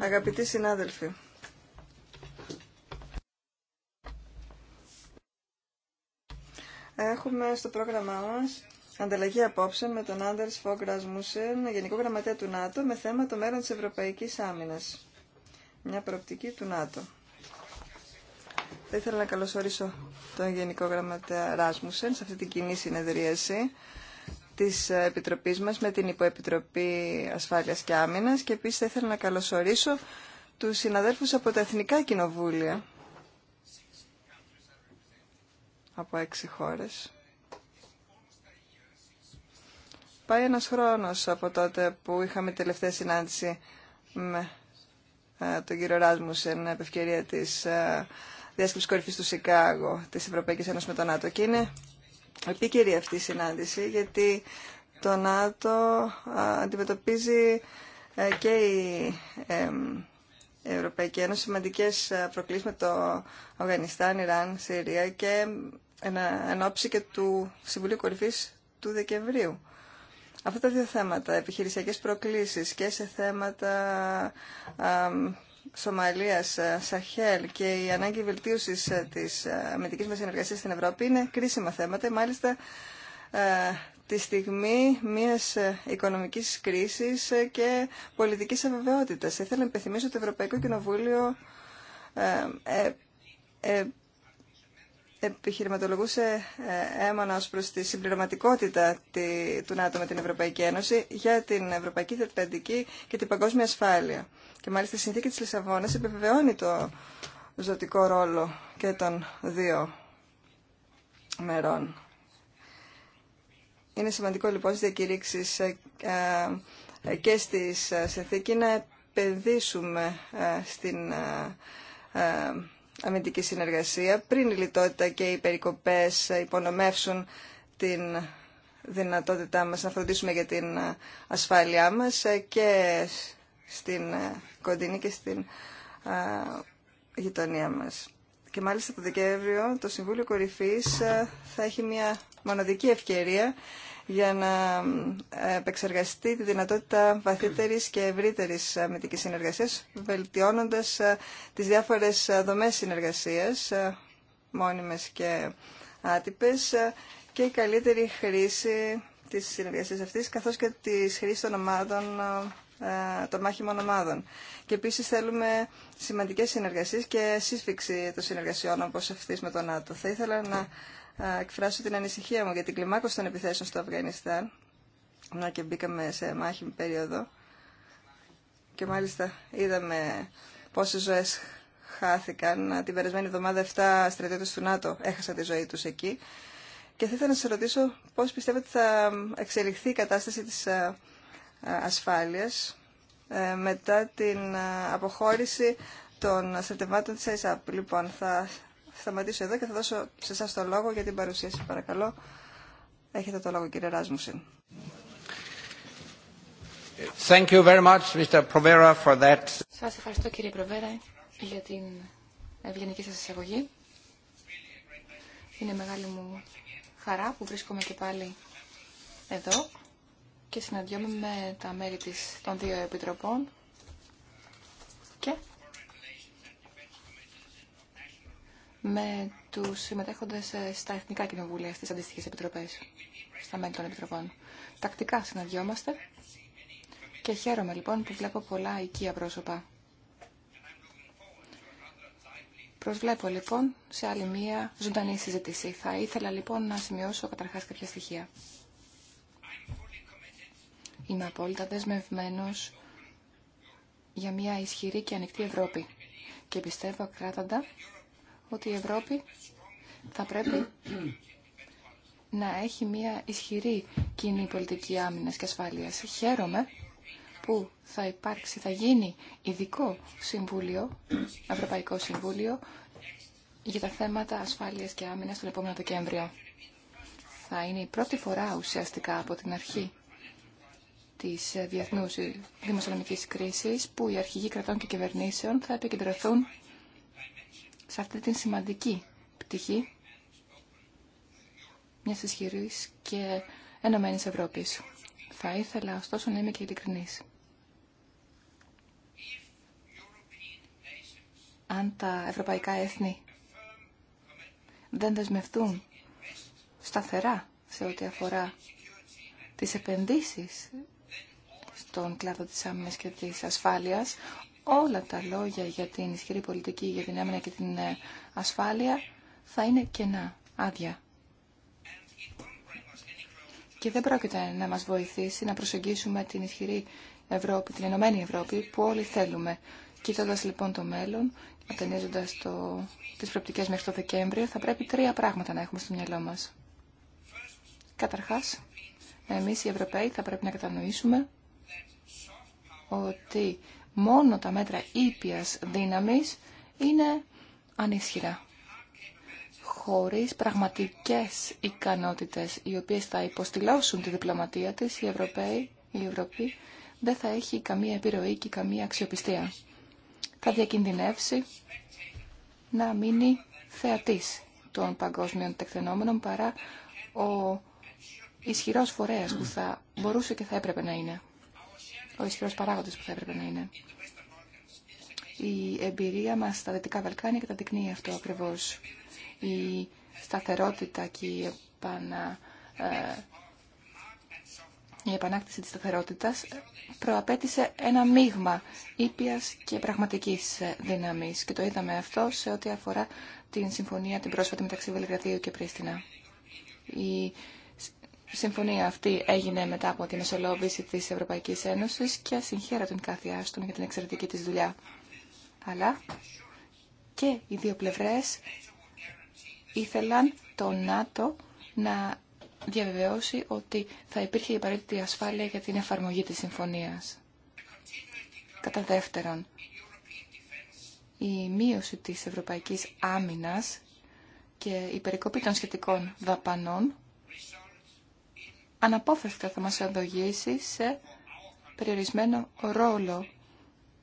Αγαπητοί συνάδελφοι, έχουμε στο πρόγραμμά μας ανταλλαγή απόψε με τον Άντερ Φόγκ Ρασμούσεν, Γενικό Γραμματέα του ΝΑΤΟ, με θέμα το μέλλον της Ευρωπαϊκής Άμυνας. Μια προοπτική του ΝΑΤΟ. Θα ήθελα να καλωσορίσω τον Γενικό Γραμματέα Ράσμουσεν σε αυτή την κοινή συνεδρίαση της Επιτροπής μας με την Υποεπιτροπή Ασφάλειας και Άμυνας και επίσης θα ήθελα να καλωσορίσω τους συναδέλφους από τα Εθνικά Κοινοβούλια από έξι χώρες. Πάει ένας χρόνος από τότε που είχαμε τελευταία συνάντηση με ε, τον κύριο Ράσμουσεν επ' ευκαιρία της ε, διάσκεψης κορυφής του Σικάγο της Ευρωπαϊκής Ένωσης με τον ΝΑΤΟ επίκαιρη αυτή η συνάντηση, γιατί το ΝΑΤΟ αντιμετωπίζει ε, και η Ευρωπαϊκή Ένωση σημαντικές ε, προκλήσεις με το Αφγανιστάν, Ιράν, Συρία και εν ώψη και του Συμβουλίου Κορυφής του Δεκεμβρίου. Αυτά τα δύο θέματα, επιχειρησιακές προκλήσεις και σε θέματα Σομαλίας, ε, Σαχέλ και η ανάγκη βελτίωσης ε, της ε, αμυντικής μας συνεργασίας στην Ευρώπη είναι κρίσιμα θέματα. Μάλιστα, τη στιγμή μιας οικονομικής κρίσης και πολιτικής αβεβαιότητας. Ήθελα να υπενθυμίσω ότι το Ευρωπαϊκό Κοινοβούλιο επιχειρηματολογούσε ε, έμανα ως προς τη συμπληρωματικότητα του ΝΑΤΟ με την Ευρωπαϊκή Ένωση για την Ευρωπαϊκή Τετραντική και την παγκόσμια ασφάλεια. Και μάλιστα η συνθήκη της Λισαβόνας επιβεβαιώνει το ζωτικό ρόλο και των δύο μερών. Είναι σημαντικό λοιπόν στις διακηρύξεις ε, ε, και στη συνθήκη να επενδύσουμε στην αμυντική συνεργασία πριν η λιτότητα και οι περικοπές υπονομεύσουν την δυνατότητά μας να φροντίσουμε για την ασφάλειά μας και στην κοντινή και στην γειτονία μας. Και μάλιστα το Δεκέμβριο το Συμβούλιο Κορυφής ε, θα έχει μια μοναδική ευκαιρία για να ε, επεξεργαστεί τη δυνατότητα βαθύτερης και ευρύτερης αμυντικής συνεργασίας, βελτιώνοντας ε, τις διάφορες ε, δομές συνεργασίας, μόνιμες και άτυπες, και η καλύτερη χρήση της συνεργασίας αυτής, καθώς και τη χρήση των ομάδων των μάχημων ομάδων. Και επίσης θέλουμε σημαντικές συνεργασίες και σύσφυξη των συνεργασιών όπως αυτής με τον ΝΑΤΟ. Θα ήθελα να εκφράσω την ανησυχία μου για την κλιμάκωση των επιθέσεων στο Αφγανιστάν, να και μπήκαμε σε μάχημη περίοδο και μάλιστα είδαμε πόσες ζωές χάθηκαν. Την περασμένη εβδομάδα 7 στρατιώτες του ΝΑΤΟ έχασαν τη ζωή τους εκεί. Και θα ήθελα να σας ρωτήσω πώς πιστεύετε θα εξελιχθεί η κατάσταση της ασφάλειας ε, μετά την αποχώρηση των στρατευμάτων της ΑΕΣΑΠ. Λοιπόν, θα θα σταματήσω εδώ και θα δώσω σε εσά το λόγο για την παρουσίαση. Παρακαλώ, έχετε το λόγο κύριε Ράσμουσεν. Thank you very much, Mr. Provera, for that. Σας ευχαριστώ κύριε Προβέρα για την ευγενική σας εισαγωγή. Είναι μεγάλη μου χαρά που βρίσκομαι και πάλι εδώ και συναντιόμαι με τα μέλη των δύο επιτροπών και με τους συμμετέχοντες ε, στα Εθνικά Κοινοβούλια στι αντίστοιχε επιτροπέ, στα μέλη των επιτροπών. Τακτικά συναντιόμαστε και χαίρομαι λοιπόν που βλέπω πολλά οικία πρόσωπα. Προσβλέπω λοιπόν σε άλλη μία ζωντανή συζήτηση. Θα ήθελα λοιπόν να σημειώσω καταρχάς κάποια στοιχεία. Είμαι απόλυτα δεσμευμένος για μια ισχυρή και ανοιχτή Ευρώπη και πιστεύω κράταντα ότι η Ευρώπη θα πρέπει να έχει μια ισχυρή κοινή πολιτική άμυνας και ασφάλειας. Χαίρομαι που θα υπάρξει, θα γίνει ειδικό συμβούλιο, Ευρωπαϊκό Συμβούλιο, για τα θέματα ασφάλειας και άμυνας τον επόμενο Δεκέμβριο. Θα είναι η πρώτη φορά ουσιαστικά από την αρχή της διεθνούς δημοσιονομικής κρίσης που οι αρχηγοί κρατών και κυβερνήσεων θα επικεντρωθούν σε αυτή την σημαντική πτυχή μια ισχυρή και ενωμένη Ευρώπη. Θα ήθελα ωστόσο να είμαι και ειλικρινή. Αν τα ευρωπαϊκά έθνη δεν δεσμευτούν σταθερά σε ό,τι αφορά τις επενδύσεις στον κλάδο της άμυνας και της ασφάλειας, όλα τα λόγια για την ισχυρή πολιτική, για την άμυνα και την ε, ασφάλεια θα είναι κενά, άδεια. Και δεν πρόκειται να μας βοηθήσει να προσεγγίσουμε την ισχυρή Ευρώπη, την Ενωμένη Ευρώπη που όλοι θέλουμε. Κοιτώντα λοιπόν το μέλλον, ατενίζοντα το... τι προοπτικέ μέχρι το Δεκέμβριο, θα πρέπει τρία πράγματα να έχουμε στο μυαλό μα. Καταρχά, εμεί οι Ευρωπαίοι θα πρέπει να κατανοήσουμε ότι μόνο τα μέτρα ήπιας δύναμης είναι ανίσχυρα χωρίς πραγματικές ικανότητες οι οποίες θα υποστηλώσουν τη διπλωματία της η, Ευρωπαίοι, η Ευρώπη δεν θα έχει καμία επιρροή και καμία αξιοπιστία. Θα διακινδυνεύσει να μείνει θεατής των παγκόσμιων τεκθενόμενων παρά ο ισχυρός φορέας που θα μπορούσε και θα έπρεπε να είναι ο ισχύρο παράγοντα που θα έπρεπε να είναι. Η εμπειρία μας στα Δυτικά Βαλκάνια καταδεικνύει αυτό ακριβώ. Η σταθερότητα και η, ε, η επανάκτηση της σταθερότητας προαπέτησε ένα μείγμα ήπιας και πραγματικής ε, δύναμης και το είδαμε αυτό σε ό,τι αφορά την συμφωνία την πρόσφατη μεταξύ Βελιγραδίου και Πρίστινα. Η η συμφωνία αυτή έγινε μετά από τη μεσολόβηση της Ευρωπαϊκής Ένωσης και συγχαίρω τον κάθε άστον για την εξαιρετική της δουλειά. Αλλά και οι δύο πλευρές ήθελαν το ΝΑΤΟ να διαβεβαιώσει ότι θα υπήρχε η απαραίτητη ασφάλεια για την εφαρμογή της συμφωνίας. Κατά δεύτερον, η μείωση της ευρωπαϊκής άμυνας και η περικοπή των σχετικών δαπανών αναπόφευκτα θα μας οδηγήσει σε περιορισμένο ρόλο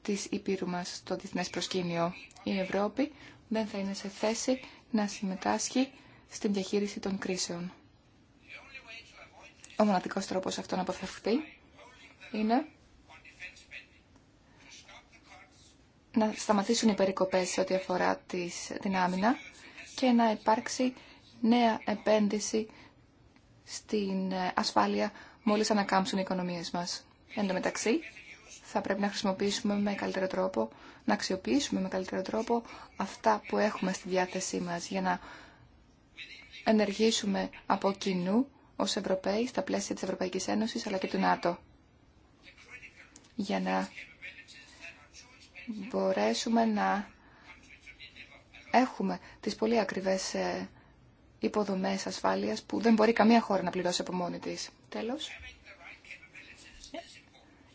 της Υπήρου μας στο διεθνές προσκήνιο. Η Ευρώπη δεν θα είναι σε θέση να συμμετάσχει στην διαχείριση των κρίσεων. Ο μοναδικός τρόπος αυτό να αποφευχθεί είναι να σταματήσουν οι περικοπές σε ό,τι αφορά τις, την άμυνα και να υπάρξει νέα επένδυση στην ε, ασφάλεια μόλις ανακάμψουν οι οικονομίες μας. Εν τω μεταξύ, θα πρέπει να χρησιμοποιήσουμε με καλύτερο τρόπο, να αξιοποιήσουμε με καλύτερο τρόπο αυτά που έχουμε στη διάθεσή μας για να ενεργήσουμε από κοινού ως Ευρωπαίοι στα πλαίσια της Ευρωπαϊκής Ένωσης αλλά και του ΝΑΤΟ για να μπορέσουμε να έχουμε τις πολύ ακριβές ε, υποδομέ ασφάλειας που δεν μπορεί καμία χώρα να πληρώσει από μόνη τη Τέλος.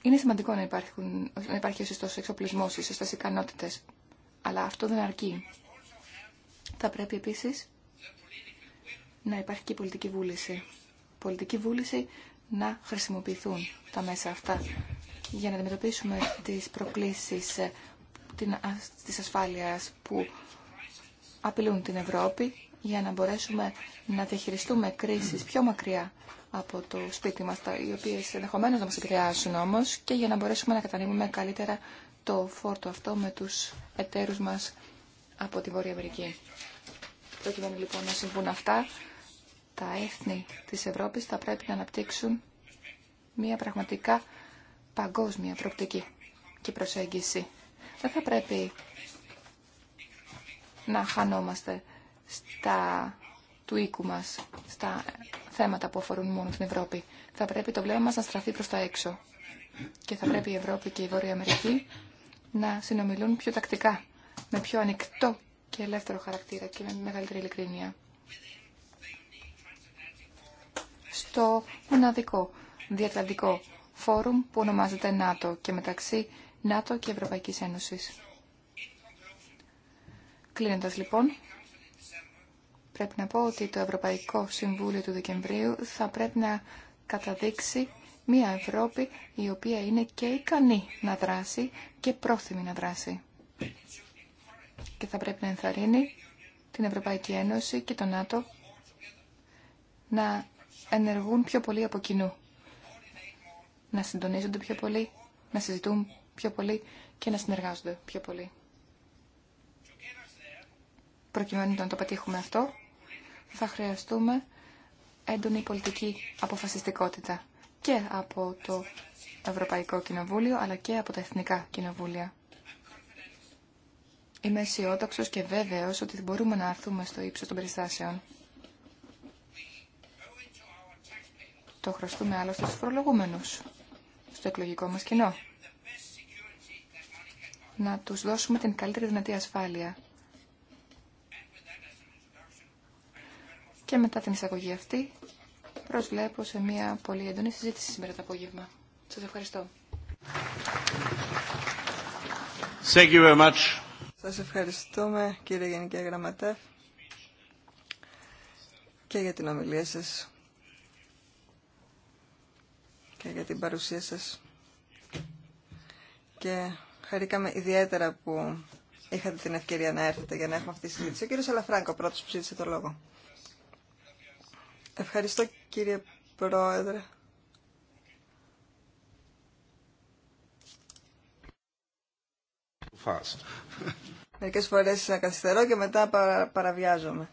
Είναι σημαντικό να, υπάρχουν, να υπάρχει ο σωστό εξοπλισμό, οι σωστέ ικανότητε, Αλλά αυτό δεν αρκεί. Θα πρέπει επίσης να υπάρχει και πολιτική βούληση. Πολιτική βούληση να χρησιμοποιηθούν τα μέσα αυτά για να αντιμετωπίσουμε τις προκλήσεις ε, της ασφάλειας που απειλούν την Ευρώπη για να μπορέσουμε να διαχειριστούμε κρίσεις πιο μακριά από το σπίτι μας, οι οποίες ενδεχομένω να μας επηρεάσουν όμως και για να μπορέσουμε να κατανοήσουμε καλύτερα το φόρτο αυτό με τους εταίρους μας από τη Βόρεια Αμερική. Προκειμένου λοιπόν να συμβούν αυτά, τα έθνη της Ευρώπης θα πρέπει να αναπτύξουν μια πραγματικά παγκόσμια προοπτική και προσέγγιση. Δεν θα πρέπει να χανόμαστε στα του οίκου μα, στα θέματα που αφορούν μόνο την Ευρώπη. Θα πρέπει το βλέμμα μας να στραφεί προς τα έξω. Και θα πρέπει η Ευρώπη και η Βόρεια Αμερική να συνομιλούν πιο τακτικά, με πιο ανοιχτό και ελεύθερο χαρακτήρα και με μεγαλύτερη ειλικρίνεια. Στο μοναδικό διατλαντικό φόρουμ που ονομάζεται ΝΑΤΟ και μεταξύ ΝΑΤΟ και Ευρωπαϊκής Ένωσης. Κλείνοντας λοιπόν, πρέπει να πω ότι το Ευρωπαϊκό Συμβούλιο του Δεκεμβρίου θα πρέπει να καταδείξει μια Ευρώπη η οποία είναι και ικανή να δράσει και πρόθυμη να δράσει. Και θα πρέπει να ενθαρρύνει την Ευρωπαϊκή Ένωση και το ΝΑΤΟ να ενεργούν πιο πολύ από κοινού, να συντονίζονται πιο πολύ, να συζητούν πιο πολύ και να συνεργάζονται πιο πολύ. Προκειμένου να το πετύχουμε αυτό, θα χρειαστούμε έντονη πολιτική αποφασιστικότητα και από το Ευρωπαϊκό Κοινοβούλιο αλλά και από τα Εθνικά Κοινοβούλια. Είμαι αισιόδοξο και βέβαιος ότι μπορούμε να έρθουμε στο ύψος των περιστάσεων. Το χρωστούμε άλλωστε στους φορολογούμενους στο εκλογικό μας κοινό. Να τους δώσουμε την καλύτερη δυνατή ασφάλεια Και μετά την εισαγωγή αυτή προσβλέπω σε μια πολύ έντονη συζήτηση σήμερα το απόγευμα. Σας ευχαριστώ. Thank you very much. Σας ευχαριστούμε κύριε Γενική Γραμματέα και για την ομιλία σας και για την παρουσία σας και χαρήκαμε ιδιαίτερα που είχατε την ευκαιρία να έρθετε για να έχουμε αυτή τη συζήτηση. Ο κύριος Αλαφράγκο πρώτος που ζήτησε το λόγο. Ευχαριστώ κύριε Πρόεδρε. Φας. Μερικές φορές να καθυστερώ και μετά παραβιάζομαι.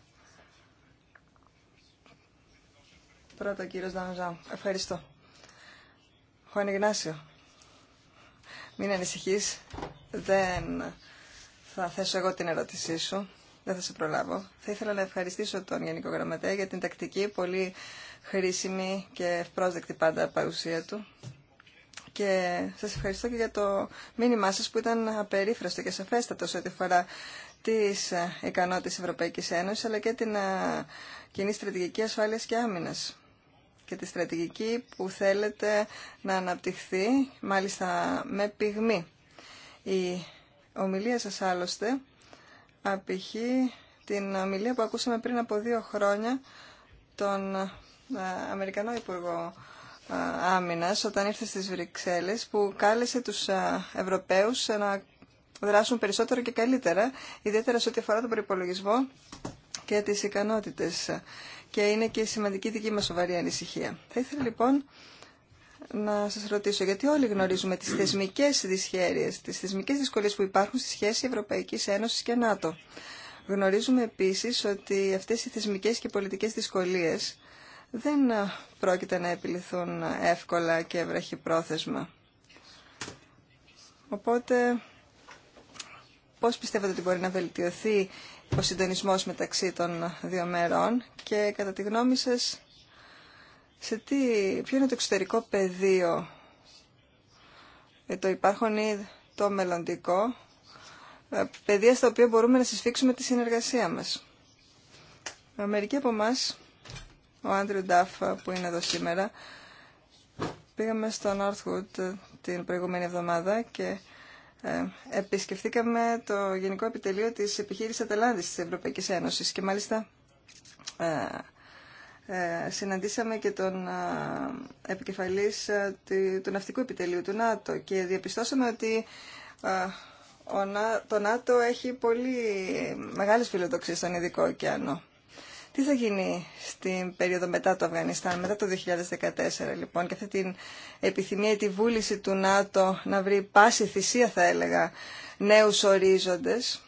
Πρώτα κύριος Δανουζάμ. Ευχαριστώ. Χωάνι Γνάσιο. Μην ανησυχείς. Δεν θα θέσω εγώ την ερώτησή σου. Δεν θα σε προλάβω. Θα ήθελα να ευχαριστήσω τον Γενικό Γραμματέα για την τακτική, πολύ χρήσιμη και ευπρόσδεκτη πάντα παρουσία του. Και σας ευχαριστώ και για το μήνυμά σας που ήταν απερίφραστο και σαφέστατο σε ό,τι αφορά τις ε, ικανότητες Ευρωπαϊκής Ένωσης, αλλά και την ε, κοινή στρατηγική ασφάλειας και άμυνας και τη στρατηγική που θέλετε να αναπτυχθεί, μάλιστα με πυγμή. Η ομιλία σας άλλωστε απηχεί την ομιλία που ακούσαμε πριν από δύο χρόνια τον ε, Αμερικανό Υπουργό ε, Άμυνας όταν ήρθε στις Βρυξέλλες που κάλεσε τους ε, Ευρωπαίους να δράσουν περισσότερο και καλύτερα, ιδιαίτερα σε ό,τι αφορά τον προπολογισμό και τις ικανότητες. Και είναι και σημαντική δική μας σοβαρή ανησυχία. Θα ήθελα λοιπόν να σας ρωτήσω, γιατί όλοι γνωρίζουμε τις θεσμικές δυσχέρειες, τις θεσμικές δυσκολίες που υπάρχουν στη σχέση Ευρωπαϊκής Ένωσης και ΝΑΤΟ. Γνωρίζουμε επίσης ότι αυτές οι θεσμικές και πολιτικές δυσκολίες δεν πρόκειται να επιληθούν εύκολα και πρόθεσμα. Οπότε, πώς πιστεύετε ότι μπορεί να βελτιωθεί ο συντονισμός μεταξύ των δύο μέρων και κατά τη γνώμη σας, σε τι, ποιο είναι το εξωτερικό πεδίο, ε, το υπάρχον ή το μελλοντικό, ε, πεδία στα οποία μπορούμε να συσφίξουμε τη συνεργασία μας. Μερικοί από εμά, ο Άντριου Ντάφ που είναι εδώ σήμερα, πήγαμε στο Northwood την προηγούμενη εβδομάδα και ε, επισκεφθήκαμε το Γενικό Επιτελείο της Επιχείρησης Ατελάνδης της Ευρωπαϊκής Ένωσης και μάλιστα ε, συναντήσαμε και τον ε, επικεφαλής ε, του Ναυτικού Επιτελείου του ΝΑΤΟ και διαπιστώσαμε ότι το ΝΑΤΟ έχει πολύ μεγάλες φιλοδοξίες στον Ειδικό ωκεανό. Τι θα γίνει στην περίοδο μετά το Αφγανιστάν, μετά το 2014 λοιπόν και αυτή την επιθυμία τη βούληση του ΝΑΤΟ να βρει πάση θυσία θα έλεγα νέους ορίζοντες.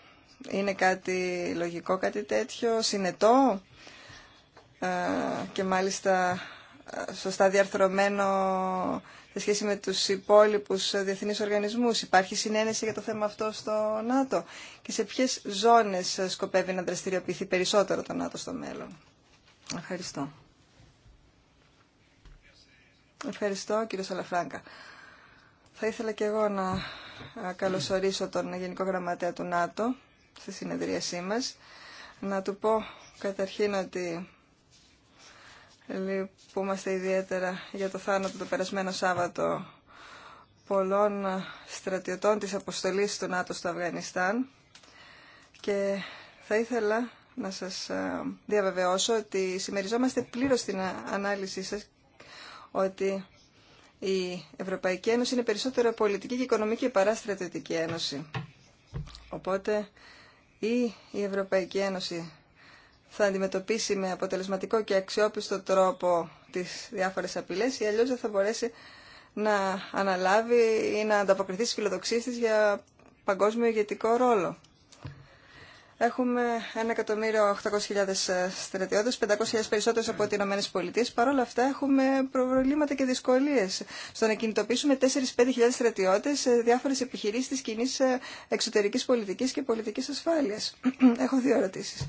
Είναι κάτι λογικό κάτι τέτοιο, συνετό ε, και μάλιστα ε, σωστά διαρθρωμένο σε σχέση με τους υπόλοιπους διεθνείς οργανισμούς. Υπάρχει συνένεση για το θέμα αυτό στο ΝΑΤΟ και σε ποιες ζώνες σκοπεύει να δραστηριοποιηθεί περισσότερο το ΝΑΤΟ στο μέλλον. Ευχαριστώ. Ευχαριστώ κύριο Σαλαφράγκα. Θα ήθελα και εγώ να ε, καλωσορίσω τον Γενικό Γραμματέα του ΝΑΤΟ στη συνεδρίασή μας. Να του πω καταρχήν ότι Λυπούμαστε ιδιαίτερα για το θάνατο το περασμένο Σάββατο πολλών στρατιωτών της αποστολής του ΝΑΤΟ στο Αφγανιστάν και θα ήθελα να σας ε, διαβεβαιώσω ότι συμμεριζόμαστε πλήρως στην ανάλυση σας ότι η Ευρωπαϊκή Ένωση είναι περισσότερο πολιτική και οικονομική παρά στρατιωτική ένωση. Οπότε ή η Ευρωπαϊκή Ένωση θα αντιμετωπίσει με αποτελεσματικό και αξιόπιστο τρόπο τις διάφορες απειλές ή αλλιώς δεν θα μπορέσει να αναλάβει ή να ανταποκριθεί στις φιλοδοξίες της για παγκόσμιο ηγετικό ρόλο. Έχουμε 1.800.000 στρατιώτες, 500.000 περισσότερες από τις Ηνωμένες Πολιτείες. Παρ' όλα αυτά έχουμε προβλήματα και δυσκολίες στο να κινητοποιησουμε 4000 4-5.000 στρατιώτες σε διάφορες επιχειρήσεις της κοινή εξωτερικής πολιτικής και πολιτικής ασφάλειας. Έχω δύο ερωτήσεις.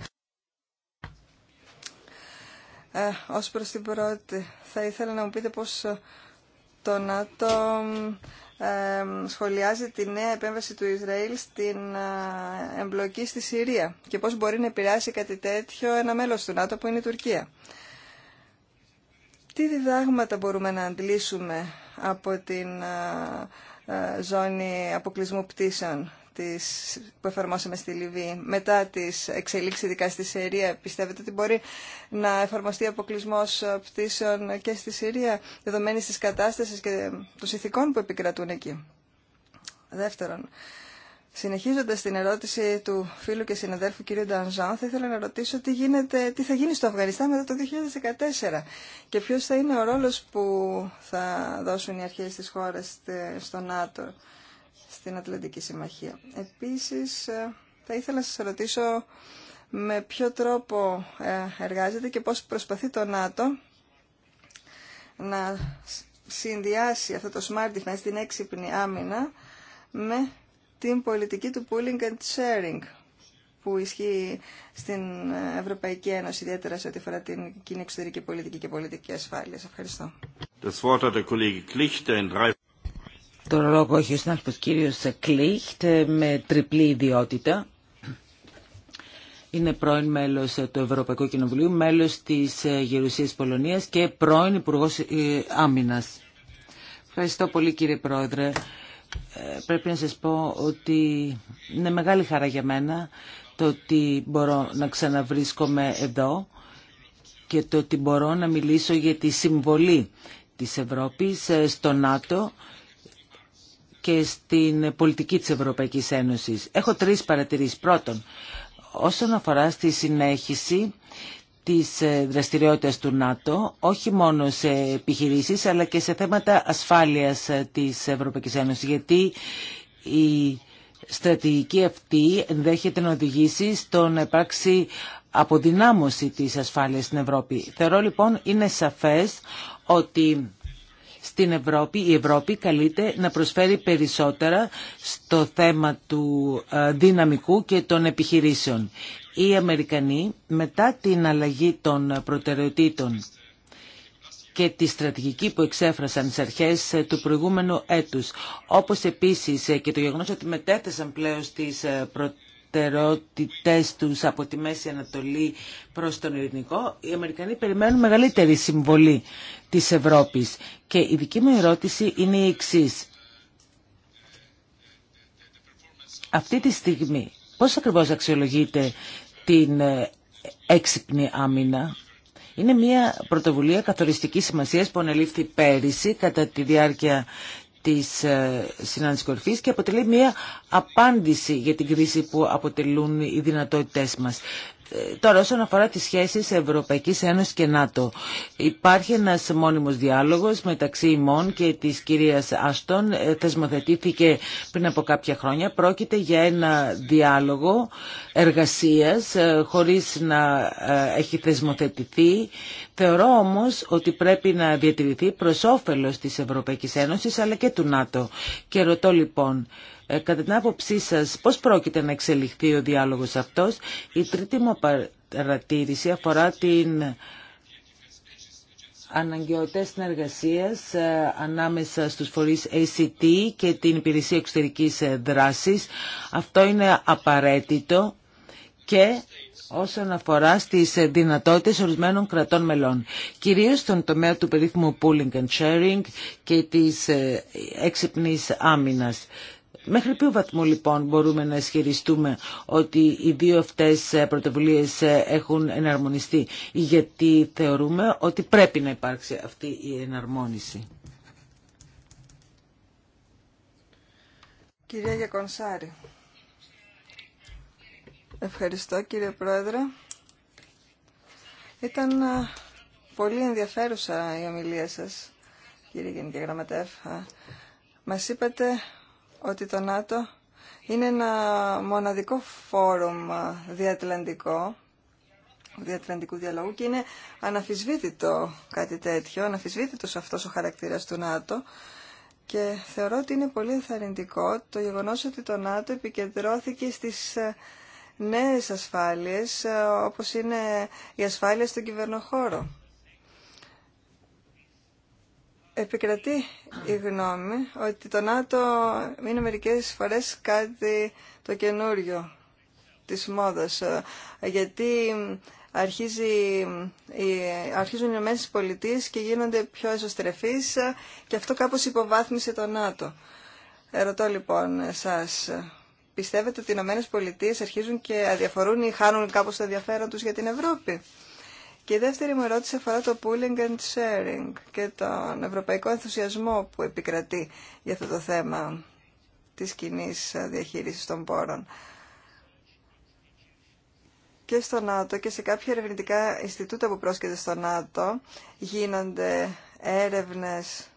Ε, ως προς την πρώτη, θα ήθελα να μου πείτε πώς ε, το ΝΑΤΟ ε, σχολιάζει τη νέα επέμβαση του Ισραήλ στην ε, εμπλοκή στη Συρία και πώς μπορεί να επηρεάσει κάτι τέτοιο ένα μέλος του ΝΑΤΟ που είναι η Τουρκία. Τι διδάγματα μπορούμε να αντλήσουμε από την ζώνη αποκλεισμού πτήσεων της, που εφαρμόσαμε στη Λιβύη μετά τις εξελίξεις ειδικά στη Συρία πιστεύετε ότι μπορεί να εφαρμοστεί αποκλεισμό πτήσεων και στη Συρία δεδομένης της κατάστασης και των συνθηκών που επικρατούν εκεί. Δεύτερον, Συνεχίζοντα την ερώτηση του φίλου και συναδέλφου κ. Ντανζάν, θα ήθελα να ρωτήσω τι, γίνεται, τι θα γίνει στο Αφγανιστάν μετά το 2014 και ποιο θα είναι ο ρόλο που θα δώσουν οι αρχέ τη χώρα στο ΝΑΤΟ στην Ατλαντική Συμμαχία. Επίσης, ε, θα ήθελα να σας ρωτήσω με ποιο τρόπο ε, εργάζεται και πώς προσπαθεί το ΝΑΤΟ να συνδυάσει αυτό το Smart Defense, την έξυπνη άμυνα, με την πολιτική του pooling and sharing που ισχύει στην Ευρωπαϊκή Ένωση, ιδιαίτερα σε ό,τι αφορά την κοινή εξωτερική πολιτική και πολιτική ασφάλεια. Ευχαριστώ. Το λόγο έχει ο συνάδελφος κύριος Κλίχτ ε, με τριπλή ιδιότητα. Είναι πρώην μέλος ε, του Ευρωπαϊκού Κοινοβουλίου, μέλος της ε, Γερουσίας Πολωνίας και πρώην Υπουργός Άμυνας. Ευχαριστώ πολύ κύριε Πρόεδρε. Πρέπει να σας πω ότι είναι μεγάλη χαρά για μένα το ότι μπορώ να ξαναβρίσκομαι εδώ και το ότι μπορώ να μιλήσω για τη συμβολή της Ευρώπης στο ΝΑΤΟ και στην πολιτική της Ευρωπαϊκής Ένωσης. Έχω τρεις παρατηρήσεις. Πρώτον, όσον αφορά στη συνέχιση της ε, δραστηριότητας του ΝΑΤΟ, όχι μόνο σε επιχειρήσεις, αλλά και σε θέματα ασφάλειας ε, της Ευρωπαϊκής Ένωσης, γιατί η στρατηγική αυτή ενδέχεται να οδηγήσει στο να υπάρξει αποδυνάμωση της ασφάλειας στην Ευρώπη. Θεωρώ λοιπόν είναι σαφές ότι στην Ευρώπη. Η Ευρώπη καλείται να προσφέρει περισσότερα στο θέμα του ε, δυναμικού και των επιχειρήσεων. Οι Αμερικανοί μετά την αλλαγή των προτεραιοτήτων και τη στρατηγική που εξέφρασαν στις αρχές ε, του προηγούμενου έτους. Όπως επίσης ε, και το γεγονός ότι μετέθεσαν πλέον στις προτεραιότητές τους από τη Μέση Ανατολή προς τον Ειρηνικό, οι Αμερικανοί περιμένουν μεγαλύτερη συμβολή της Ευρώπης. Και η δική μου ερώτηση είναι η εξής. Αυτή τη στιγμή πώς ακριβώς αξιολογείται την ε, έξυπνη άμυνα. Είναι μια πρωτοβουλία καθοριστικής σημασίας που ανελήφθη πέρυσι κατά τη διάρκεια της ε, συνάντησης κορυφής και αποτελεί μια απάντηση για την κρίση που αποτελούν οι δυνατότητές μας. Τώρα όσον αφορά τις σχέσεις Ευρωπαϊκής Ένωσης και ΝΑΤΟ υπάρχει ένας μόνιμος διάλογος μεταξύ ημών και της κυρίας Αστόν ε, θεσμοθετήθηκε πριν από κάποια χρόνια πρόκειται για ένα διάλογο εργασίας ε, χωρίς να ε, έχει θεσμοθετηθεί θεωρώ όμως ότι πρέπει να διατηρηθεί προς όφελος της Ευρωπαϊκής Ένωσης αλλά και του ΝΑΤΟ και ρωτώ λοιπόν ε, κατά την άποψή σας, πώς πρόκειται να εξελιχθεί ο διάλογος αυτός. Η τρίτη μου παρατήρηση αφορά την αναγκαιότητα συνεργασία ε, ανάμεσα στους φορείς ACT και την Υπηρεσία Εξωτερικής ε, Δράσης. Αυτό είναι απαραίτητο και όσον αφορά στις δυνατότητες ορισμένων κρατών μελών. Κυρίως στον τομέα του περίφημου pooling and sharing και της έξυπνης άμυνας. Μέχρι ποιο βαθμό λοιπόν μπορούμε να ισχυριστούμε ότι οι δύο αυτές ε, πρωτοβουλίες ε, έχουν εναρμονιστεί γιατί θεωρούμε ότι πρέπει να υπάρξει αυτή η εναρμόνιση. Κυρία Γιακονσάρη. Ευχαριστώ κύριε Πρόεδρε. Ήταν ε, πολύ ενδιαφέρουσα η ομιλία σας κύριε Γενική Γραμματεύ. Μας είπατε ότι το ΝΑΤΟ είναι ένα μοναδικό φόρουμ διατλαντικό, διατλαντικού διαλόγου και είναι αναφυσβήτητο κάτι τέτοιο, σε αυτός ο χαρακτήρας του ΝΑΤΟ και θεωρώ ότι είναι πολύ ενθαρρυντικό το γεγονός ότι το ΝΑΤΟ επικεντρώθηκε στις ε, νέες ασφάλειες ε, όπως είναι οι ασφάλεια στον κυβερνοχώρο επικρατεί η γνώμη ότι το ΝΑΤΟ είναι μερικές φορές κάτι το καινούριο της μόδας, ε, γιατί αρχίζει, αρχίζουν οι Ηνωμένες Πολιτείες και γίνονται πιο εσωστρεφείς ε, και αυτό κάπως υποβάθμισε το ΝΑΤΟ. Ερωτώ λοιπόν σας, πιστεύετε ότι οι Ηνωμένες Πολιτείες αρχίζουν και αδιαφορούν ή χάνουν κάπως το ενδιαφέρον τους για την Ευρώπη. Και η δεύτερη μου ερώτηση αφορά το pooling and sharing και τον ευρωπαϊκό ενθουσιασμό που επικρατεί για αυτό το θέμα της κοινή διαχείρισης των πόρων. Και στο ΝΑΤΟ και σε κάποια ερευνητικά Ινστιτούτα που πρόσκειται στο ΝΑΤΟ γίνονται έρευνες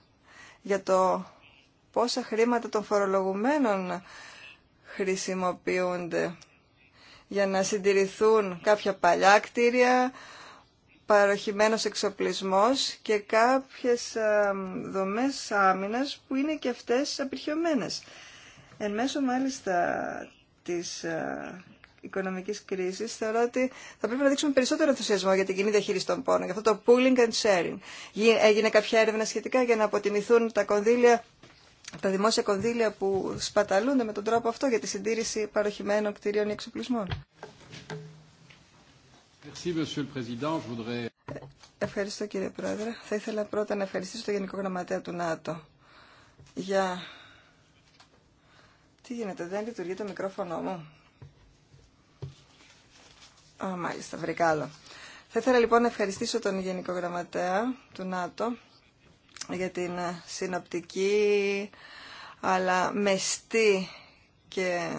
για το πόσα χρήματα των φορολογουμένων χρησιμοποιούνται για να συντηρηθούν κάποια παλιά κτίρια, παροχημένος εξοπλισμός και κάποιες ε, δομές άμυνας που είναι και αυτές απειρχιωμένες. Εν μέσω μάλιστα της ε, οικονομικής κρίσης θεωρώ ότι θα πρέπει να δείξουμε περισσότερο ενθουσιασμό για την κοινή διαχείριση των πόρων, για αυτό το pooling and sharing. Έγινε κάποια έρευνα σχετικά για να αποτιμηθούν τα κονδύλια τα δημόσια κονδύλια που σπαταλούνται με τον τρόπο αυτό για τη συντήρηση παροχημένων κτηρίων ή εξοπλισμών. Ευχαριστώ κύριε Πρόεδρε. Θα ήθελα πρώτα να ευχαριστήσω τον Γενικό Γραμματέα του ΝΑΤΟ για... Τι γίνεται, δεν λειτουργεί το μικρόφωνο μου. Α, μάλιστα, βρήκα άλλο. Θα ήθελα λοιπόν να ευχαριστήσω τον Γενικό Γραμματέα του ΝΑΤΟ για την ε, συνοπτική αλλά μεστή και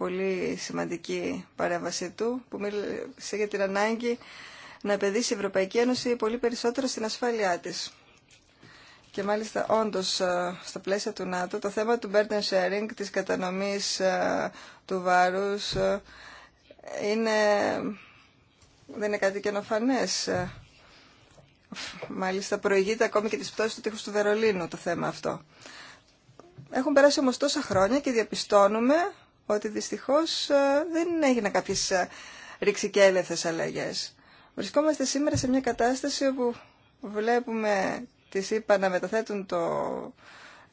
πολύ σημαντική παρέμβασή του που μίλησε για την ανάγκη να επενδύσει η Ευρωπαϊκή Ένωση πολύ περισσότερο στην ασφάλειά της. Και μάλιστα όντως ε, στα πλαίσια του ΝΑΤΟ το θέμα του burden sharing, της κατανομής ε, του βάρους ε, είναι, δεν είναι κάτι καινοφανές. Μάλιστα προηγείται ακόμη και τις πτώσεις του τείχους του Βερολίνου το θέμα αυτό. Έχουν περάσει όμως τόσα χρόνια και διαπιστώνουμε ότι δυστυχώς ε, δεν έγιναν κάποιες ε, ρηξικέλευθες αλλαγές. Βρισκόμαστε σήμερα σε μια κατάσταση όπου βλέπουμε τις είπα να μεταθέτουν το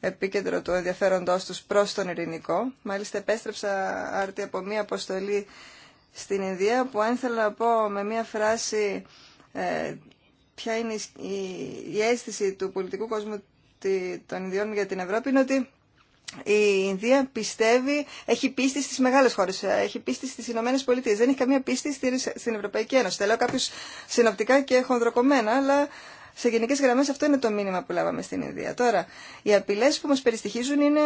επίκεντρο του ενδιαφέροντός τους προς τον ειρηνικό. Μάλιστα επέστρεψα άρτη από μια αποστολή στην Ινδία που αν θέλω να πω με μια φράση ε, ποια είναι η, η αίσθηση του πολιτικού κόσμου των Ινδιών για την Ευρώπη είναι ότι η Ινδία πιστεύει, έχει πίστη στις μεγάλες χώρες, έχει πίστη στι Ηνωμένε Πολιτείε. δεν έχει καμία πίστη στην Ευρωπαϊκή Ένωση. Τα λέω κάποιου συνοπτικά και χονδροκομμένα, αλλά σε γενικέ γραμμέ αυτό είναι το μήνυμα που λάβαμε στην Ινδία. Τώρα, οι απειλέ που μα περιστοιχίζουν είναι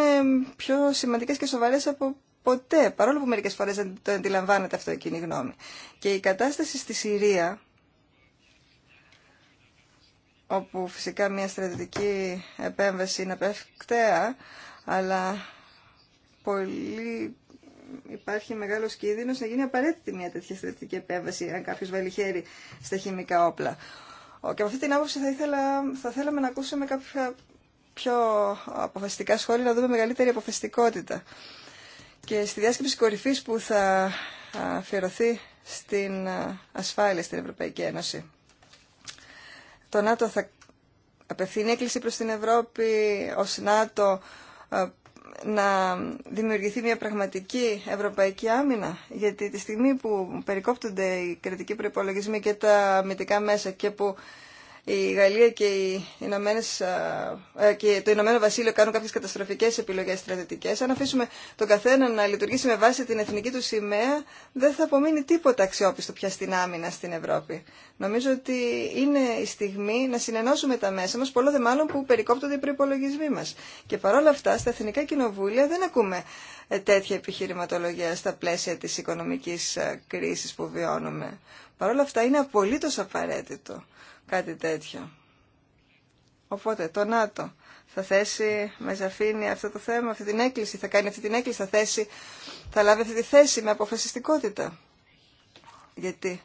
πιο σημαντικέ και σοβαρέ από ποτέ, παρόλο που μερικέ φορέ δεν το αντιλαμβάνεται αυτό η κοινή γνώμη. Και η κατάσταση στη Συρία, όπου φυσικά μια στρατιωτική επέμβαση είναι απευκταία, αλλά πολύ υπάρχει μεγάλο κίνδυνο να γίνει απαραίτητη μια τέτοια στρατηγική επέμβαση, αν κάποιο βάλει χέρι στα χημικά όπλα. Και από αυτή την άποψη θα, ήθελα, θα θέλαμε να ακούσουμε κάποια πιο αποφασιστικά σχόλια, να δούμε μεγαλύτερη αποφασιστικότητα. Και στη διάσκεψη κορυφή που θα αφιερωθεί στην ε, ασφάλεια στην Ευρωπαϊκή Ένωση. Το ΝΑΤΟ θα απευθύνει έκκληση προς την Ευρώπη ως ΝΑΤΟ ε, να δημιουργηθεί μια πραγματική ευρωπαϊκή άμυνα. Γιατί τη στιγμή που περικόπτονται οι κρατικοί προπολογισμοί και τα αμυντικά μέσα και που η Γαλλία και, οι Ηνωμένες, ε, και το Ηνωμένο Βασίλειο κάνουν κάποιες καταστροφικές επιλογές στρατιωτικές, αν αφήσουμε τον καθένα να λειτουργήσει με βάση την εθνική του σημαία, δεν θα απομείνει τίποτα αξιόπιστο πια στην άμυνα στην Ευρώπη. Νομίζω ότι είναι η στιγμή να συνενώσουμε τα μέσα μας, πολλό δε μάλλον που περικόπτονται οι προπολογισμοί μας. Και παρόλα αυτά, στα εθνικά κοινοβούλια δεν ακούμε ε, τέτοια επιχειρηματολογία στα πλαίσια της οικονομικής ε, κρίσης που βιώνουμε. Παρόλα αυτά είναι απολύτως απαραίτητο κάτι τέτοιο. Οπότε το ΝΑΤΟ θα θέσει με ζαφήνει αυτό το θέμα, αυτή την έκκληση, θα κάνει αυτή την έκκληση, θα, θέσει, θα λάβει αυτή τη θέση με αποφασιστικότητα. Γιατί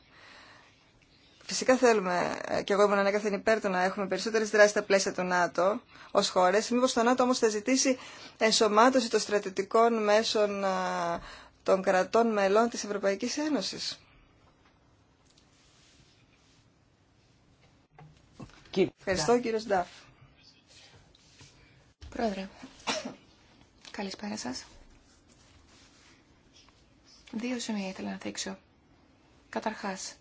Φυσικά θέλουμε, ε, και εγώ ήμουν ανέκαθεν υπέρ του να έχουμε περισσότερε δράσει στα πλαίσια του ΝΑΤΟ ω χώρε. Μήπω το ΝΑΤΟ όμω θα ζητήσει ενσωμάτωση των στρατιωτικών μέσων ε, των κρατών μελών τη Ευρωπαϊκή Ένωση. Κύριε. Ευχαριστώ κύριε Σντάφ. Πρόεδρε, καλησπέρα σας. Δύο σημεία ήθελα να δείξω. Καταρχάς,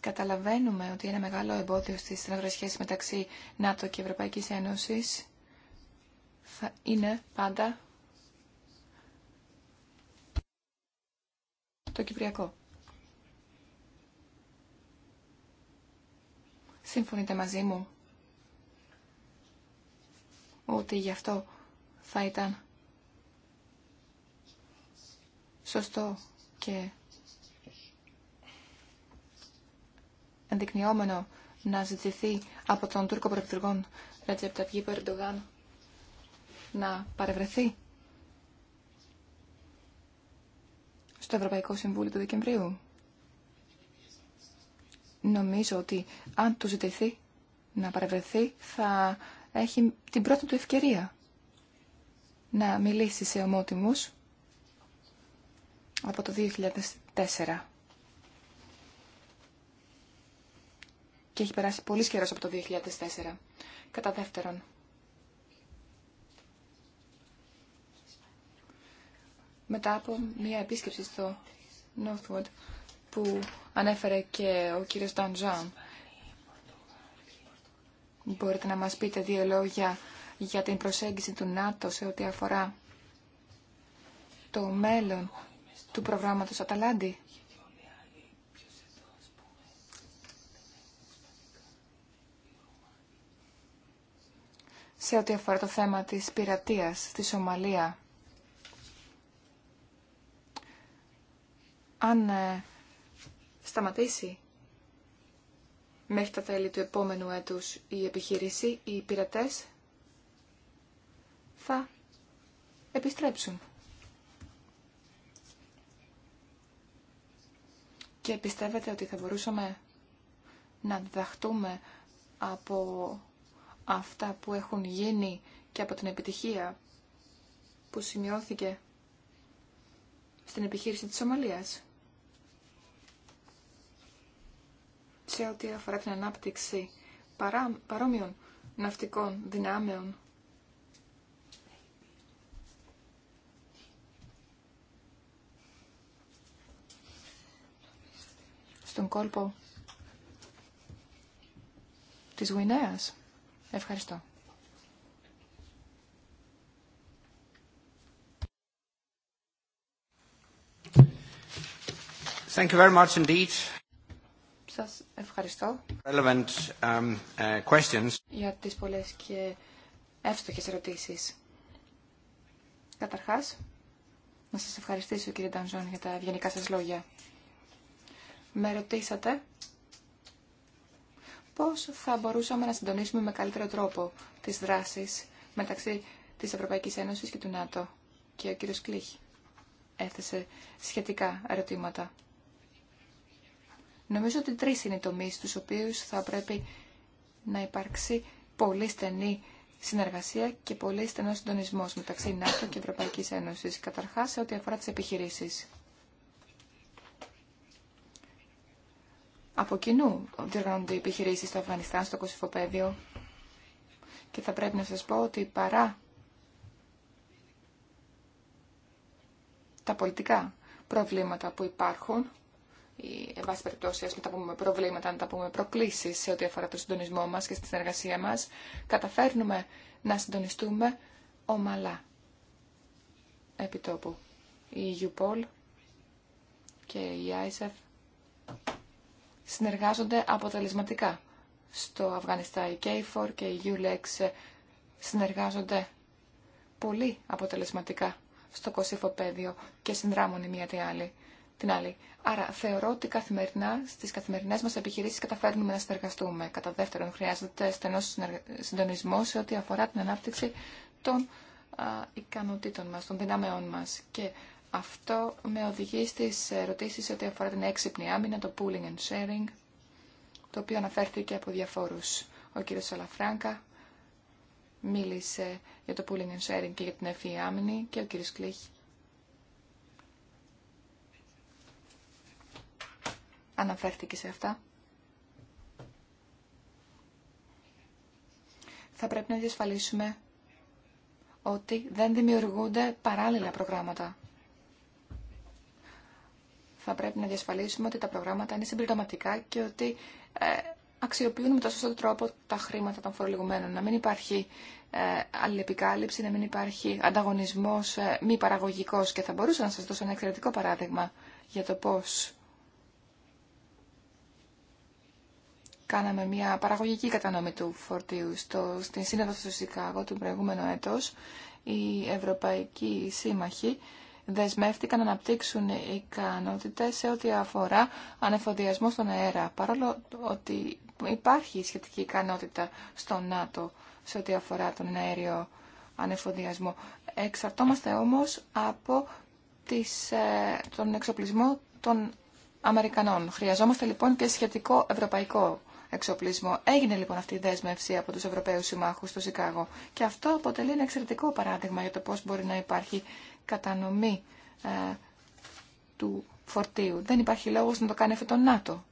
καταλαβαίνουμε ότι ένα μεγάλο εμπόδιο στις συνεργασίες μεταξύ ΝΑΤΟ και Ευρωπαϊκής Ένωσης θα είναι πάντα το Κυπριακό. Συμφωνείτε μαζί μου ότι γι' αυτό θα ήταν σωστό και ενδεικνυόμενο να ζητηθεί από τον Τούρκο Πρωθυπουργό Ρετζεπταυγή Περντογάν να παρευρεθεί στο Ευρωπαϊκό Συμβούλιο του Δεκεμβρίου. Νομίζω ότι αν του ζητηθεί να παρευρεθεί θα έχει την πρώτη του ευκαιρία να μιλήσει σε ομότιμους από το 2004. Και έχει περάσει πολύ καιρό από το 2004. Κατά δεύτερον, μετά από μια επίσκεψη στο Northwood που ανέφερε και ο κύριος Νταντζάν. Μπορείτε να μας πείτε δύο λόγια για την προσέγγιση του ΝΑΤΟ σε ό,τι αφορά το μέλλον του προγράμματος Αταλάντη. Σε ό,τι αφορά το θέμα της πειρατείας στη Σομαλία. αν ε, σταματήσει μέχρι τα τέλη του επόμενου έτους η επιχείρηση, οι πειρατές θα επιστρέψουν. Και πιστεύετε ότι θα μπορούσαμε να διδαχτούμε από αυτά που έχουν γίνει και από την επιτυχία που σημειώθηκε στην επιχείρηση της Σομαλίας. σε ό,τι αφορά την ανάπτυξη παρά, παρόμοιων ναυτικών δυνάμεων. Στον κόλπο της Γουινέας. Ευχαριστώ. Thank you very much indeed. Σας ευχαριστώ Relevant, um, uh, για τις πολλές και εύστοχες ερωτήσεις. Καταρχάς, να σας ευχαριστήσω κύριε Ντανζόν για τα ευγενικά σας λόγια. Με ρωτήσατε πώς θα μπορούσαμε να συντονίσουμε με καλύτερο τρόπο τις δράσεις μεταξύ της Ευρωπαϊκής Ένωσης και του ΝΑΤΟ. Και ο κύριος Κλίχ έθεσε σχετικά ερωτήματα. Νομίζω ότι τρει είναι οι τομείς στους οποίους θα πρέπει να υπάρξει πολύ στενή συνεργασία και πολύ στενό συντονισμό μεταξύ ΝΑΤΟ και Ευρωπαϊκής Ένωσης, Καταρχά σε ό,τι αφορά τις επιχειρήσεις. Από κοινού διοργανώνται οι επιχειρήσει στο Αφγανιστάν, στο Κωσυφοπαίδιο και θα πρέπει να σας πω ότι παρά τα πολιτικά προβλήματα που υπάρχουν, ε, εν πάση περιπτώσει, ας τα πούμε προβλήματα, να τα πούμε προκλήσεις σε ό,τι αφορά το συντονισμό μας και στη συνεργασία μας, καταφέρνουμε να συντονιστούμε ομαλά Επιτόπου Η EUPOL και η ISAF συνεργάζονται αποτελεσματικά. Στο Αφγανιστάν η KFOR και η ULEX συνεργάζονται πολύ αποτελεσματικά στο κοσίφο πεδίο και συνδράμουν η μία τη άλλη την άλλη. Άρα θεωρώ ότι καθημερινά στι καθημερινέ μα επιχειρήσει καταφέρνουμε να συνεργαστούμε. Κατά δεύτερον, χρειάζεται στενό συντονισμό σε ό,τι αφορά την ανάπτυξη των ικανοτήτων μα, των δυνάμεών μα. Και αυτό με οδηγεί στι ερωτήσει σε ό,τι αφορά την έξυπνη άμυνα, το pooling and sharing, το οποίο αναφέρθηκε από διαφόρου. Ο κ. Σαλαφράγκα μίλησε για το pooling and sharing και για την ευφυή άμυνη και ο κ. Κλίχ αναφέρθηκε σε αυτά. Θα πρέπει να διασφαλίσουμε ότι δεν δημιουργούνται παράλληλα προγράμματα. Θα πρέπει να διασφαλίσουμε ότι τα προγράμματα είναι συμπληρωματικά και ότι ε, αξιοποιούν με τον σωστό τρόπο τα χρήματα των φορολογουμένων. Να μην υπάρχει ε, αλληλεπικάλυψη, να μην υπάρχει ανταγωνισμός ε, μη παραγωγικός. Και θα μπορούσα να σας δώσω ένα εξαιρετικό παράδειγμα για το πώς κάναμε μια παραγωγική κατανομή του φορτίου. Στο, στην σύνοδο στο Σικάγο του προηγούμενου έτος, οι ευρωπαϊκοί σύμμαχοι δεσμεύτηκαν να αναπτύξουν ικανότητες σε ό,τι αφορά ανεφοδιασμό στον αέρα, παρόλο ότι υπάρχει σχετική ικανότητα στο ΝΑΤΟ σε ό,τι αφορά τον αέριο ανεφοδιασμό. Εξαρτόμαστε όμως από τις, ε, τον εξοπλισμό των Αμερικανών. Χρειαζόμαστε λοιπόν και σχετικό ευρωπαϊκό εξοπλισμό. Έγινε λοιπόν αυτή η δέσμευση από τους Ευρωπαίους Συμμάχους στο Σικάγο και αυτό αποτελεί ένα εξαιρετικό παράδειγμα για το πώς μπορεί να υπάρχει κατανομή ε, του φορτίου. Δεν υπάρχει λόγος να το κάνει αυτό το ΝΑΤΟ.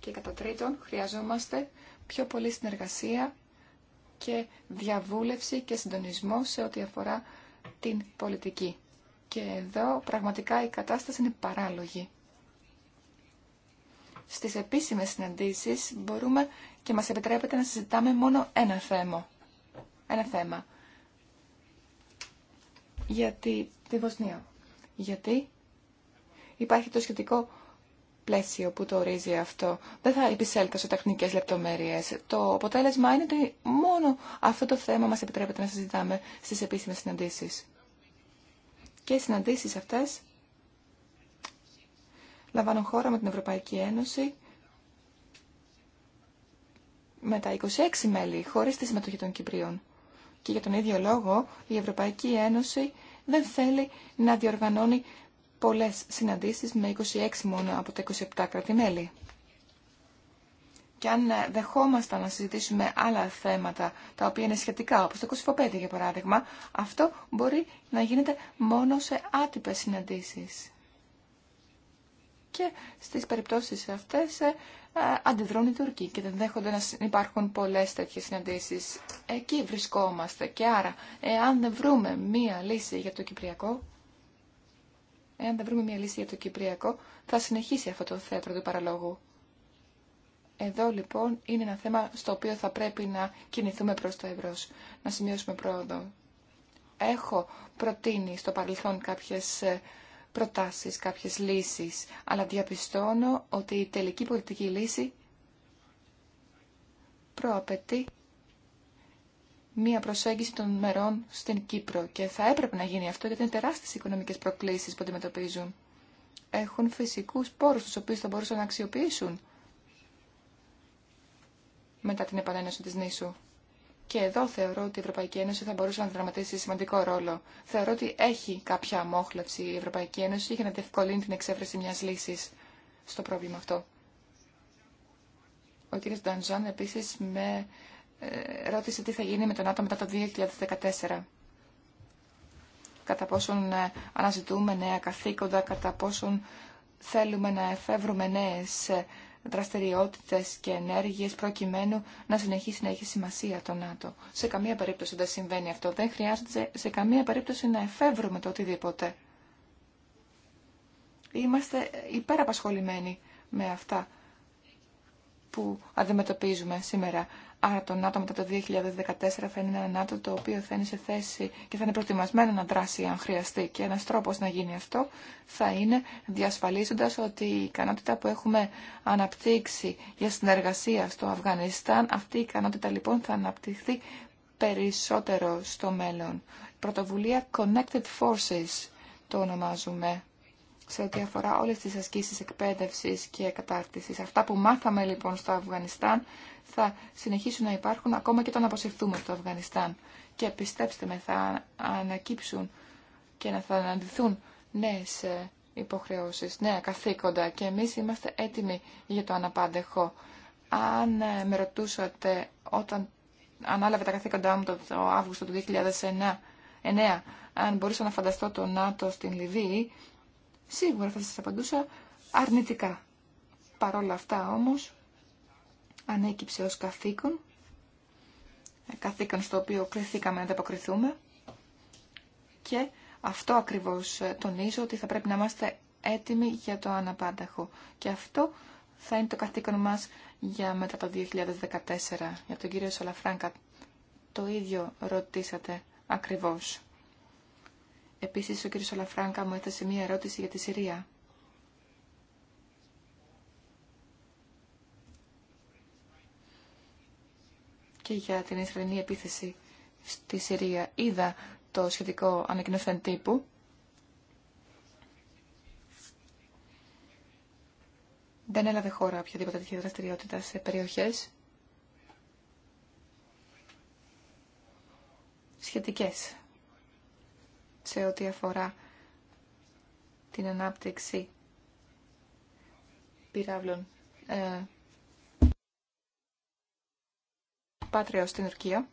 Και κατά τρίτον χρειαζόμαστε πιο πολύ συνεργασία και διαβούλευση και συντονισμό σε ό,τι αφορά την πολιτική. Και εδώ πραγματικά η κατάσταση είναι παράλογη στις επίσημες συναντήσεις μπορούμε και μας επιτρέπεται να συζητάμε μόνο ένα θέμα. Ένα θέμα. Γιατί τη Βοσνία. Γιατί υπάρχει το σχετικό πλαίσιο που το ορίζει αυτό. Δεν θα επισέλθω σε τεχνικές λεπτομέρειες. Το αποτέλεσμα είναι ότι μόνο αυτό το θέμα μας επιτρέπεται να συζητάμε στις επίσημες συναντήσεις. Και οι συναντήσεις αυτές Λαμβάνω χώρα με την Ευρωπαϊκή Ένωση με τα 26 μέλη, χωρίς τη συμμετοχή των Κυπρίων. Και για τον ίδιο λόγο η Ευρωπαϊκή Ένωση δεν θέλει να διοργανώνει πολλές συναντήσεις με 26 μόνο από τα 27 κράτη-μέλη. Και αν ε, δεχόμασταν να συζητήσουμε άλλα θέματα τα οποία είναι σχετικά, όπως το 25 για παράδειγμα, αυτό μπορεί να γίνεται μόνο σε άτυπες συναντήσεις και στις περιπτώσεις αυτές ε, ε, αντιδρούν οι Τουρκοί και δεν δέχονται να υπάρχουν πολλές τέτοιες συναντήσεις. Εκεί βρισκόμαστε και άρα εάν δεν βρούμε μία λύση για το Κυπριακό, εάν δεν βρούμε μία λύση για το Κυπριακό, θα συνεχίσει αυτό το θέατρο του παραλόγου. Εδώ λοιπόν είναι ένα θέμα στο οποίο θα πρέπει να κινηθούμε προς το ευρώ, να σημειώσουμε πρόοδο. Έχω προτείνει στο παρελθόν κάποιες ε, προτάσεις, κάποιες λύσεις, αλλά διαπιστώνω ότι η τελική πολιτική λύση προαπαιτεί μία προσέγγιση των μερών στην Κύπρο και θα έπρεπε να γίνει αυτό γιατί είναι τεράστιες οικονομικές προκλήσεις που αντιμετωπίζουν. Έχουν φυσικούς πόρους τους οποίους θα μπορούσαν να αξιοποιήσουν μετά την επανένωση της νήσου. Και εδώ θεωρώ ότι η Ευρωπαϊκή Ένωση θα μπορούσε να δραματίσει σημαντικό ρόλο. Θεωρώ ότι έχει κάποια αμόχλευση η Ευρωπαϊκή Ένωση για να διευκολύνει την εξέφραση μια λύση στο πρόβλημα αυτό. Ο κ. Ντανζάν επίσης με ε, ρώτησε τι θα γίνει με τον άτομο μετά το 2014. Κατά πόσον ε, αναζητούμε νέα καθήκοντα, κατά πόσον θέλουμε να εφεύρουμε νέες ε, δραστηριότητες και ενέργειες προκειμένου να συνεχίσει να έχει σημασία το ΝΑΤΟ. Σε καμία περίπτωση δεν συμβαίνει αυτό. Δεν χρειάζεται σε καμία περίπτωση να εφεύρουμε το οτιδήποτε. Είμαστε υπεραπασχολημένοι με αυτά που αντιμετωπίζουμε σήμερα. Άρα το ΝΑΤΟ μετά το 2014 θα είναι ένα ΝΑΤΟ το οποίο θα είναι σε θέση και θα είναι προετοιμασμένο να δράσει αν χρειαστεί. Και ένας τρόπος να γίνει αυτό θα είναι διασφαλίζοντας ότι η ικανότητα που έχουμε αναπτύξει για συνεργασία στο Αφγανιστάν, αυτή η ικανότητα λοιπόν θα αναπτυχθεί περισσότερο στο μέλλον. Πρωτοβουλία Connected Forces το ονομάζουμε σε ό,τι αφορά όλες τις ασκήσεις εκπαίδευσης και κατάρτισης. Αυτά που μάθαμε λοιπόν στο Αφγανιστάν θα συνεχίσουν να υπάρχουν ακόμα και όταν αποσυρθούμε από το Αφγανιστάν. Και πιστέψτε με θα ανακύψουν και να θα αναντηθούν νέες ε, υποχρεώσεις, νέα καθήκοντα και εμείς είμαστε έτοιμοι για το αναπάντεχο. Αν ε, με ρωτούσατε όταν ανάλαβε τα καθήκοντά μου το, Αύγουστο του 2009, αν μπορούσα να φανταστώ το ΝΑΤΟ στην Λιβύη, σίγουρα θα σας απαντούσα αρνητικά. Παρ' αυτά όμως, ανέκυψε ως καθήκον, ε, καθήκον στο οποίο κληθήκαμε να ανταποκριθούμε και αυτό ακριβώς ε, τονίζω ότι θα πρέπει να είμαστε έτοιμοι για το αναπάνταχο. Και αυτό θα είναι το καθήκον μας για μετά το 2014. Για τον κύριο Σαλαφράγκα το ίδιο ρωτήσατε ακριβώς. Επίσης, ο κ. Σαλαφράγκα μου έθεσε μία ερώτηση για τη Συρία. Και για την Ισραηλινή επίθεση στη Συρία. Είδα το σχετικό ανακοινωθέν τύπου. Δεν έλαβε χώρα οποιαδήποτε τέτοια δραστηριότητα σε περιοχές σχετικές σε ό,τι αφορά την ανάπτυξη πυράβλων ε, πάτριο στην Τουρκία.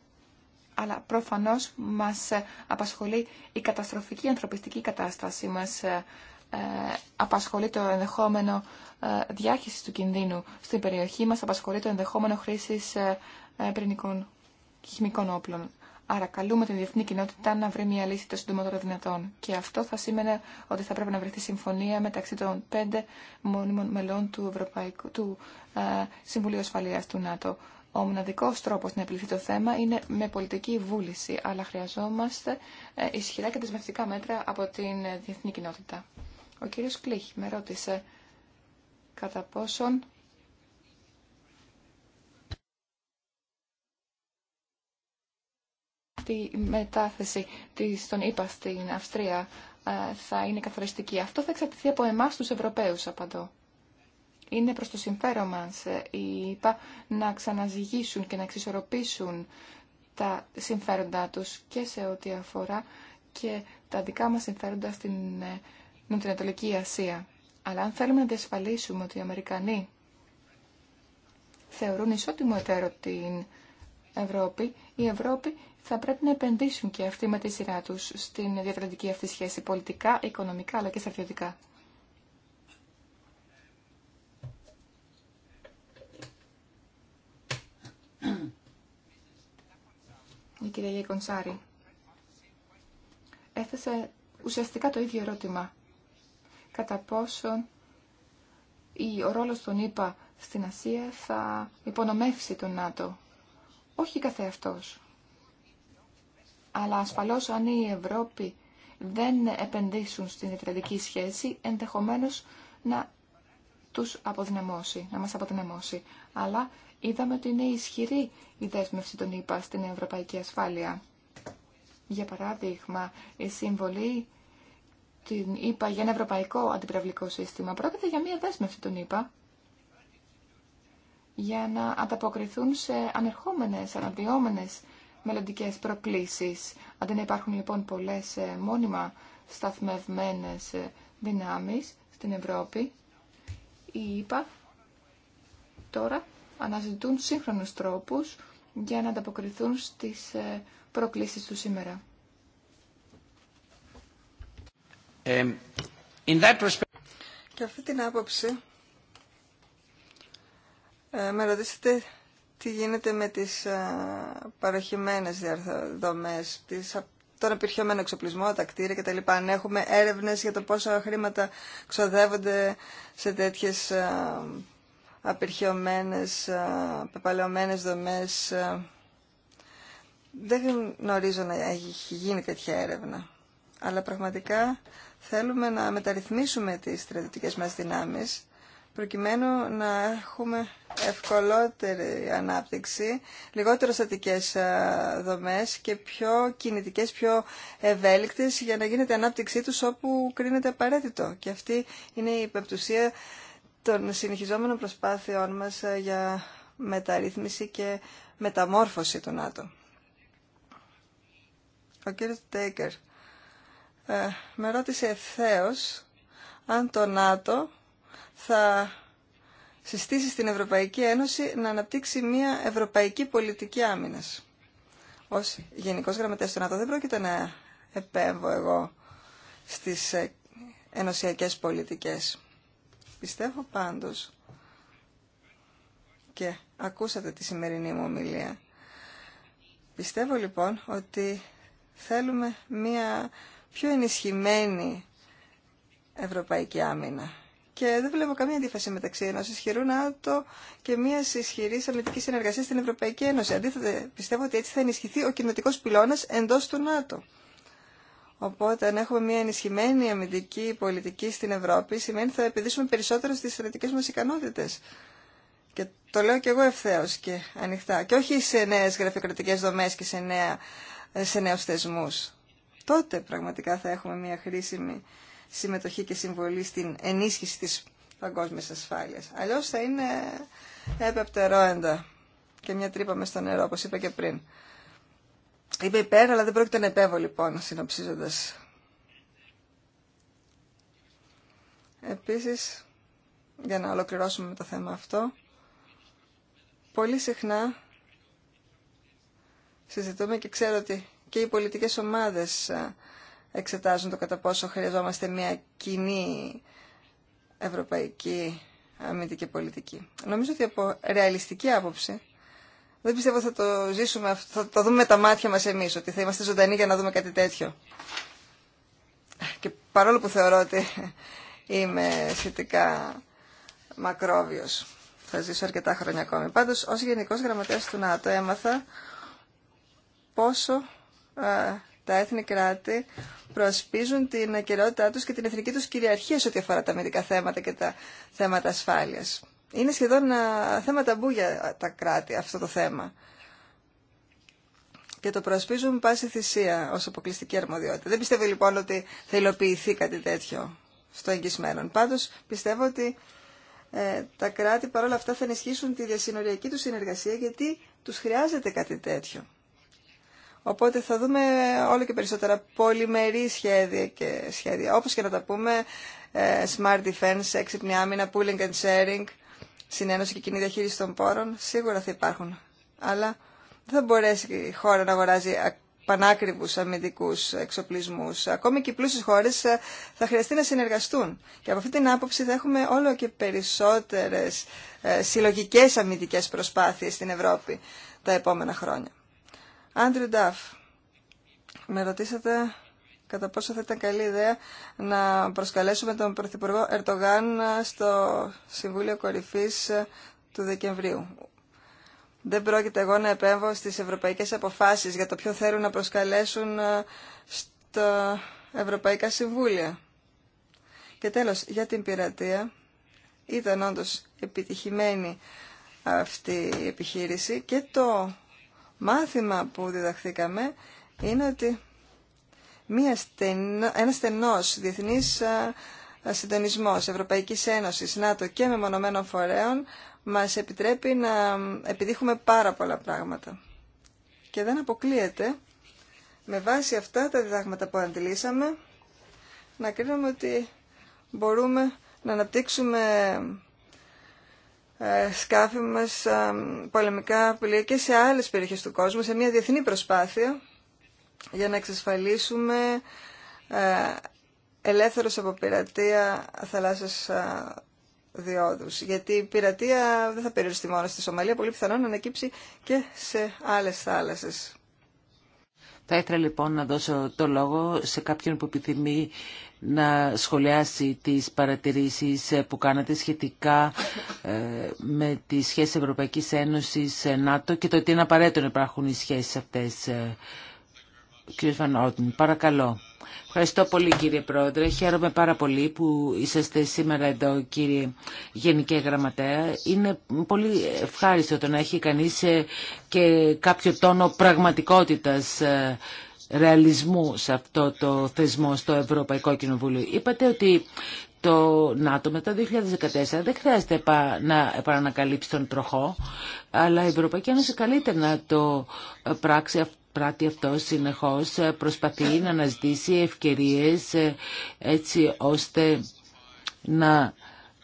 Αλλά προφανώς μας απασχολεί η καταστροφική ανθρωπιστική κατάσταση μας ε, ε, απασχολεί το ενδεχόμενο ε, διάχυσης του κινδύνου στην περιοχή μας, απασχολεί το ενδεχόμενο χρήσης ε, πυρηνικών χημικών όπλων. Άρα καλούμε την διεθνή κοινότητα να βρει μια λύση το συντομότερο δυνατόν. Και αυτό θα σήμαινε ότι θα πρέπει να βρεθεί συμφωνία μεταξύ των πέντε μόνιμων μελών του, Ευρωπαϊκού, του ε, Συμβουλίου Ασφαλείας του ΝΑΤΟ. Ο μοναδικό τρόπο να επιληθεί το θέμα είναι με πολιτική βούληση, αλλά χρειαζόμαστε ε, ισχυρά και δεσμευτικά μέτρα από την διεθνή κοινότητα. Ο κύριος Κλίχ με ρώτησε κατά πόσον τη μετάθεση της, των ΗΠΑ στην Αυστρία ε, θα είναι καθοριστική. Αυτό θα εξαρτηθεί από εμάς τους Ευρωπαίους, απαντώ. Είναι προς το συμφέρον μας ε, οι ΗΠΑ να ξαναζυγίσουν και να εξισορροπήσουν τα συμφέροντά τους και σε ό,τι αφορά και τα δικά μας συμφέροντα στην ε, Νοτιοανατολική Ασία. Αλλά αν θέλουμε να διασφαλίσουμε ότι οι Αμερικανοί θεωρούν ισότιμο εταίρο την Ευρώπη, η Ευρώπη θα πρέπει να επενδύσουν και αυτοί με τη σειρά τους στην διατρατική αυτή σχέση πολιτικά, οικονομικά αλλά και στρατιωτικά. Η κυρία Γεκονσάρη έθεσε ουσιαστικά το ίδιο ερώτημα. Κατά πόσο ο ρόλος των ΗΠΑ στην Ασία θα υπονομεύσει τον ΝΑΤΟ. Όχι καθεαυτός. Αλλά ασφαλώς αν οι Ευρώπη δεν επενδύσουν στην ιδρυτική σχέση, ενδεχομένως να τους αποδυναμώσει, να μας αποδυναμώσει. Αλλά είδαμε ότι είναι ισχυρή η δέσμευση των ΗΠΑ στην ευρωπαϊκή ασφάλεια. Για παράδειγμα, η συμβολή την ΗΠΑ για ένα ευρωπαϊκό αντιπραυλικό σύστημα πρόκειται για μία δέσμευση των ΗΠΑ για να ανταποκριθούν σε ανερχόμενες, αναδυόμενες μελλοντικέ προκλήσεις. Αντί να υπάρχουν λοιπόν πολλές ε, μόνιμα σταθμευμένες ε, δυνάμεις στην Ευρώπη, οι ΙΠΑ τώρα αναζητούν σύγχρονους τρόπους για να ανταποκριθούν στις ε, προκλήσεις του σήμερα. Και αυτή την άποψη ε, με ρωτήσετε τι γίνεται με τις ε, παροχημένες δομές, τις, τον απειρχιωμένο εξοπλισμό, τα κτίρια κτλ. Αν έχουμε έρευνες για το πόσα χρήματα ξοδεύονται σε τέτοιες ε, απειρχιωμένες, ε, πεπαλαιωμένες δομές. Δεν γνωρίζω να έχει γίνει τέτοια έρευνα. Αλλά πραγματικά θέλουμε να μεταρρυθμίσουμε τις στρατιωτικές μας δυνάμεις προκειμένου να έχουμε ευκολότερη ανάπτυξη, λιγότερο στατικές ε, δομές και πιο κινητικές, πιο ευέλικτες για να γίνεται ανάπτυξή τους όπου κρίνεται απαραίτητο. Και αυτή είναι η υπεπτουσία των συνεχιζόμενων προσπάθειών μας ε, για μεταρρύθμιση και μεταμόρφωση του ΝΑΤΟ. Ο κύριος Τέικερ ε, με ρώτησε ευθέως αν το ΝΑΤΟ θα συστήσει στην Ευρωπαϊκή Ένωση να αναπτύξει μια ευρωπαϊκή πολιτική άμυνας. Ως Γενικός Γραμματέας του ΝΑΤΟ δεν πρόκειται να επέμβω εγώ στις ε, ενωσιακές πολιτικές. Πιστεύω πάντως και ακούσατε τη σημερινή μου ομιλία. Πιστεύω λοιπόν ότι θέλουμε μια πιο ενισχυμένη ευρωπαϊκή άμυνα και δεν βλέπω καμία αντίφαση μεταξύ ενό ισχυρού ΝΑΤΟ και μια ισχυρή αμυντική συνεργασία στην Ευρωπαϊκή Ένωση. Αντίθετα, πιστεύω ότι έτσι θα ενισχυθεί ο κοινοτικό πυλώνα εντό του ΝΑΤΟ. Οπότε, αν έχουμε μια ενισχυμένη αμυντική πολιτική στην Ευρώπη, σημαίνει ότι θα επιδίσουμε περισσότερο στι στρατικέ μα ικανότητε. Και το λέω και εγώ ευθέω και ανοιχτά. Και όχι σε νέε γραφειοκρατικέ δομέ και σε, σε νέου θεσμού. Τότε πραγματικά θα έχουμε μια χρήσιμη συμμετοχή και συμβολή στην ενίσχυση της παγκόσμιας ασφάλειας. Αλλιώς θα είναι έπεπτερόεντα και μια τρύπα μες στο νερό, όπως είπα και πριν. Είπε υπέρ, αλλά δεν πρόκειται να επέβω λοιπόν, συνοψίζοντας. Επίσης, για να ολοκληρώσουμε το θέμα αυτό, πολύ συχνά συζητούμε και ξέρω ότι και οι πολιτικές ομάδες ε, εξετάζουν το κατά πόσο χρειαζόμαστε μια κοινή ευρωπαϊκή αμυντική πολιτική. Νομίζω ότι από ρεαλιστική άποψη δεν πιστεύω θα το ζήσουμε αυτό, θα το δούμε με τα μάτια μας εμείς, ότι θα είμαστε ζωντανοί για να δούμε κάτι τέτοιο. Και παρόλο που θεωρώ ότι είμαι σχετικά μακρόβιος, θα ζήσω αρκετά χρόνια ακόμη. Πάντως, ως Γενικός Γραμματέας του ΝΑΤΟ έμαθα πόσο ε, τα έθνη κράτη προασπίζουν την ακαιρεότητά τους και την εθνική τους κυριαρχία σε ό,τι αφορά τα αμυντικά θέματα και τα θέματα ασφάλειας. Είναι σχεδόν θέμα ταμπού για τα κράτη αυτό το θέμα. Και το προασπίζουν πάση θυσία ως αποκλειστική αρμοδιότητα. Δεν πιστεύω λοιπόν ότι θα υλοποιηθεί κάτι τέτοιο στο εγγύς μέλλον. Πάντως πιστεύω ότι ε, τα κράτη παρόλα αυτά θα ενισχύσουν τη διασυνοριακή του συνεργασία γιατί τους χρειάζεται κάτι τέτοιο. Οπότε θα δούμε όλο και περισσότερα πολυμερή σχέδια και σχέδια. Όπως και να τα πούμε, ε, smart defense, έξυπνη άμυνα, pooling and sharing, συνένωση και κοινή διαχείριση των πόρων, σίγουρα θα υπάρχουν. Αλλά δεν θα μπορέσει η χώρα να αγοράζει πανάκριβους αμυντικούς εξοπλισμούς. Ακόμη και οι πλούσιες χώρες ε, θα χρειαστεί να συνεργαστούν. Και από αυτή την άποψη θα έχουμε όλο και περισσότερες ε, συλλογικές αμυντικές προσπάθειες στην Ευρώπη τα επόμενα χρόνια. Άντριου Νταφ, με ρωτήσατε κατά πόσο θα ήταν καλή ιδέα να προσκαλέσουμε τον Πρωθυπουργό Ερτογάν στο Συμβούλιο Κορυφής του Δεκεμβρίου. Δεν πρόκειται εγώ να επέμβω στις ευρωπαϊκές αποφάσεις για το ποιο θέλουν να προσκαλέσουν στα Ευρωπαϊκά Συμβούλια. Και τέλος, για την πειρατεία, ήταν όντως επιτυχημένη αυτή η επιχείρηση και το μάθημα που διδαχθήκαμε είναι ότι μια στενο, ένα στενός διεθνής συντονισμός Ευρωπαϊκής Ένωσης, ΝΑΤΟ και μεμονωμένων φορέων μας επιτρέπει να επιδείχουμε πάρα πολλά πράγματα. Και δεν αποκλείεται, με βάση αυτά τα διδάγματα που αντιλήσαμε, να κρίνουμε ότι μπορούμε να αναπτύξουμε ε, σκάφη μας ε, πολεμικά πλοία και σε άλλες περιοχές του κόσμου, σε μια διεθνή προσπάθεια για να εξασφαλίσουμε ε, ελεύθερος από πειρατεία θαλάσσιας διόδους. Γιατί η πειρατεία δεν θα περιοριστεί μόνο στη Σομαλία, πολύ πιθανόν να ανακύψει και σε άλλες θάλασσες. Θα ήθελα λοιπόν να δώσω το λόγο σε κάποιον που επιθυμεί να σχολιάσει τις παρατηρήσεις που κάνατε σχετικά ε, με τις σχέσεις Ευρωπαϊκής Ένωσης-ΝΑΤΟ ε, και το ότι είναι απαραίτητο να υπάρχουν οι σχέσεις αυτές ε, Κύριε παρακαλώ. Ευχαριστώ πολύ κύριε Πρόεδρε. Χαίρομαι πάρα πολύ που είσαστε σήμερα εδώ κύριε Γενική Γραμματέα. Είναι πολύ ευχάριστο το να έχει κανείς ε, και κάποιο τόνο πραγματικότητας ε, ρεαλισμού σε αυτό το θεσμό στο Ευρωπαϊκό Κοινοβούλιο. Είπατε ότι το ΝΑΤΟ μετά το 2014 δεν χρειάζεται να επανακαλύψει τον τροχό, αλλά η Ευρωπαϊκή Ένωση καλύτερα να το ε, πράξει αυτό πράττει αυτό συνεχώς, ε, προσπαθεί να αναζητήσει ευκαιρίες ε, έτσι ώστε να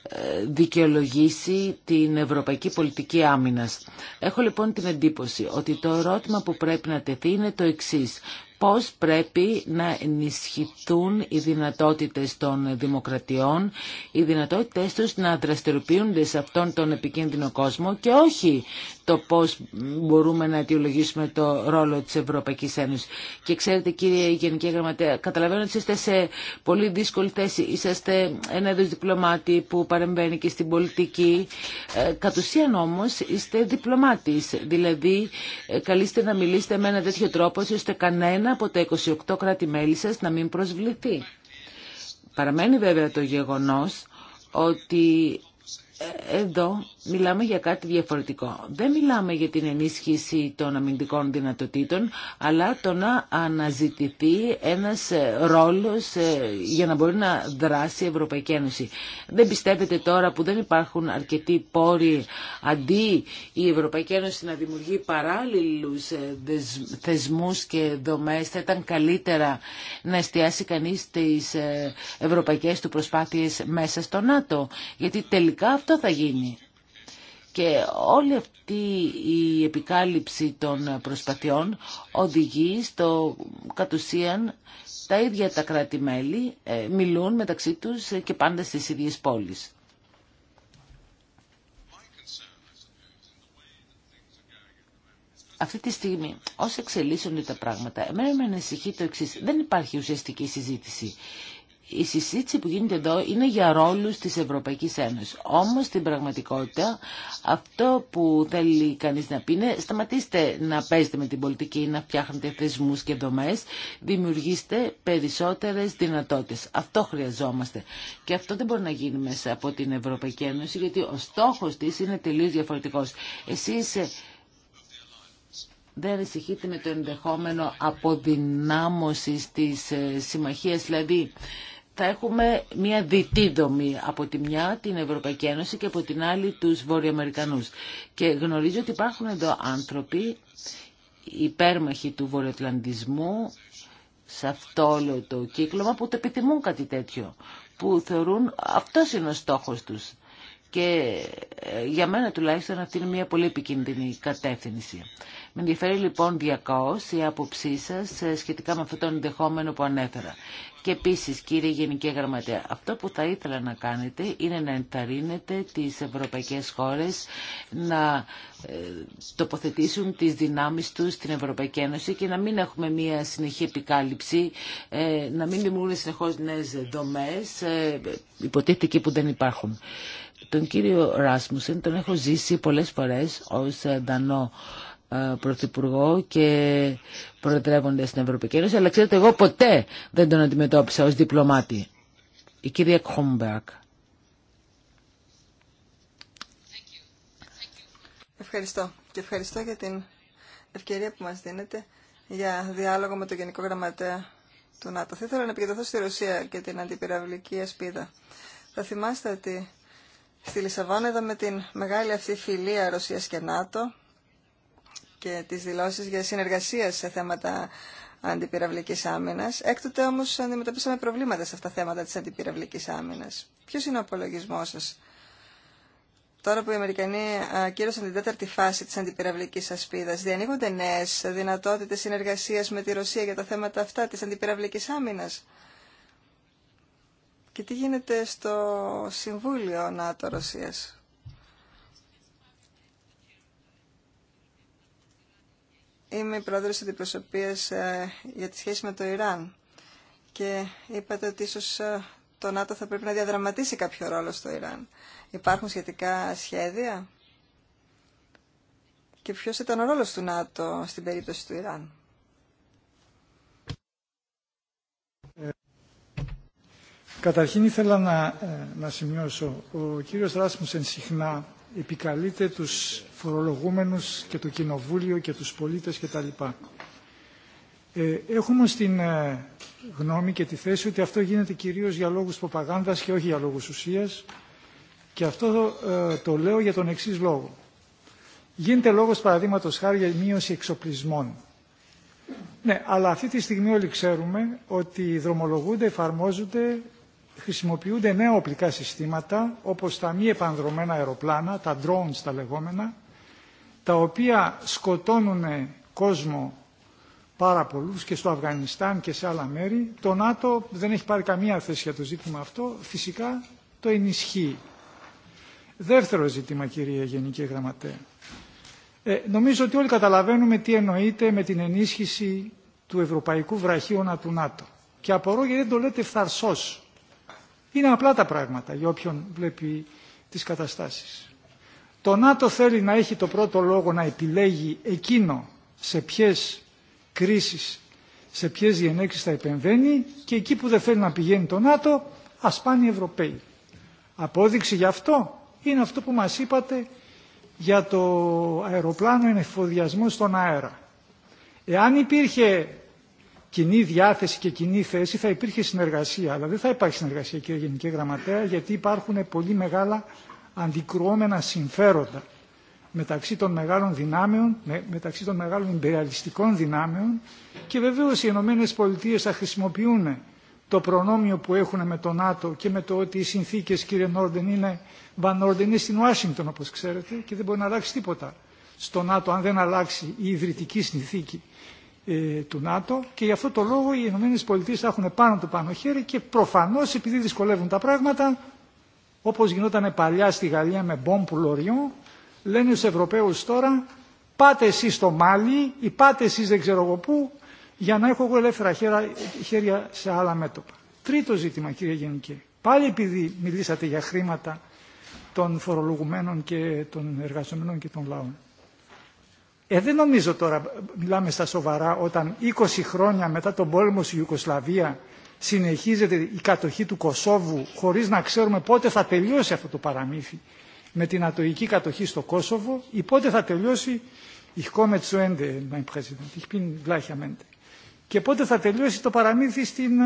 ε, δικαιολογήσει την ευρωπαϊκή πολιτική άμυνας. Έχω λοιπόν την εντύπωση ότι το ερώτημα που πρέπει να τεθεί είναι το εξής. Πώς πρέπει να ενισχυθούν οι δυνατότητες των δημοκρατιών, οι δυνατότητες τους να δραστηριοποιούνται σε αυτόν τον επικίνδυνο κόσμο και όχι το πώς μπορούμε να αιτιολογήσουμε το ρόλο της Ευρωπαϊκής Ένωσης. Και ξέρετε κύριε Γενική Γραμματέα, καταλαβαίνω ότι είστε σε πολύ δύσκολη θέση. Είσαστε ένα είδος διπλωμάτη που παρεμβαίνει και στην πολιτική. Ε, κατ' ουσίαν όμως είστε διπλωμάτης. Δηλαδή ε, καλείστε να μιλήσετε με ένα τέτοιο τρόπο ώστε κανένα από τα 28 κράτη-μέλη σας να μην προσβληθεί. Παραμένει βέβαια το γεγονός ότι ε, εδώ μιλάμε για κάτι διαφορετικό. Δεν μιλάμε για την ενίσχυση των αμυντικών δυνατοτήτων, αλλά το να αναζητηθεί ένας ε, ρόλος ε, για να μπορεί να δράσει η Ευρωπαϊκή Ένωση. Δεν πιστεύετε τώρα που δεν υπάρχουν αρκετοί πόροι αντί η Ευρωπαϊκή Ένωση να δημιουργεί παράλληλους ε, θεσμούς και δομές, θα ήταν καλύτερα να εστιάσει κανείς τις ευρωπαϊκές του προσπάθειες μέσα στο ΝΑΤΟ, γιατί τελικά αυτό θα γίνει. Και όλη αυτή η επικάλυψη των προσπαθειών οδηγεί στο κατ' ουσίαν τα ίδια τα κράτη-μέλη ε, μιλούν μεταξύ τους και πάντα στις ίδιες πόλεις. Αυτή τη στιγμή, όσο εξελίσσονται τα πράγματα, εμένα με ανησυχεί το εξή. Δεν υπάρχει ουσιαστική συζήτηση η συζήτηση που γίνεται εδώ είναι για ρόλους της Ευρωπαϊκής Ένωσης. Όμως στην πραγματικότητα αυτό που θέλει κανείς να πει είναι σταματήστε να παίζετε με την πολιτική, ή να φτιάχνετε θεσμούς και δομές, δημιουργήστε περισσότερες δυνατότητες. Αυτό χρειαζόμαστε. Και αυτό δεν μπορεί να γίνει μέσα από την Ευρωπαϊκή Ένωση γιατί ο στόχος της είναι τελείως διαφορετικός. Εσείς ε, δεν ανησυχείτε με το ενδεχόμενο αποδυνάμωσης της ε, συμμαχίας, δηλαδή θα έχουμε μια διτή δομή από τη μια την Ευρωπαϊκή Ένωση και από την άλλη τους Βορειοαμερικανούς. Και γνωρίζω ότι υπάρχουν εδώ άνθρωποι υπέρμαχοι του βορειοατλαντισμού σε αυτό όλο το κύκλωμα που το επιθυμούν κάτι τέτοιο, που θεωρούν αυτός είναι ο στόχος τους. Και ε, για μένα τουλάχιστον αυτή είναι μια πολύ επικίνδυνη κατεύθυνση. Με ενδιαφέρει λοιπόν διακαώς η άποψή σας ε, σχετικά με αυτό τον ενδεχόμενο που ανέφερα. Και επίση, κύριε Γενική Γραμματέα, αυτό που θα ήθελα να κάνετε είναι να ενταρρύνετε τις ευρωπαϊκές χώρες να ε, τοποθετήσουν τις δυνάμεις τους στην Ευρωπαϊκή Ένωση και να μην έχουμε μια συνεχή επικάλυψη, ε, να μην δημιουργούν συνεχώς νέες δομές, ε, υποτίθεται εκεί που δεν υπάρχουν. Τον κύριο Ράσμουσεν τον έχω ζήσει πολλές φορές ως Δανό ε, πρωθυπουργό και Προεδρεύοντας στην Ευρωπαϊκή Ένωση, αλλά ξέρετε εγώ ποτέ δεν τον αντιμετώπισα ως διπλωμάτη. Η κυρία Κόμμπερκ. Ευχαριστώ και ευχαριστώ για την ευκαιρία που μας δίνετε για διάλογο με τον Γενικό Γραμματέα του ΝΑΤΟ. Θα ήθελα να επικεντρωθώ στη Ρωσία και την αντιπυραυλική ασπίδα. Θα θυμάστε ότι στη Λισαβόνα με την μεγάλη αυτή φιλία Ρωσίας και ΝΑΤΟ και τις δηλώσεις για συνεργασία σε θέματα αντιπυραυλικής άμυνας. Έκτοτε όμως αντιμετωπίσαμε προβλήματα σε αυτά τα θέματα της αντιπυραυλικής άμυνας. Ποιος είναι ο απολογισμό σα. Τώρα που οι Αμερικανοί ακύρωσαν την τέταρτη φάση της αντιπυραυλικής ασπίδας, διανοίγονται νέε δυνατότητες συνεργασίας με τη Ρωσία για τα θέματα αυτά της αντιπυραυλικής άμυνας. Και τι γίνεται στο Συμβούλιο ΝΑΤΟ Ρωσίας. Είμαι η πρόεδρος της ε, για τη σχέση με το Ιράν και είπατε ότι ίσως ε, το ΝΑΤΟ θα πρέπει να διαδραματίσει κάποιο ρόλο στο Ιράν. Υπάρχουν σχετικά σχέδια και ποιος ήταν ο ρόλος του ΝΑΤΟ στην περίπτωση του Ιράν. Ε, καταρχήν ήθελα να, να σημειώσω, ο κύριος Ράσμουσεν συχνά επικαλείται τους φορολογούμενους και το κοινοβούλιο και τους πολίτες κτλ. Ε, έχουμε στην ε, γνώμη και τη θέση ότι αυτό γίνεται κυρίως για λόγους προπαγάνδας και όχι για λόγους ουσίας και αυτό ε, το λέω για τον εξής λόγο. Γίνεται λόγος παραδείγματο χάρη για μείωση εξοπλισμών. Ναι, αλλά αυτή τη στιγμή όλοι ξέρουμε ότι δρομολογούνται, εφαρμόζονται χρησιμοποιούνται νέα οπλικά συστήματα όπως τα μη επανδρομένα αεροπλάνα, τα drones τα λεγόμενα, τα οποία σκοτώνουν κόσμο πάρα πολλού και στο Αφγανιστάν και σε άλλα μέρη. Το ΝΑΤΟ δεν έχει πάρει καμία θέση για το ζήτημα αυτό. Φυσικά το ενισχύει. Δεύτερο ζήτημα, κυρίε Γενική Γραμματέα. Ε, νομίζω ότι όλοι καταλαβαίνουμε τι εννοείται με την ενίσχυση του Ευρωπαϊκού Βραχίωνα του ΝΑΤΟ. Και απορώ γιατί δεν το λέτε είναι απλά τα πράγματα για όποιον βλέπει τις καταστάσεις. Το ΝΑΤΟ θέλει να έχει το πρώτο λόγο να επιλέγει εκείνο σε ποιες κρίσεις, σε ποιες διενέξεις θα επεμβαίνει και εκεί που δεν θέλει να πηγαίνει το ΝΑΤΟ ας πάνε οι Ευρωπαίοι. Απόδειξη γι' αυτό είναι αυτό που μας είπατε για το αεροπλάνο ενεφοδιασμό στον αέρα. Εάν υπήρχε κοινή διάθεση και κοινή θέση θα υπήρχε συνεργασία. Αλλά δεν θα υπάρχει συνεργασία, κύριε Γενική Γραμματέα, γιατί υπάρχουν πολύ μεγάλα αντικρουόμενα συμφέροντα μεταξύ των μεγάλων δυνάμεων, μεταξύ των μεγάλων υπεριαλιστικών δυνάμεων και βεβαίως οι Ηνωμένε Πολιτείε θα χρησιμοποιούν το προνόμιο που έχουν με το ΝΑΤΟ και με το ότι οι συνθήκες, κύριε Νόρντεν, είναι, στην Ουάσιγκτον, όπως ξέρετε, και δεν μπορεί να αλλάξει τίποτα στο ΝΑΤΟ αν δεν αλλάξει η ιδρυτική συνθήκη ε, του ΝΑΤΟ και γι' αυτό το λόγο οι ΗΠΑ θα έχουν πάνω το πάνω χέρι και προφανώς επειδή δυσκολεύουν τα πράγματα όπως γινόταν παλιά στη Γαλλία με μπόμπου λοριό λένε στους Ευρωπαίους τώρα πάτε εσείς στο Μάλι ή πάτε εσείς δεν ξέρω εγώ πού για να έχω εγώ ελεύθερα χέρια σε άλλα μέτωπα. Τρίτο ζήτημα κύριε Γενική. Πάλι επειδή μιλήσατε για χρήματα των φορολογουμένων και των εργαζομένων και των λαών. Ε, δεν νομίζω τώρα, μιλάμε στα σοβαρά, όταν 20 χρόνια μετά τον πόλεμο στη Ιουκοσλαβία συνεχίζεται η κατοχή του Κωσόβου χωρίς να ξέρουμε πότε θα τελειώσει αυτό το παραμύθι με την ατοική κατοχή στο Κόσοβο ή πότε θα τελειώσει η komme zu Ende, mein ich Και πότε θα τελειώσει το παραμύθι στην, ε,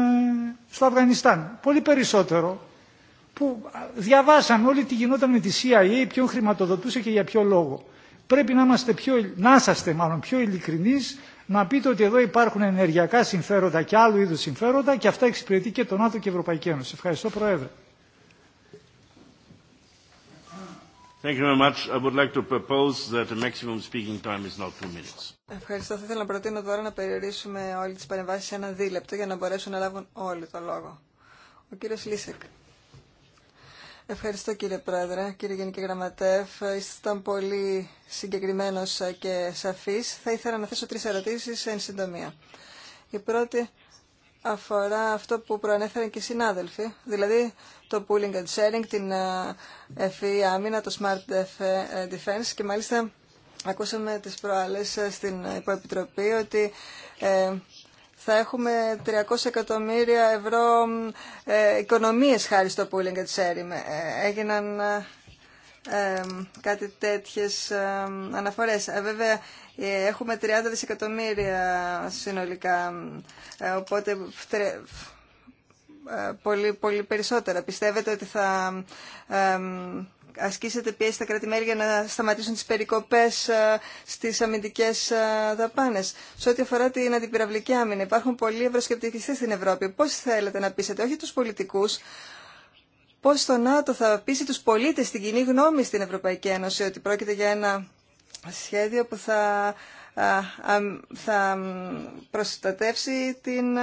στο Αφγανιστάν. Πολύ περισσότερο που διαβάσαν όλοι τι γινόταν με τη CIA, ποιον χρηματοδοτούσε και για ποιο λόγο πρέπει να, είμαστε πιο, να είσαστε μάλλον πιο ειλικρινείς να πείτε ότι εδώ υπάρχουν ενεργειακά συμφέροντα και άλλου είδους συμφέροντα και αυτά εξυπηρετεί και το ΝΑΤΟ και η Ευρωπαϊκή Ένωση. Ευχαριστώ Πρόεδρε. Ευχαριστώ. Θα ήθελα να προτείνω τώρα να περιορίσουμε όλες τις παρεμβάσεις σε ένα δίλεπτο για να μπορέσουν να λάβουν όλοι το λόγο. Ο κύριος Λίσεκ. Ευχαριστώ κύριε Πρόεδρε, κύριε Γενική Γραμματεύ. Ήσασταν πολύ συγκεκριμένος και σαφή. Θα ήθελα να θέσω τρει ερωτήσει εν συντομία. Η πρώτη αφορά αυτό που προανέφεραν και οι συνάδελφοι, δηλαδή το pooling and sharing, την FE ε, άμυνα, το smart ε, defense και μάλιστα ακούσαμε τις προάλλες ε, στην υποεπιτροπή ότι θα έχουμε 300 εκατομμύρια ευρώ ε, οικονομίες χάρη στο pooling and sharing. Ε, έγιναν ε, ε, κάτι τέτοιες αναφορές. Ε, βέβαια, έχουμε 30 δισεκατομμύρια συνολικά, οπότε πολύ, πολύ περισσότερα. Πιστεύετε ότι θα ασκήσετε πιέση στα κράτη-μέλη για να σταματήσουν τις περικοπές ε, στις αμυντικές ε, δαπάνες. Σε ό,τι αφορά την αντιπυραυλική άμυνα, υπάρχουν πολλοί ευρωσκεπτικιστές στην Ευρώπη. Πώς θέλετε να πείσετε, όχι τους πολιτικούς, πώς το ΝΑΤΟ θα πείσει τους πολίτες στην κοινή γνώμη στην Ευρωπαϊκή Ένωση ότι πρόκειται για ένα σχέδιο που θα, ε, θα προστατεύσει την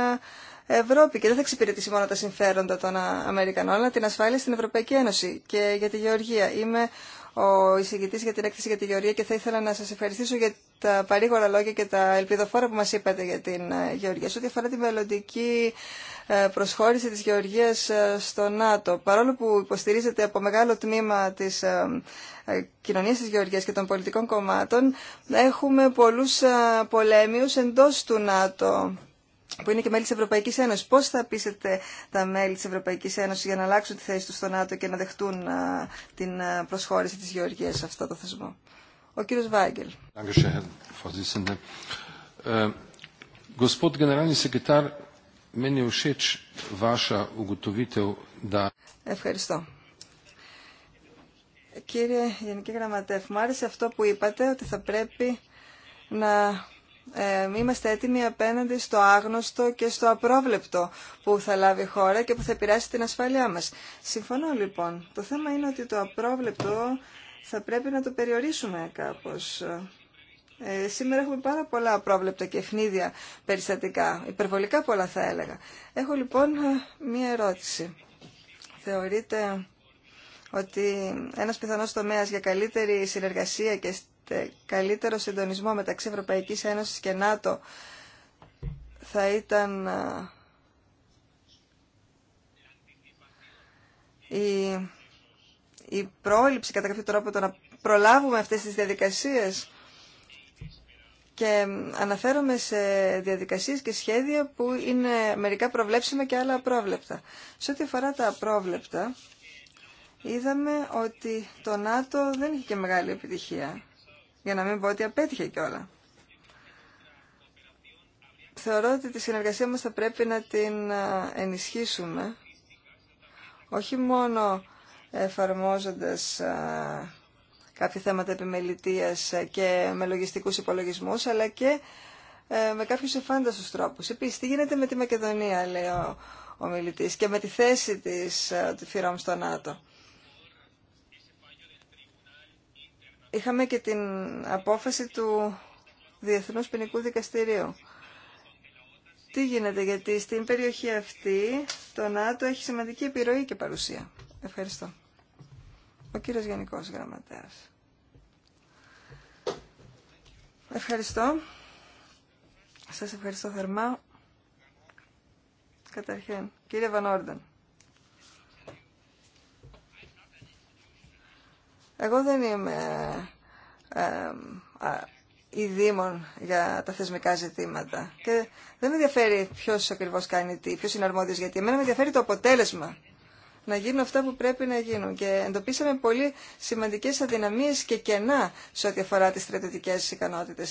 Ευρώπη και δεν θα εξυπηρετήσει μόνο τα συμφέροντα των Αμερικανών, αλλά την ασφάλεια στην Ευρωπαϊκή Ένωση και για τη Γεωργία. Είμαι ο εισηγητή για την έκθεση για τη Γεωργία και θα ήθελα να σα ευχαριστήσω για τα παρήγορα λόγια και τα ελπιδοφόρα που μα είπατε για την ε, Γεωργία. Σε ό,τι αφορά τη μελλοντική ε, προσχώρηση τη Γεωργία ε, στο ΝΑΤΟ, παρόλο που υποστηρίζεται από μεγάλο τμήμα τη κοινωνία τη Γεωργία και των πολιτικών κομμάτων, έχουμε πολλού πολέμιου εντό του ΝΑΤΟ που είναι και μέλη τη Ευρωπαϊκή Ένωση. Πώ θα πείσετε τα μέλη τη Ευρωπαϊκή Ένωση για να αλλάξουν τη θέση του στο ΝΑΤΟ και να δεχτούν την προσχώρηση τη Γεωργίας σε αυτό το θεσμό. Ο κύριος Βάγκελ. Äh, Ευχαριστώ. Κύριε Γενική Γραμματεύ, μου άρεσε αυτό που είπατε, ότι θα πρέπει να ε, είμαστε έτοιμοι απέναντι στο άγνωστο και στο απρόβλεπτο που θα λάβει η χώρα και που θα επηρεάσει την ασφάλειά μας. Συμφωνώ λοιπόν. Το θέμα είναι ότι το απρόβλεπτο θα πρέπει να το περιορίσουμε κάπως. Ε, σήμερα έχουμε πάρα πολλά απρόβλεπτα και ευνίδια περιστατικά, υπερβολικά πολλά θα έλεγα. Έχω λοιπόν μία ερώτηση. Θεωρείτε ότι ένας πιθανός τομέας για καλύτερη συνεργασία και καλύτερο συντονισμό μεταξύ Ευρωπαϊκής Ένωσης και ΝΑΤΟ θα ήταν η, πρόληψη κατά κάποιο τρόπο το να προλάβουμε αυτές τις διαδικασίες και αναφέρομαι σε διαδικασίες και σχέδια που είναι μερικά προβλέψιμα και άλλα απρόβλεπτα. Σε ό,τι αφορά τα απρόβλεπτα, είδαμε ότι το ΝΑΤΟ δεν είχε και μεγάλη επιτυχία για να μην πω ότι απέτυχε κιόλα. Θεωρώ ότι τη συνεργασία μας θα πρέπει να την ενισχύσουμε, όχι μόνο εφαρμόζοντας κάποια θέματα επιμελητίας ε, και με λογιστικούς υπολογισμούς, αλλά και ε, με κάποιους εφάνταστους τρόπους. Επίσης, τι γίνεται με τη Μακεδονία, λέει ο, ο και με τη θέση της, ε, ΦΥΡΟΜ φυρών στο ΝΑΤΟ. είχαμε και την απόφαση του Διεθνούς Ποινικού Δικαστηρίου. Τι γίνεται, γιατί στην περιοχή αυτή το ΝΑΤΟ έχει σημαντική επιρροή και παρουσία. Ευχαριστώ. Ο κύριος Γενικός Γραμματέας. Ευχαριστώ. Σας ευχαριστώ θερμά. Καταρχήν, κύριε Βανόρντεν. Εγώ δεν είμαι ε, η για τα θεσμικά ζητήματα. Και δεν με ενδιαφέρει ποιο ακριβώ κάνει τι, ποιο είναι αρμόδιο γιατί. Εμένα με ενδιαφέρει το αποτέλεσμα. Να γίνουν αυτά που πρέπει να γίνουν. Και εντοπίσαμε πολύ σημαντικέ αδυναμίε και κενά σε ό,τι αφορά τι στρατιωτικέ ικανότητε.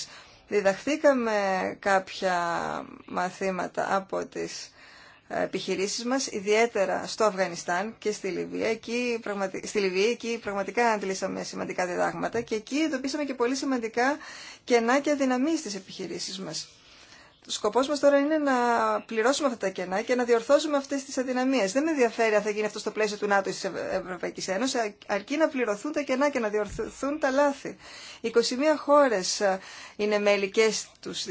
Διδαχθήκαμε κάποια μαθήματα από τις επιχειρήσεις μας, ιδιαίτερα στο Αφγανιστάν και στη Λιβύη. Εκεί, Στη Λιβύη, εκεί πραγματικά αντιλήσαμε σημαντικά διδάγματα και εκεί εντοπίσαμε και πολύ σημαντικά κενά και αδυναμίες στις επιχειρήσεις μας. το σκοπός μας τώρα είναι να πληρώσουμε αυτά τα κενά και να διορθώσουμε αυτές τις αδυναμίες. Δεν με ενδιαφέρει αν θα γίνει αυτό στο πλαίσιο του ΝΑΤΟ ή της Ευρωπαϊκής Ένωσης, αρκεί να πληρωθούν τα κενά και να διορθωθούν τα λάθη. 21 χώρε ε, είναι μέλη και στους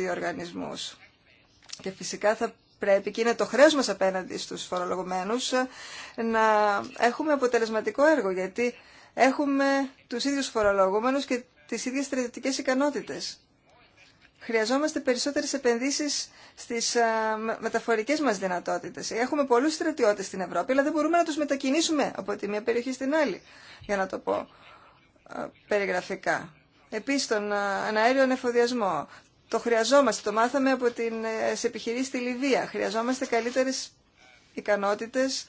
Και φυσικά θα πρέπει και είναι το χρέος μας απέναντι στους φορολογουμένους ε, να έχουμε αποτελεσματικό έργο γιατί έχουμε τους ίδιους φορολογούμενους και τις ίδιες στρατιωτικές ικανότητες. Χρειαζόμαστε περισσότερες επενδύσεις στις ε, μεταφορικές μας δυνατότητες. Έχουμε πολλούς στρατιώτες στην Ευρώπη, αλλά δεν μπορούμε να τους μετακινήσουμε από τη μία περιοχή στην άλλη, για να το πω ε, περιγραφικά. Επίσης, τον αέριο εφοδιασμό, το χρειαζόμαστε, το μάθαμε από την ε, σε στη Λιβύα. Χρειαζόμαστε καλύτερες ικανότητες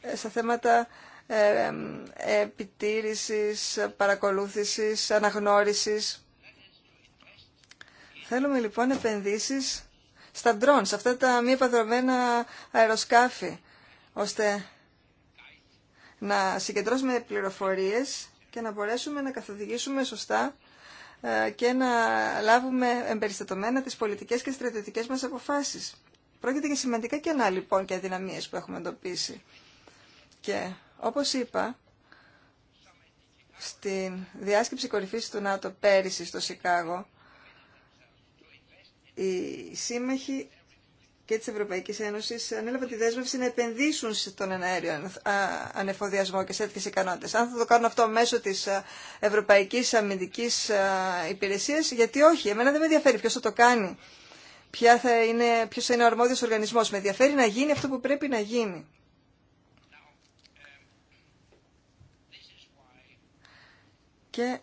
ε, στα θέματα ε, επιτήρησης, παρακολούθησης, αναγνώρισης. Θέλουμε λοιπόν επενδύσεις στα ντρόν, σε αυτά τα μη επαδρομένα αεροσκάφη, ώστε να συγκεντρώσουμε πληροφορίες και να μπορέσουμε να καθοδηγήσουμε σωστά ε, και να λάβουμε εμπεριστατωμένα τις πολιτικές και στρατιωτικές μας αποφάσεις. Πρόκειται για σημαντικά κενά λοιπόν και αδυναμίες που έχουμε εντοπίσει. Και όπως είπα, στην διάσκεψη κορυφής του ΝΑΤΟ πέρυσι στο Σικάγο, οι σύμμαχοι και της Ευρωπαϊκής Ένωσης ανέλαβαν τη δέσμευση να επενδύσουν στον εναέριο ανεφοδιασμό και σε τέτοιες ικανότητες. Αν θα το κάνουν αυτό μέσω της Ευρωπαϊκής Αμυντικής Υπηρεσίας, γιατί όχι. Εμένα δεν με ενδιαφέρει ποιος θα το κάνει, ποια θα είναι, ποιος θα είναι ο αρμόδιος οργανισμός. Με ενδιαφέρει να γίνει αυτό που πρέπει να γίνει. Και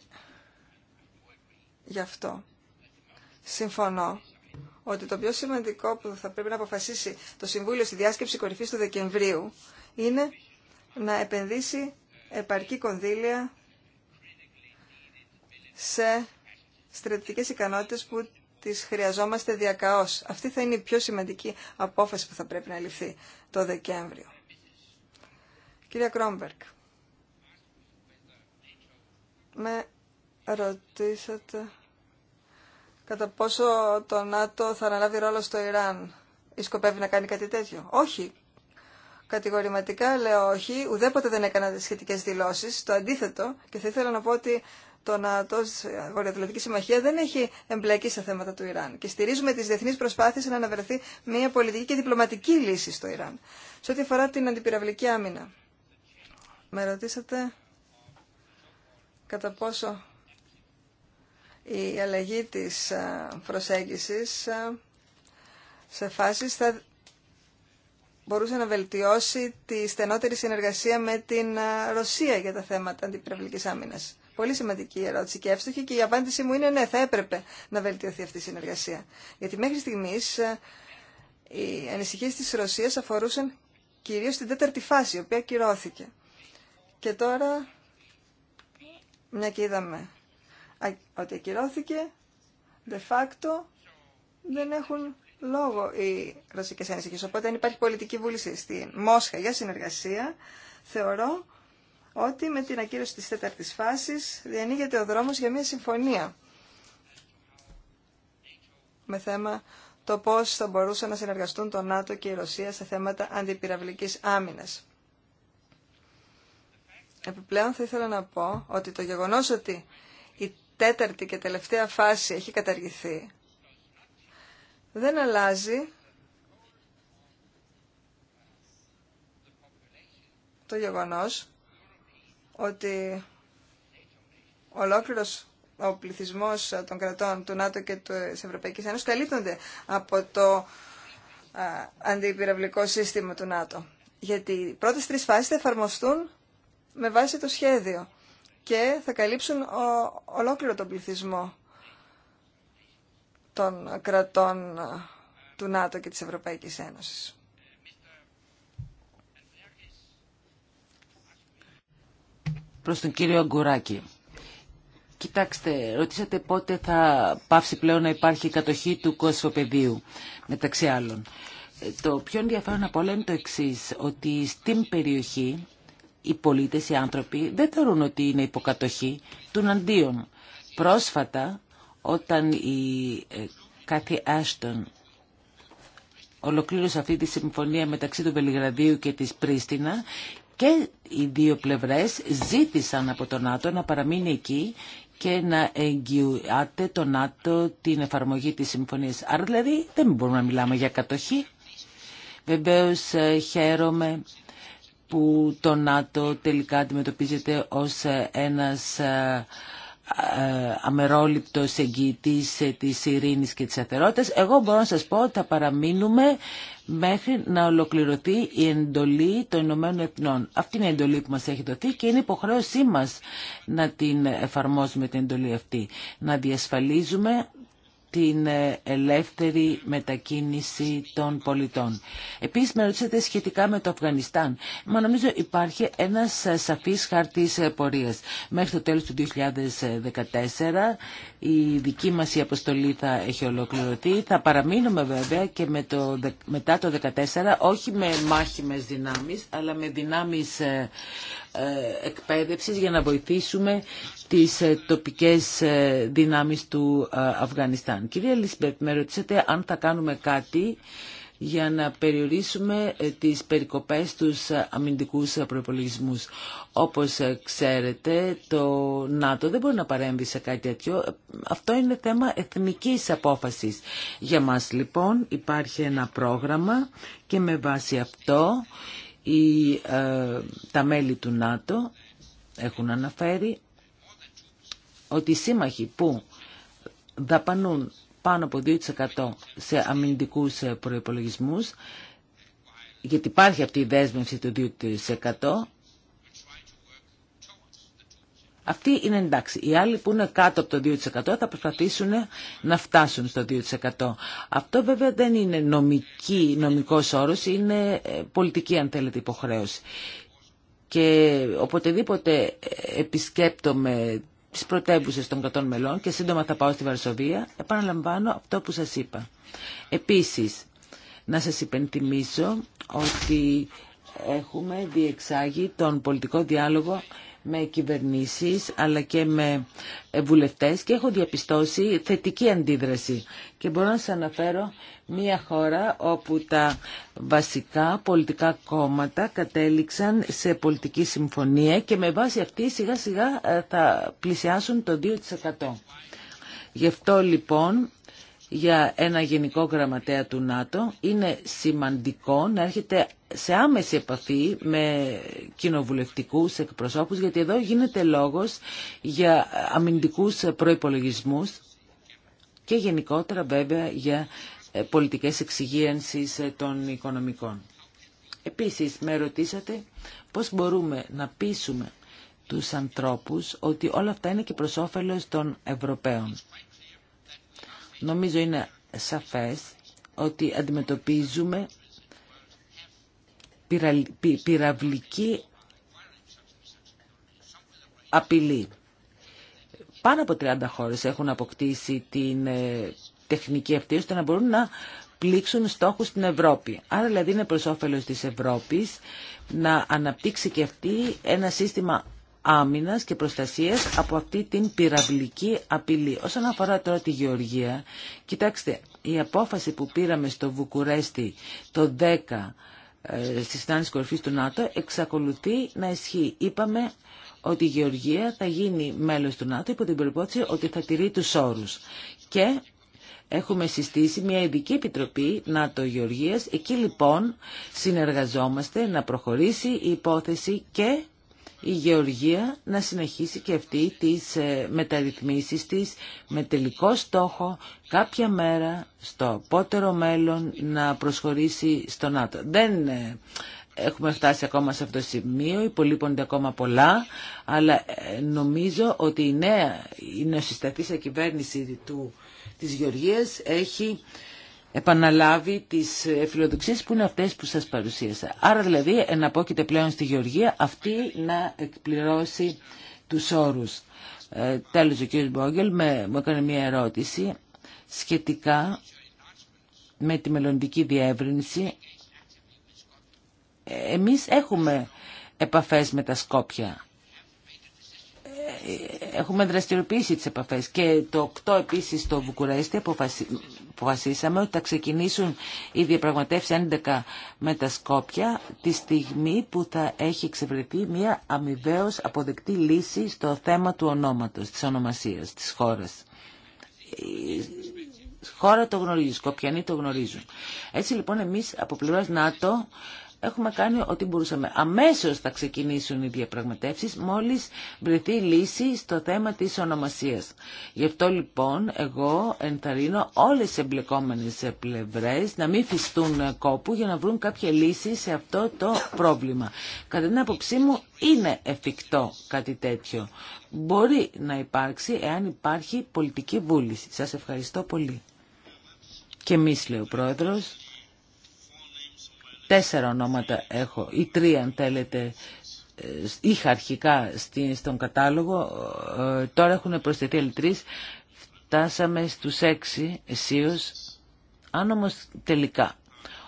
γι' αυτό συμφωνώ ότι το πιο σημαντικό που θα πρέπει να αποφασίσει το Συμβούλιο στη διάσκεψη κορυφή του Δεκεμβρίου είναι να επενδύσει επαρκή κονδύλια σε στρατηγικές ικανότητες που τις χρειαζόμαστε διακαώς. Αυτή θα είναι η πιο σημαντική απόφαση που θα πρέπει να ληφθεί το Δεκέμβριο. Κυρία Κρόμπερκ, με ρωτήσατε κατά πόσο το ΝΑΤΟ θα αναλάβει ρόλο στο Ιράν ή σκοπεύει να κάνει κάτι τέτοιο. Όχι. Κατηγορηματικά λέω όχι. Ουδέποτε δεν έκανα σχετικέ δηλώσει. Το αντίθετο. Και θα ήθελα να πω ότι το ΝΑΤΟ, η Βορειοατλαντική Συμμαχία, δεν έχει εμπλακεί σε θέματα του Ιράν. Και στηρίζουμε τι διεθνεί προσπάθειε να αναβρεθεί μια πολιτική και διπλωματική λύση στο Ιράν. Σε ό,τι αφορά την αντιπυραυλική άμυνα. Με ρωτήσατε κατά πόσο η αλλαγή της προσέγγισης σε φάσεις θα μπορούσε να βελτιώσει τη στενότερη συνεργασία με την Ρωσία για τα θέματα αντιπυραυλικής άμυνας. Πολύ σημαντική η ερώτηση και εύστοχη και η απάντησή μου είναι ναι, θα έπρεπε να βελτιωθεί αυτή η συνεργασία. Γιατί μέχρι στιγμής οι ανησυχίες της Ρωσίας αφορούσαν κυρίως την τέταρτη φάση, η οποία κυρώθηκε. Και τώρα, μια και είδαμε ότι ακυρώθηκε, de facto δεν έχουν λόγο οι ρωσικές ανησυχίες. Οπότε αν υπάρχει πολιτική βούληση στη Μόσχα για συνεργασία, θεωρώ ότι με την ακύρωση της τέταρτης φάσης διανοίγεται ο δρόμος για μια συμφωνία με θέμα το πώς θα μπορούσαν να συνεργαστούν το ΝΑΤΟ και η Ρωσία σε θέματα αντιπυραυλικής άμυνας. Επιπλέον θα ήθελα να πω ότι το γεγονός ότι τέταρτη και τελευταία φάση έχει καταργηθεί, δεν αλλάζει το γεγονός ότι ολόκληρος ο πληθυσμός των κρατών του ΝΑΤΟ και της Ευρωπαϊκής Ένωσης καλύπτονται από το αντιπυραυλικό σύστημα του ΝΑΤΟ. Γιατί οι πρώτες τρεις φάσεις θα εφαρμοστούν με βάση το σχέδιο και θα καλύψουν ολόκληρο τον πληθυσμό των κρατών του ΝΑΤΟ και της Ευρωπαϊκής Ένωσης. Προς τον κύριο Αγκουράκη. Κοιτάξτε, ρωτήσατε πότε θα πάψει πλέον να υπάρχει η κατοχή του πεδίου, μεταξύ άλλων. Ε, το πιο ενδιαφέρον από όλα είναι το εξής, ότι στην περιοχή οι πολίτες, οι άνθρωποι δεν θεωρούν ότι είναι υποκατοχή των αντίον. Πρόσφατα, όταν η Κάθη ε, Άστον ολοκλήρωσε αυτή τη συμφωνία μεταξύ του Βελιγραδίου και της Πρίστινα και οι δύο πλευρές ζήτησαν από τον ΝΑΤΟ να παραμείνει εκεί και να εγγυάται το ΝΑΤΟ την εφαρμογή της συμφωνίας. Άρα δηλαδή δεν μπορούμε να μιλάμε για κατοχή. Βεβαίως ε, χαίρομαι που το ΝΑΤΟ τελικά αντιμετωπίζεται ως ένας ε, ε, αμερόληπτος εγγυητής της ειρήνης και της αθερότητας. Εγώ μπορώ να σας πω ότι θα παραμείνουμε μέχρι να ολοκληρωθεί η εντολή των Ηνωμένων Εθνών. Αυτή είναι η εντολή που μας έχει δοθεί και είναι υποχρέωσή μας να την εφαρμόζουμε την εντολή αυτή. Να διασφαλίζουμε την ε, ελεύθερη μετακίνηση των πολιτών. Επίσης με ρωτήσατε σχετικά με το Αφγανιστάν. Μα νομίζω υπάρχει ένας ε, σαφής χαρτής ε, πορείας. Μέχρι το τέλος του 2014 η δική μας η αποστολή θα έχει ολοκληρωθεί. Θα παραμείνουμε βέβαια και με το, μετά το 2014 όχι με μάχημες δυνάμεις αλλά με δυνάμεις ε, εκπαίδευσης για να βοηθήσουμε τις ε, τοπικές ε, δυνάμεις του Αφγανιστάν. Κυρία Λισμπερτ, με ρωτήσατε αν θα κάνουμε κάτι για να περιορίσουμε τις περικοπές τους αμυντικούς προπολογισμού. Όπως ξέρετε, το ΝΑΤΟ δεν μπορεί να παρέμβει σε κάτι τέτοιο. Αυτό είναι θέμα εθνικής απόφασης. Για μας λοιπόν υπάρχει ένα πρόγραμμα και με βάση αυτό ε, τα μέλη του ΝΑΤΟ έχουν αναφέρει ότι οι σύμμαχοι που δαπανούν πάνω από 2% σε αμυντικούς ε, προϋπολογισμούς, γιατί υπάρχει αυτή η δέσμευση του 2%, αυτή είναι εντάξει. Οι άλλοι που είναι κάτω από το 2% θα προσπαθήσουν να φτάσουν στο 2%. Αυτό βέβαια δεν είναι νομική, νομικός όρος, είναι ε, πολιτική αν θέλετε υποχρέωση. Και οποτεδήποτε ε, επισκέπτομαι τις πρωτεύουσες των κρατών μελών και σύντομα θα πάω στη Βαρσοβία, επαναλαμβάνω αυτό που σας είπα. Επίσης, να σας υπενθυμίσω ότι έχουμε διεξάγει τον πολιτικό διάλογο με κυβερνήσεις αλλά και με ε, βουλευτές και έχω διαπιστώσει θετική αντίδραση. Και μπορώ να σας αναφέρω μια χώρα όπου τα βασικά πολιτικά κόμματα κατέληξαν σε πολιτική συμφωνία και με βάση αυτή σιγά σιγά ε, θα πλησιάσουν το 2%. Γι' αυτό λοιπόν για ένα γενικό γραμματέα του ΝΑΤΟ είναι σημαντικό να έρχεται σε άμεση επαφή με κοινοβουλευτικούς εκπροσώπους γιατί εδώ γίνεται λόγος για αμυντικούς προϋπολογισμούς και γενικότερα βέβαια για ε, πολιτικές εξυγίανσης ε, των οικονομικών. Επίσης με ρωτήσατε πώς μπορούμε να πείσουμε τους ανθρώπους ότι όλα αυτά είναι και προς όφελος των Ευρωπαίων. Νομίζω είναι σαφές ότι αντιμετωπίζουμε πυραυλική απειλή. Πάνω από 30 χώρες έχουν αποκτήσει την ε, τεχνική αυτή ώστε να μπορούν να πλήξουν στόχους στην Ευρώπη. Άρα δηλαδή είναι προς όφελος της Ευρώπης να αναπτύξει και αυτή ένα σύστημα Άμυνα και προστασίας από αυτή την πυραυλική απειλή. Όσον αφορά τώρα τη Γεωργία, κοιτάξτε, η απόφαση που πήραμε στο Βουκουρέστι το 10 ε, στη συνάντηση κορυφή του ΝΑΤΟ εξακολουθεί να ισχύει. Είπαμε ότι η Γεωργία θα γίνει μέλος του ΝΑΤΟ υπό την προπόθεση ότι θα τηρεί τους όρους. Και έχουμε συστήσει μια ειδική επιτροπή ΝΑΤΟ Γεωργίας. Εκεί λοιπόν συνεργαζόμαστε να προχωρήσει η υπόθεση και η Γεωργία να συνεχίσει και αυτή τις ε, μεταρρυθμίσεις της με τελικό στόχο κάποια μέρα στο πότερο μέλλον να προσχωρήσει στο ΝΑΤΟ. Δεν ε, έχουμε φτάσει ακόμα σε αυτό το σημείο, υπολείπονται ακόμα πολλά, αλλά ε, νομίζω ότι η νέα, η κυβέρνηση του, της Γεωργίας έχει επαναλάβει τις ε, φιλοδοξίες που είναι αυτές που σας παρουσίασα. Άρα δηλαδή εναπόκειται πλέον στη Γεωργία αυτή να εκπληρώσει τους όρους. Ε, τέλος ο κ. Μπόγγελ με, μου έκανε μια ερώτηση σχετικά με τη μελλοντική διεύρυνση. Ε, εμείς έχουμε επαφές με τα Σκόπια. Ε, έχουμε δραστηριοποιήσει τις επαφές και το 8 επίσης Βουκουρέστη Βουκουρέστι αποφασίσαμε ότι θα ξεκινήσουν οι διαπραγματεύσει 11 με τα Σκόπια τη στιγμή που θα έχει εξευρεθεί μια αμοιβαίω αποδεκτή λύση στο θέμα του ονόματος, της ονομασίας της χώρας. Η χώρα το γνωρίζει, οι Σκοπιανοί το γνωρίζουν. Έτσι λοιπόν εμείς από πλευρά ΝΑΤΟ έχουμε κάνει ό,τι μπορούσαμε. Αμέσως θα ξεκινήσουν οι διαπραγματεύσεις μόλις βρεθεί λύση στο θέμα της ονομασίας. Γι' αυτό λοιπόν εγώ ενθαρρύνω όλες τις εμπλεκόμενες πλευρές να μην φυστούν κόπου για να βρουν κάποια λύση σε αυτό το πρόβλημα. Κατά την άποψή μου είναι εφικτό κάτι τέτοιο. Μπορεί να υπάρξει εάν υπάρχει πολιτική βούληση. Σας ευχαριστώ πολύ. Και εμείς λέει ο Πρόεδρος. Τέσσερα ονόματα έχω, ή τρία αν θέλετε, ε, είχα αρχικά στον κατάλογο, ε, τώρα έχουν προσθεθεί άλλοι τρεις, φτάσαμε στους έξι εσείως, αν όμως τελικά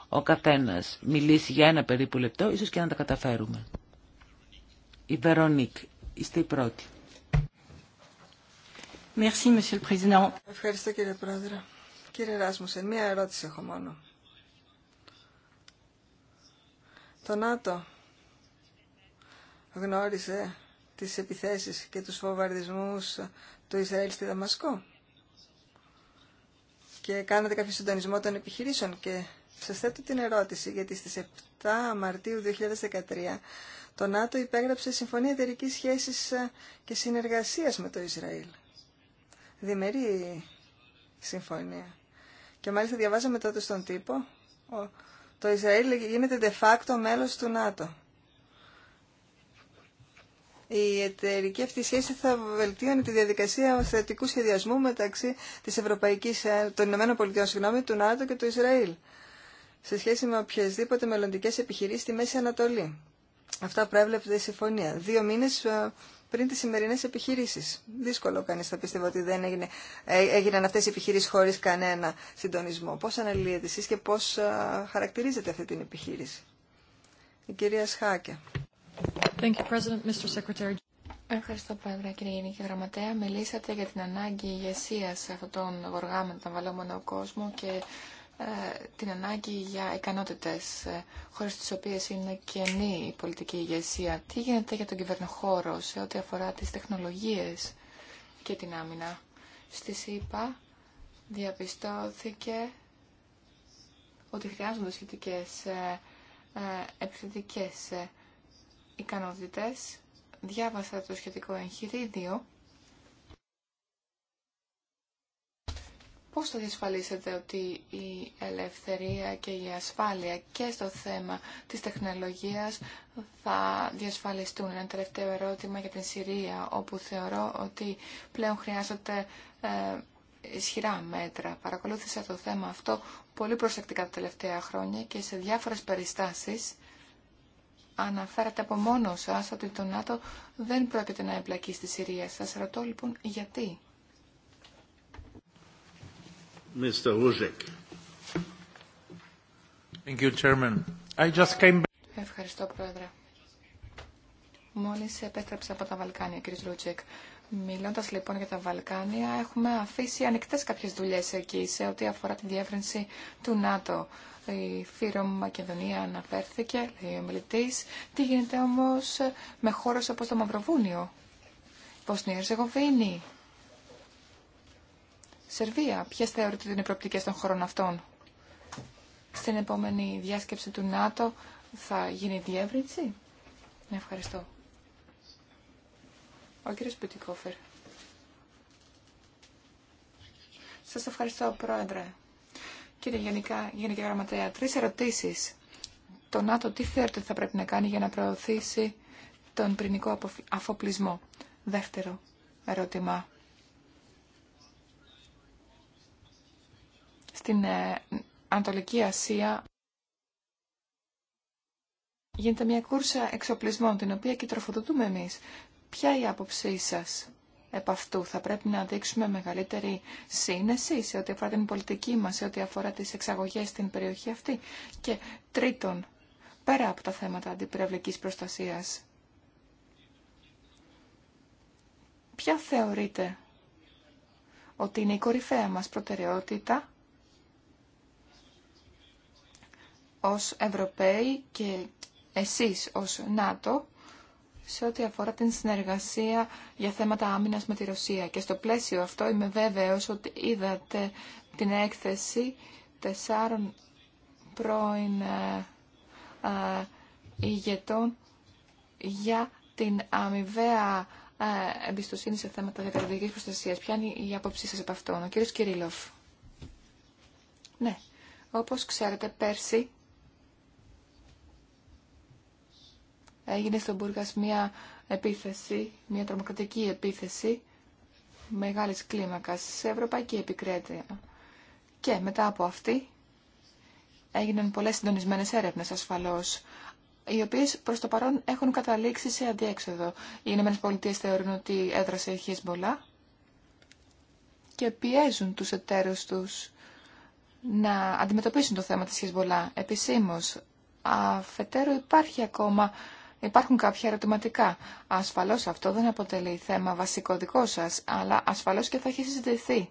ο καθένας μιλήσει για ένα περίπου λεπτό, ίσως και να τα καταφέρουμε. Η Βερονίκ, είστε η πρώτη. Merci, Monsieur le Président. Ευχαριστώ κύριε Πρόεδρε. Κύριε Ράσμουσεν, μία ερώτηση έχω μόνο. Το ΝΑΤΟ γνώρισε τις επιθέσεις και τους φοβαρδισμούς του Ισραήλ στη Δαμασκό και κάνατε κάποιο συντονισμό των επιχειρήσεων και σας θέτω την ερώτηση γιατί στις 7 Μαρτίου 2013 το ΝΑΤΟ υπέγραψε Συμφωνία εταιρική Σχέσης και Συνεργασίας με το Ισραήλ. Διμερή συμφωνία. Και μάλιστα διαβάζαμε τότε στον τύπο το Ισραήλ γίνεται de facto μέλος του ΝΑΤΟ. Η εταιρική αυτή σχέση θα βελτίωνε τη διαδικασία θετικού σχεδιασμού μεταξύ της Ευρωπαϊκής, των Ηνωμένων Πολιτειών, συγγνώμη, του ΝΑΤΟ και του Ισραήλ σε σχέση με οποιασδήποτε μελλοντικέ επιχειρήσεις στη Μέση Ανατολή. Αυτά προέβλεπε η συμφωνία. Δύο μήνες ε, πριν τις σημερινέ επιχειρήσεις. Δύσκολο κανείς θα πιστεύω ότι δεν έγινε, ε, έγιναν αυτέ οι επιχειρήσει χωρίς κανένα συντονισμό. Πώς αναλύεται εσεί και πώς χαρακτηρίζεται αυτή την επιχείρηση. Η κυρία Σχάκε. Ευχαριστώ, Πρόεδρε, κύριε Γενική Γραμματέα. Μιλήσατε για την ανάγκη ηγεσία αυτών των με των βαλόμενων κόσμο και ε, την ανάγκη για ικανότητες, ε, χωρίς τι οποίες είναι κενή η πολιτική ηγεσία. Τι γίνεται για τον κυβερνοχώρο σε ό,τι αφορά τις τεχνολογίες και την άμυνα. Στη ΣΥΠΑ διαπιστώθηκε ότι χρειάζονται σχετικές ε, επιθετικέ ικανότητε, ικανότητες. Διάβασα το σχετικό εγχειρίδιο Πώς θα διασφαλίσετε ότι η ελευθερία και η ασφάλεια και στο θέμα της τεχνολογίας θα διασφαλιστούν. Ένα τελευταίο ερώτημα για την Συρία, όπου θεωρώ ότι πλέον χρειάζονται ε, ισχυρά μέτρα. Παρακολούθησα το θέμα αυτό πολύ προσεκτικά τα τελευταία χρόνια και σε διάφορες περιστάσεις αναφέρατε από μόνο σας ότι το ΝΑΤΟ δεν πρόκειται να εμπλακεί στη Συρία. Σας ρωτώ λοιπόν γιατί. Mr. Ruzek. Ευχαριστώ, Πρόεδρε. Μόλις επέστρεψα από τα Βαλκάνια, κύριε Ρούτσεκ. Μιλώντας λοιπόν για τα Βαλκάνια, έχουμε αφήσει ανοιχτές κάποιες δουλειές εκεί σε ό,τι αφορά τη διεύρυνση του ΝΑΤΟ. Η Φύρο Μακεδονία αναφέρθηκε, λέει ο μιλητής. Τι γίνεται όμως με χώρες όπως το Μαυροβούνιο, Βοσνία Ερζεγοβίνη, Σερβία. Ποιε θεωρείτε ότι είναι οι προοπτικέ των χωρών αυτών. Στην επόμενη διάσκεψη του ΝΑΤΟ θα γίνει διεύρυνση. Ευχαριστώ. Ο κύριος Μπιτικόφερ. Σας ευχαριστώ, Πρόεδρε. Κύριε Γενικά, Γενική Γραμματέα, τρεις ερωτήσεις. Το ΝΑΤΟ τι θεωρείτε ότι θα πρέπει να κάνει για να προωθήσει τον πυρηνικό αφοπλισμό. Δεύτερο ερώτημα. στην ε, Ανατολική Ασία γίνεται μια κούρσα εξοπλισμών, την οποία και τροφοδοτούμε εμείς. Ποια η άποψή σας επ' αυτού. Θα πρέπει να δείξουμε μεγαλύτερη σύνεση σε ό,τι αφορά την πολιτική μας, σε ό,τι αφορά τις εξαγωγές στην περιοχή αυτή. Και τρίτον, πέρα από τα θέματα αντιπρευλικής προστασίας, ποια θεωρείτε ότι είναι η κορυφαία μας προτεραιότητα ως Ευρωπαίοι και εσείς ως ΝΑΤΟ σε ό,τι αφορά την συνεργασία για θέματα άμυνας με τη Ρωσία. Και στο πλαίσιο αυτό είμαι βέβαιος ότι είδατε την έκθεση τεσσάρων πρώην ε, ε, ηγετών για την αμοιβαία ε, εμπιστοσύνη σε θέματα διακρατική προστασίας. Ποια είναι η άποψή σας από αυτόν, ο κύριος Κυρίλοφ. Ναι, όπως ξέρετε πέρσι έγινε στον Μπούργκας μια επίθεση, μια τρομοκρατική επίθεση μεγάλης κλίμακας σε ευρωπαϊκή Επικρέτεια. Και μετά από αυτή έγιναν πολλές συντονισμένες έρευνες ασφαλώς, οι οποίες προς το παρόν έχουν καταλήξει σε αντιέξοδο. Οι ΗΠΑ θεωρούν ότι έδρασε η Χεσμολά και πιέζουν τους εταίρους τους να αντιμετωπίσουν το θέμα της Χεσμολά επισήμως. Αφετέρου υπάρχει ακόμα Υπάρχουν κάποια ερωτηματικά. Ασφαλώς αυτό δεν αποτελεί θέμα βασικό δικό σας, αλλά ασφαλώς και θα έχει συζητηθεί.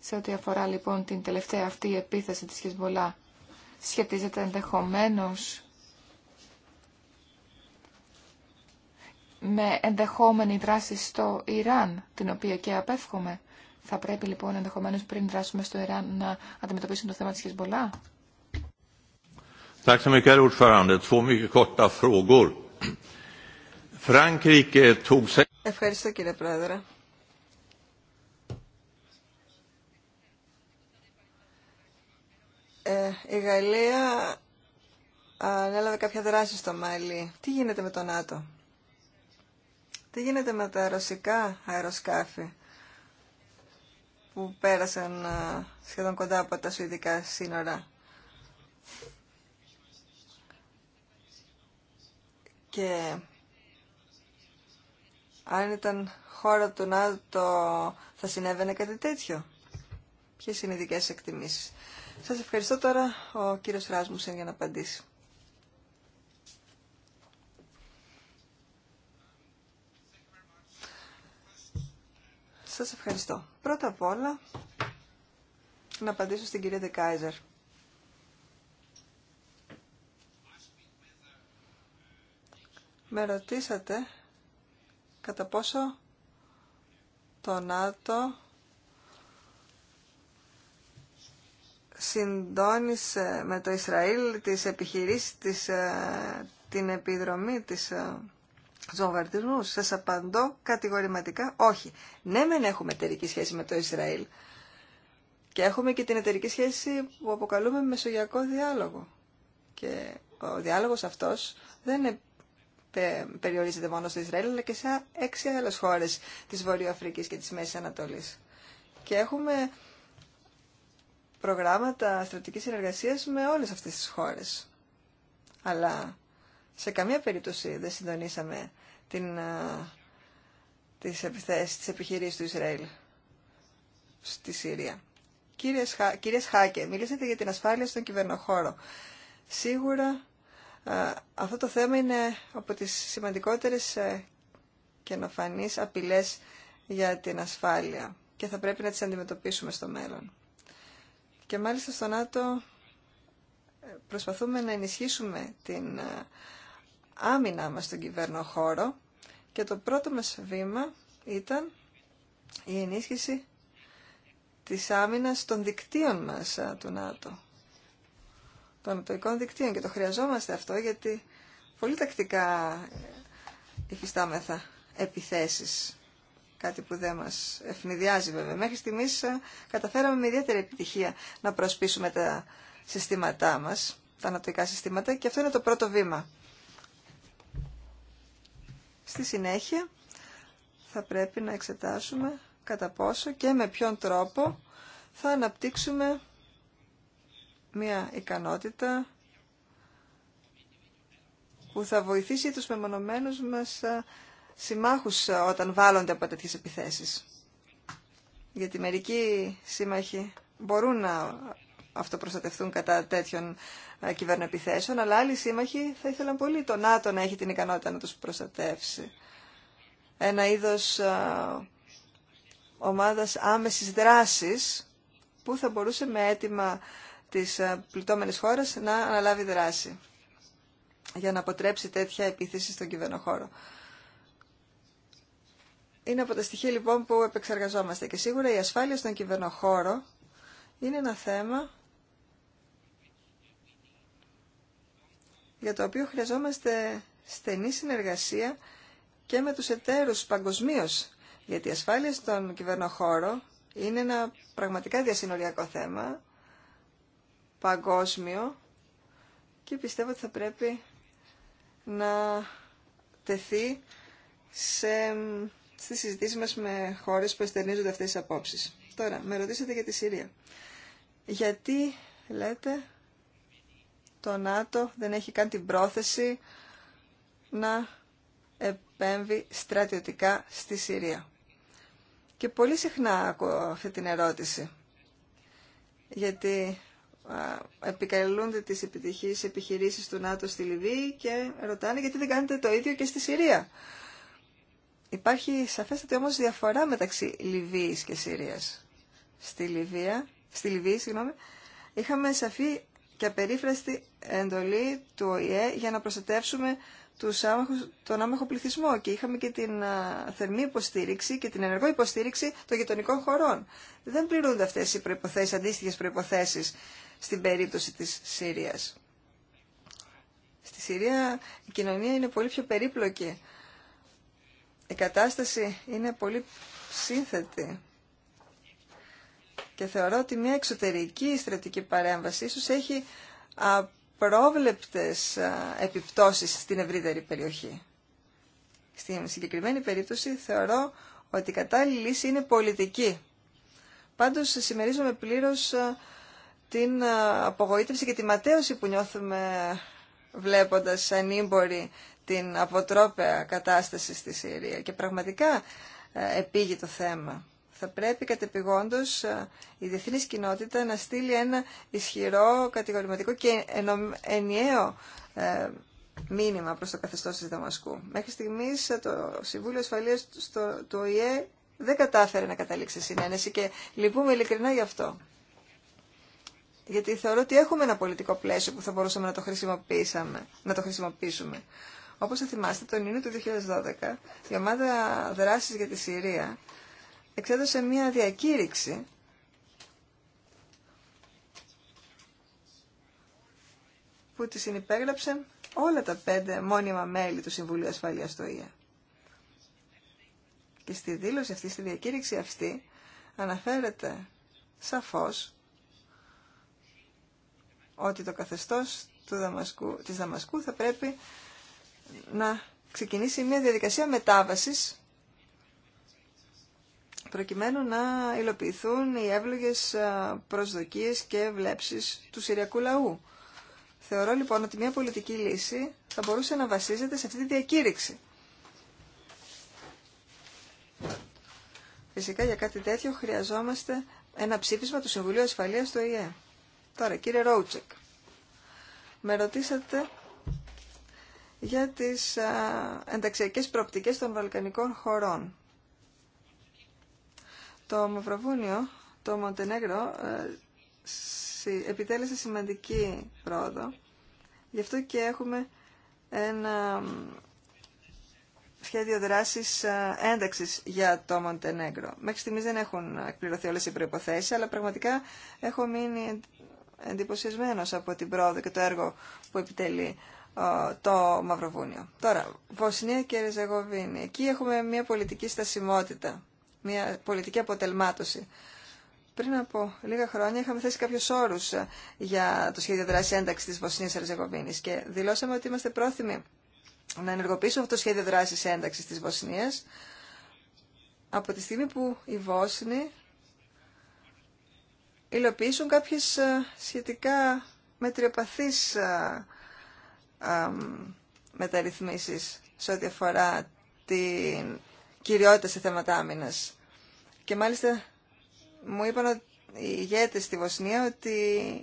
Σε ό,τι αφορά λοιπόν την τελευταία αυτή επίθεση της Χεσμολά, σχετίζεται ενδεχομένως με ενδεχόμενη δράση στο Ιράν, την οποία και απέφχομαι. Θα πρέπει λοιπόν ενδεχομένως πριν δράσουμε στο Ιράν να αντιμετωπίσουμε το θέμα της Χεσμολά. Tack så mycket, herr ordförande. Två mycket Ευχαριστώ κύριε Πρόεδρε. Ε, η Γαλλία ανέλαβε κάποια δράση στο Μάλι. Τι γίνεται με το ΝΑΤΟ. Τι γίνεται με τα ρωσικά αεροσκάφη που πέρασαν ε, σχεδόν κοντά από τα σουηδικά σύνορα. Και αν ήταν χώρα του ΝΑΤΟ θα συνέβαινε κάτι τέτοιο. Ποιες είναι οι δικές εκτιμήσεις. Σας ευχαριστώ τώρα ο κύριος Ράσμουσεν για να απαντήσει. Σας ευχαριστώ. Πρώτα απ' όλα να απαντήσω στην κυρία Δεκάιζερ. με ρωτήσατε κατά πόσο το ΝΑΤΟ συντόνισε με το Ισραήλ τις επιχειρήσεις, της, ε, την επιδρομή της βομβαρδισμού. Ε, Σας απαντώ κατηγορηματικά όχι. Ναι μεν έχουμε εταιρική σχέση με το Ισραήλ και έχουμε και την εταιρική σχέση που αποκαλούμε μεσογειακό διάλογο. Και ο διάλογος αυτός δεν περιορίζεται μόνο στο Ισραήλ, αλλά και σε έξι άλλε χώρε τη Βορειοαφρική και τη Μέση Ανατολή. Και έχουμε προγράμματα στρατηγική συνεργασία με όλε αυτέ τι χώρε. Αλλά σε καμία περίπτωση δεν συντονίσαμε την, τις επιθέσεις, τις επιχειρήσεις του Ισραήλ στη Σύρια. Κύριε Χάκε, μιλήσατε για την ασφάλεια στον κυβερνοχώρο. Σίγουρα αυτό το θέμα είναι από τις σημαντικότερες ε, καινοφανείς απειλές για την ασφάλεια και θα πρέπει να τις αντιμετωπίσουμε στο μέλλον. Και μάλιστα στο ΝΑΤΟ ε, προσπαθούμε να ενισχύσουμε την ε, άμυνά μας στον κυβέρνο χώρο και το πρώτο μας βήμα ήταν η ενίσχυση της άμυνας των δικτύων μας του ΝΑΤΟ των εταιρικών δικτύων και το χρειαζόμαστε αυτό γιατί πολύ τακτικά υφιστάμεθα επιθέσεις κάτι που δεν μας ευνηδιάζει βέβαια. Μέχρι στιγμής ε, καταφέραμε με ιδιαίτερη επιτυχία να προσπίσουμε τα συστήματά μας, τα ανατοικά συστήματα και αυτό είναι το πρώτο βήμα. Στη συνέχεια θα πρέπει να εξετάσουμε κατά πόσο και με ποιον τρόπο θα αναπτύξουμε μια ικανότητα που θα βοηθήσει τους μεμονωμένους μας ε, συμμάχους ε, όταν βάλλονται από τέτοιες επιθέσεις. Γιατί μερικοί σύμμαχοι μπορούν να αυτοπροστατευτούν κατά τέτοιων ε, κυβερνοεπιθέσεων, αλλά άλλοι σύμμαχοι θα ήθελαν πολύ το ΝΑΤΟ να έχει την ικανότητα να τους προστατεύσει. Ένα είδος ομάδας άμεσης δράσης που θα μπορούσε με αίτημα της ε, πληττόμενης χώρας να αναλάβει δράση για να αποτρέψει τέτοια επίθεση στον κυβερνοχώρο. Είναι από τα στοιχεία λοιπόν που επεξεργαζόμαστε και σίγουρα η ασφάλεια στον κυβερνοχώρο είναι ένα θέμα για το οποίο χρειαζόμαστε στενή συνεργασία και με τους εταίρους παγκοσμίω, γιατί η ασφάλεια στον κυβερνοχώρο είναι ένα πραγματικά διασυνοριακό θέμα παγκόσμιο και πιστεύω ότι θα πρέπει να τεθεί σε, στις συζητήσεις μας με χώρες που εστερνίζονται αυτές τις απόψεις. Τώρα, με ρωτήσατε για τη Συρία. Γιατί, λέτε, το ΝΑΤΟ δεν έχει καν την πρόθεση να επέμβει στρατιωτικά στη Συρία. Και πολύ συχνά ακούω αυτή την ερώτηση. Γιατί επικαλούνται τις επιτυχείς επιχειρήσεις του ΝΑΤΟ στη Λιβύη και ρωτάνε γιατί δεν κάνετε το ίδιο και στη Συρία. Υπάρχει σαφέστατη όμως διαφορά μεταξύ Λιβύης και Συρίας. Στη, Λιβύα, στη Λιβύη συγγνώμη, είχαμε σαφή και απερίφραστη εντολή του ΟΗΕ για να προστατεύσουμε τους άμαχους, τον άμαχο πληθυσμό και είχαμε και την α, θερμή υποστήριξη και την ενεργό υποστήριξη των γειτονικών χωρών. Δεν πληρούνται αυτές οι προϋποθέσεις, αντίστοιχες προϋποθέσεις στην περίπτωση της Συρίας. Στη Συρία η κοινωνία είναι πολύ πιο περίπλοκη. Η κατάσταση είναι πολύ σύνθετη. Και θεωρώ ότι μια εξωτερική στρατική παρέμβαση ίσως έχει απρόβλεπτες επιπτώσεις στην ευρύτερη περιοχή. Στην συγκεκριμένη περίπτωση θεωρώ ότι η κατάλληλη λύση είναι πολιτική. Πάντως συμμερίζομαι πλήρως την ε, απογοήτευση και τη ματέωση που νιώθουμε βλέποντας ανήμποροι την αποτρόπαια κατάσταση στη Συρία. Και πραγματικά ε, επήγει το θέμα. Θα πρέπει κατεπηγόντως ε, η διεθνή κοινότητα να στείλει ένα ισχυρό, κατηγορηματικό και ενιαίο μήνυμα προς το καθεστώς της Δαμασκού. Μέχρι στιγμής το Συμβούλιο Ασφαλείας του ΟΗΕ δεν κατάφερε να καταλήξει συνένεση και λυπούμε ειλικρινά γι' αυτό γιατί θεωρώ ότι έχουμε ένα πολιτικό πλαίσιο που θα μπορούσαμε να το, χρησιμοποιήσαμε, να το χρησιμοποιήσουμε. Όπως θα θυμάστε, τον Ιούνιο του 2012 η ομάδα δράσης για τη Συρία εξέδωσε μια διακήρυξη που τη συνυπέγραψε όλα τα πέντε μόνιμα μέλη του Συμβουλίου Ασφαλείας του ΙΕ. Και στη δήλωση αυτή, στη διακήρυξη αυτή, αναφέρεται σαφώς ότι το καθεστώς του Δαμασκού, της Δαμασκού θα πρέπει να ξεκινήσει μια διαδικασία μετάβασης προκειμένου να υλοποιηθούν οι εύλογες ε, προσδοκίες και βλέψεις του Συριακού λαού. Θεωρώ λοιπόν ότι μια πολιτική λύση θα μπορούσε να βασίζεται σε αυτή τη διακήρυξη. Φυσικά για κάτι τέτοιο χρειαζόμαστε ένα ψήφισμα του Συμβουλίου Ασφαλείας του ΟΗΕ. Τώρα, κύριε Ρόουτσεκ, με ρωτήσατε για τις α, ενταξιακές προοπτικές των βαλκανικών χωρών. Το Μαυροβούνιο, το Μοντενέγρο, ε, επιτέλεσε σημαντική πρόοδο. Γι' αυτό και έχουμε ένα σχέδιο δράσης ένταξης για το Μοντενέγκρο. Μέχρι στιγμής δεν έχουν εκπληρωθεί όλες οι προϋποθέσεις, αλλά πραγματικά έχω μείνει εντυπωσιασμένος από την πρόοδο και το έργο που επιτελεί ε, το Μαυροβούνιο. Τώρα, Βοσνία και Ριζεγοβίνη. Εκεί έχουμε μια πολιτική στασιμότητα, μια πολιτική αποτελμάτωση. Πριν από λίγα χρόνια είχαμε θέσει κάποιου όρου ε, για το σχέδιο δράση ένταξη τη Βοσνία Ερζεγοβίνη και δηλώσαμε ότι είμαστε πρόθυμοι να ενεργοποιήσουμε αυτό το σχέδιο δράση ένταξη τη Βοσνία από τη στιγμή που οι Βόσνοι υλοποιήσουν κάποιες ε, σχετικά μετριοπαθείς ε, ε, μεταρρυθμίσεις σε ό,τι αφορά την κυριότητα σε θέματα άμυνας. Και μάλιστα μου είπαν οι ηγέτες στη Βοσνία ότι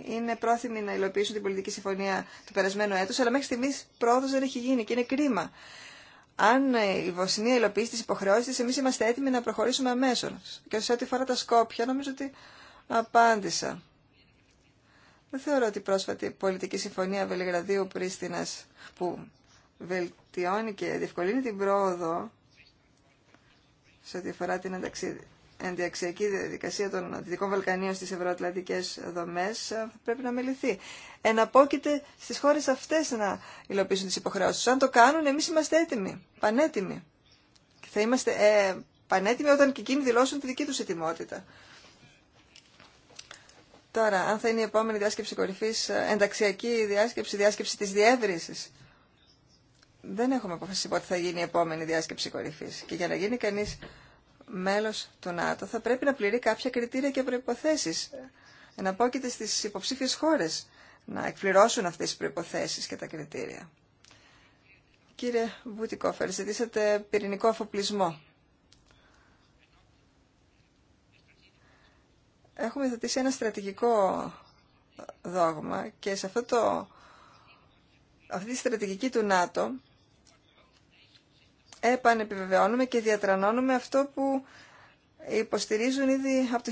είναι πρόθυμοι να υλοποιήσουν την πολιτική συμφωνία του περασμένου έτους, αλλά μέχρι στιγμής πρόοδος δεν έχει γίνει και είναι κρίμα. Αν η Βοσνία υλοποιήσει τις υποχρεώσεις της, εμείς είμαστε έτοιμοι να προχωρήσουμε αμέσως. Και σε ό,τι αφορά τα Σκόπια, νομίζω ότι απάντησα. Δεν θεωρώ ότι η πρόσφατη πολιτική συμφωνία Βελιγραδίου-Πρίστινας που βελτιώνει και διευκολύνει την πρόοδο σε ό,τι αφορά την ενταξιακή διαδικασία των Δυτικών Βαλκανίων στις ευρωατλαντικές δομές πρέπει να μεληθεί. Εναπόκειται στις χώρες αυτές να υλοποιήσουν τις υποχρεώσεις. Αν το κάνουν εμείς είμαστε έτοιμοι, πανέτοιμοι. Και θα είμαστε ε, πανέτοιμοι όταν και εκείνοι δηλώσουν τη δική τους ετοιμότητα. Τώρα, αν θα είναι η επόμενη διάσκεψη κορυφή, ε, ενταξιακή διάσκεψη, διάσκεψη της διεύρυνση. Δεν έχουμε αποφασίσει πότε θα γίνει η επόμενη διάσκεψη κορυφή. Και για να γίνει κανεί μέλος του ΝΑΤΟ θα πρέπει να πληρεί κάποια κριτήρια και προϋποθέσεις. Εναπόκειται στι υποψήφιες χώρε να εκπληρώσουν αυτέ τι προποθέσει και τα κριτήρια. Κύριε Βουτικόφερ, ζητήσατε πυρηνικό αφοπλισμό. έχουμε θετήσει ένα στρατηγικό δόγμα και σε αυτό το, αυτή τη στρατηγική του ΝΑΤΟ επανεπιβεβαιώνουμε και διατρανώνουμε αυτό που υποστηρίζουν ήδη από το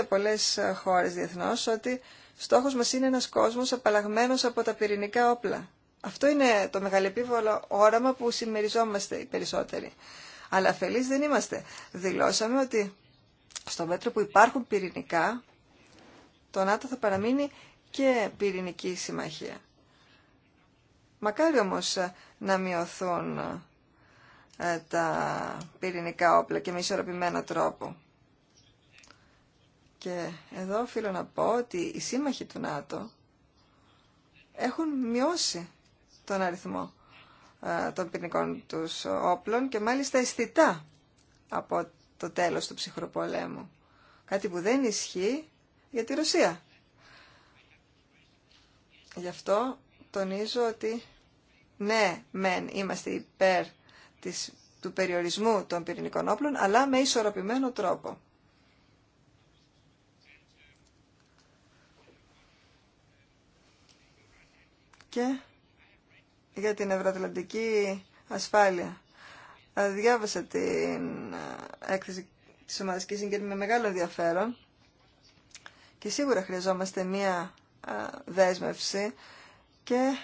1970 πολλές χώρες διεθνώς ότι στόχος μας είναι ένας κόσμος απαλλαγμένος από τα πυρηνικά όπλα. Αυτό είναι το μεγαλεπίβολο όραμα που συμμεριζόμαστε οι περισσότεροι. Αλλά αφελείς δεν είμαστε. Δηλώσαμε ότι στο μέτρο που υπάρχουν πυρηνικά, το ΝΑΤΟ θα παραμείνει και πυρηνική συμμαχία. Μακάρι όμως ε, να μειωθούν ε, τα πυρηνικά όπλα και με ισορροπημένο τρόπο. Και εδώ οφείλω να πω ότι οι σύμμαχοι του ΝΑΤΟ έχουν μειώσει τον αριθμό ε, των πυρηνικών τους όπλων και μάλιστα αισθητά από το τέλος του ψυχροπολέμου. Κάτι που δεν ισχύει για τη Ρωσία. Γι' αυτό τονίζω ότι ναι, μεν είμαστε υπέρ της, του περιορισμού των πυρηνικών όπλων, αλλά με ισορροπημένο τρόπο. Και για την ευρωατλαντική ασφάλεια διάβασα την έκθεση της ομάδας Kissinger με μεγάλο ενδιαφέρον και σίγουρα χρειαζόμαστε μία δέσμευση και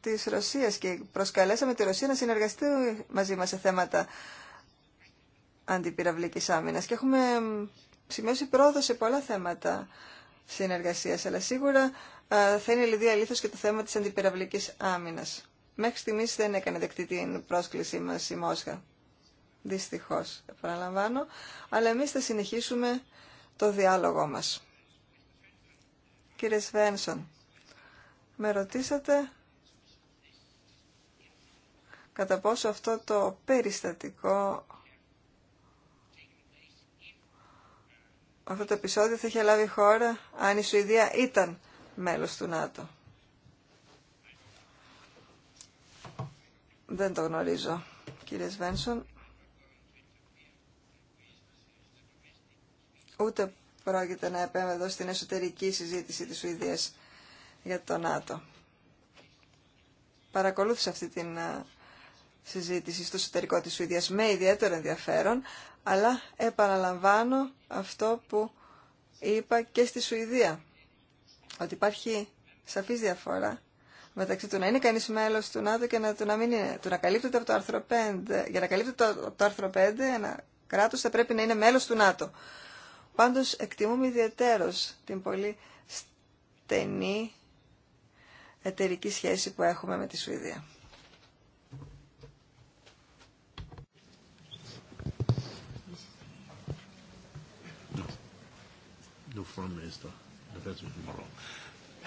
της Ρωσίας και προσκαλέσαμε τη Ρωσία να συνεργαστεί μαζί μας σε θέματα αντιπυραυλικής άμυνας και έχουμε σημειώσει πρόοδο σε πολλά θέματα συνεργασίας αλλά σίγουρα θα είναι λιδία αλήθως και το θέμα της αντιπυραυλικής άμυνας. Μέχρι στιγμή δεν έκανε δεκτή την πρόσκλησή μα η Μόσχα. δυστυχώ επαναλαμβάνω. Αλλά εμεί θα συνεχίσουμε το διάλογό μας. Κύριε Σβένσον, με ρωτήσατε κατά πόσο αυτό το περιστατικό αυτό το επεισόδιο θα είχε λάβει χώρα αν η Σουηδία ήταν μέλος του ΝΑΤΟ. Δεν το γνωρίζω, κύριε Σβένσον. Ούτε πρόκειται να επέμβεδω στην εσωτερική συζήτηση της Σουηδίας για το ΝΑΤΟ. Παρακολούθησα αυτή την ε, συζήτηση στο εσωτερικό της Σουηδίας με ιδιαίτερο ενδιαφέρον, αλλά επαναλαμβάνω αυτό που είπα και στη Σουηδία, ότι υπάρχει σαφής διαφορά μεταξύ του να είναι κανείς μέλος του ΝΑΤΟ και να, του να, μην είναι, του να καλύπτεται από το άρθρο 5. Για να καλύπτεται το, το άρθρο 5, ένα κράτος θα πρέπει να είναι μέλος του ΝΑΤΟ. Πάντως εκτιμούμε ιδιαίτερω την πολύ στενή εταιρική σχέση που έχουμε με τη Σουηδία.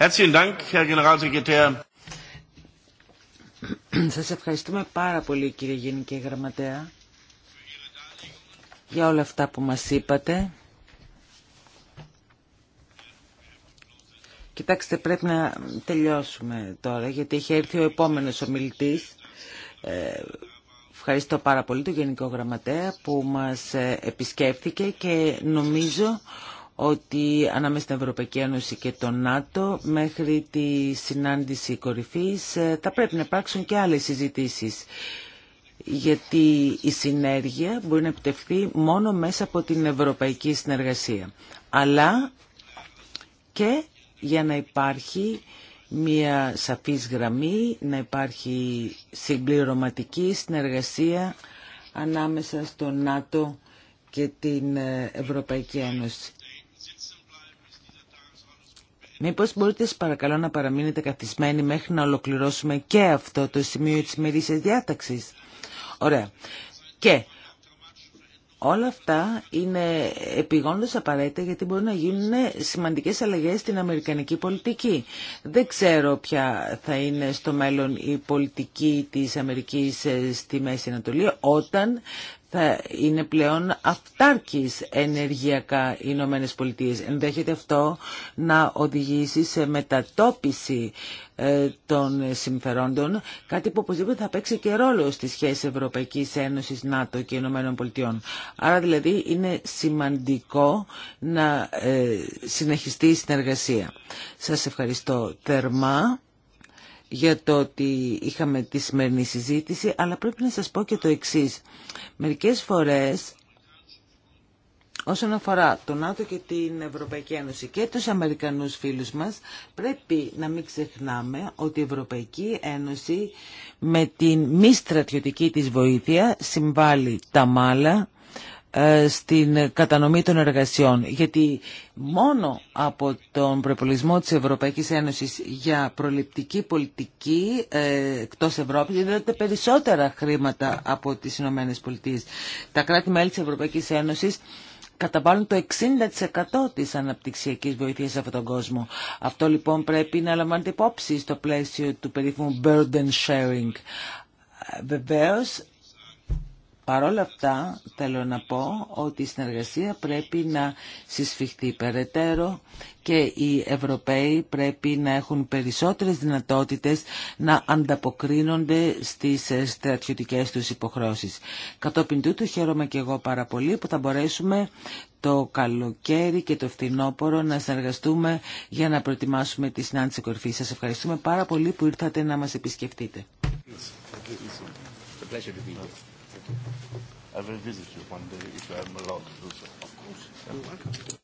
Herzlichen Dank, Herr Generalsekretär. Σας ευχαριστούμε πάρα πολύ κύριε Γενική Γραμματέα για όλα αυτά που μας είπατε. Κοιτάξτε, πρέπει να τελειώσουμε τώρα, γιατί έχει έρθει ο επόμενος ομιλητής. Ε, ευχαριστώ πάρα πολύ τον Γενικό Γραμματέα που μας ε, επισκέφθηκε και νομίζω ότι ανάμεσα στην Ευρωπαϊκή Ένωση και το ΝΑΤΟ μέχρι τη συνάντηση κορυφής ε, θα πρέπει να υπάρξουν και άλλες συζητήσεις γιατί η συνέργεια μπορεί να επιτευχθεί μόνο μέσα από την ευρωπαϊκή συνεργασία αλλά και για να υπάρχει μια σαφής γραμμή, να υπάρχει συμπληρωματική συνεργασία ανάμεσα στο ΝΑΤΟ και την ε, Ευρωπαϊκή Ένωση. Μήπως μπορείτε σας παρακαλώ να παραμείνετε καθισμένοι μέχρι να ολοκληρώσουμε και αυτό το σημείο της μερίσιας διάταξης. Ωραία. Και όλα αυτά είναι επιγόντως απαραίτητα γιατί μπορεί να γίνουν σημαντικές αλλαγές στην Αμερικανική πολιτική. Δεν ξέρω ποια θα είναι στο μέλλον η πολιτική της Αμερικής ε, στη Μέση Ανατολή όταν θα είναι πλέον αυτάρκης ενεργειακά οι Ηνωμένε Πολιτείε. Ενδέχεται αυτό να οδηγήσει σε μετατόπιση ε, των συμφερόντων, κάτι που οπωσδήποτε θα παίξει και ρόλο στη σχέση Ευρωπαϊκής Ένωσης, ΝΑΤΟ και Ηνωμένων Πολιτειών. Άρα δηλαδή είναι σημαντικό να ε, συνεχιστεί η συνεργασία. Σας ευχαριστώ θερμά για το ότι είχαμε τη σημερινή συζήτηση, αλλά πρέπει να σας πω και το εξής. Μερικές φορές, όσον αφορά τον ΝΑΤΟ και την Ευρωπαϊκή Ένωση και τους Αμερικανούς φίλους μας, πρέπει να μην ξεχνάμε ότι η Ευρωπαϊκή Ένωση με την μη στρατιωτική της βοήθεια συμβάλλει τα μάλα ε, στην κατανομή των εργασιών. Γιατί μόνο από τον προπολισμό της Ευρωπαϊκής Ένωσης για προληπτική πολιτική ε, εκτός Ευρώπης δίνεται περισσότερα χρήματα από τις Ηνωμένες Πολιτείες. Τα κράτη-μέλη της Ευρωπαϊκής Ένωσης καταβάλουν το 60% της αναπτυξιακής βοήθειας σε αυτόν τον κόσμο. Αυτό λοιπόν πρέπει να λαμβάνεται υπόψη στο πλαίσιο του περίφημου burden sharing. Ε, βεβαίως Παρ' όλα αυτά θέλω να πω ότι η συνεργασία πρέπει να συσφιχτεί περαιτέρω και οι Ευρωπαίοι πρέπει να έχουν περισσότερες δυνατότητες να ανταποκρίνονται στις ε, στρατιωτικές τους υποχρώσεις. Κατόπιν τούτου χαίρομαι και εγώ πάρα πολύ που θα μπορέσουμε το καλοκαίρι και το φθινόπωρο να συνεργαστούμε για να προετοιμάσουμε τη συνάντηση κορυφή. Σας ευχαριστούμε πάρα πολύ που ήρθατε να μας επισκεφτείτε. I will visit you one day if I am allowed to do so. Of course.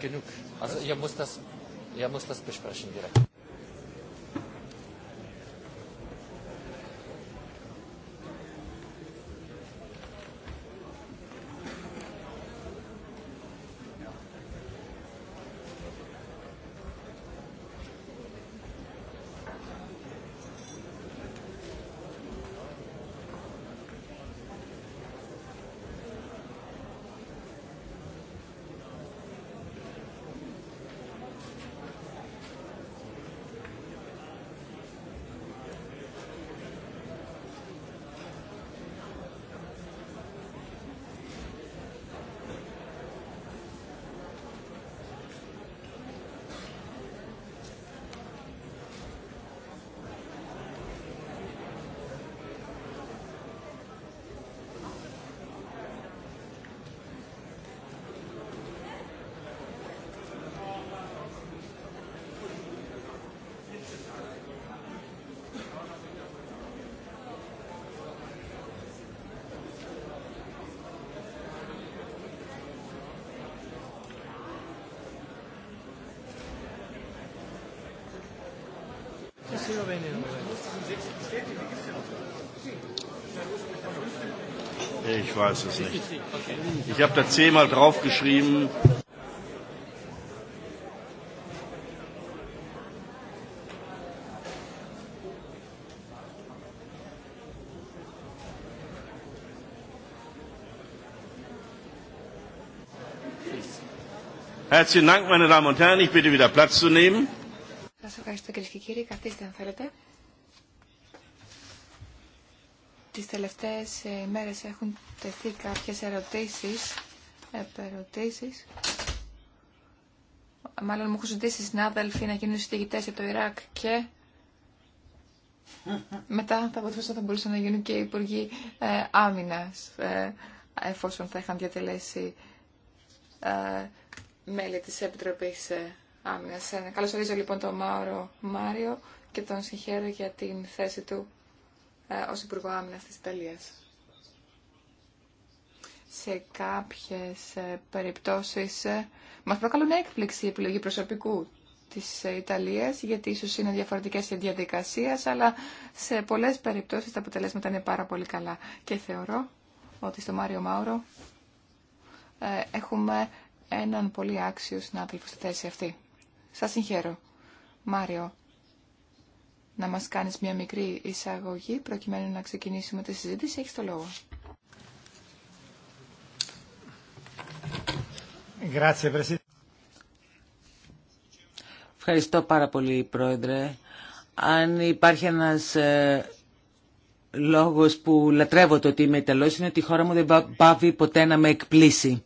genug. Also ihr muss das, ihr muss das besprechen direkt. Ich weiß es nicht. Ich habe da zehnmal geschrieben. Herzlichen Dank, meine Damen und Herren. Ich bitte wieder Platz zu nehmen. Κύριε καθίστε αν θέλετε. Τις τελευταίες ε, μέρες έχουν τεθεί κάποιες ερωτήσεις, επερωτήσεις. Μάλλον μου έχουν ζητήσει συνάδελφοι να γίνουν συντηγητές για το Ιράκ και μετά θα μπορούσαν, θα μπορούσαν να γίνουν και οι Υπουργοί ε, Άμυνας, ε, εφόσον θα είχαν διατελέσει ε, μέλη της Επιτροπής ε, Καλώς ορίζω λοιπόν τον Μάουρο Μάριο και τον συγχαίρω για την θέση του ε, ως Υπουργό Άμυνας της Ιταλίας. Σε κάποιες ε, περιπτώσεις ε, μας προκαλούν έκπληξη η επιλογή προσωπικού της Ιταλίας, γιατί ίσως είναι διαφορετικές οι διαδικασίες, αλλά σε πολλές περιπτώσεις τα αποτελέσματα είναι πάρα πολύ καλά. Και θεωρώ ότι στο Μάριο Μάουρο έχουμε έναν πολύ άξιο συνάδελφο στη θέση αυτή. Σας συγχαίρω. Μάριο, να μας κάνεις μια μικρή εισαγωγή προκειμένου να ξεκινήσουμε τη συζήτηση. Έχεις το λόγο. Ευχαριστώ πάρα πολύ, Πρόεδρε. Αν υπάρχει ένας ε, λόγος που λατρεύω το ότι είμαι Ιταλός, είναι ότι η χώρα μου δεν πάβει ποτέ να με εκπλήσει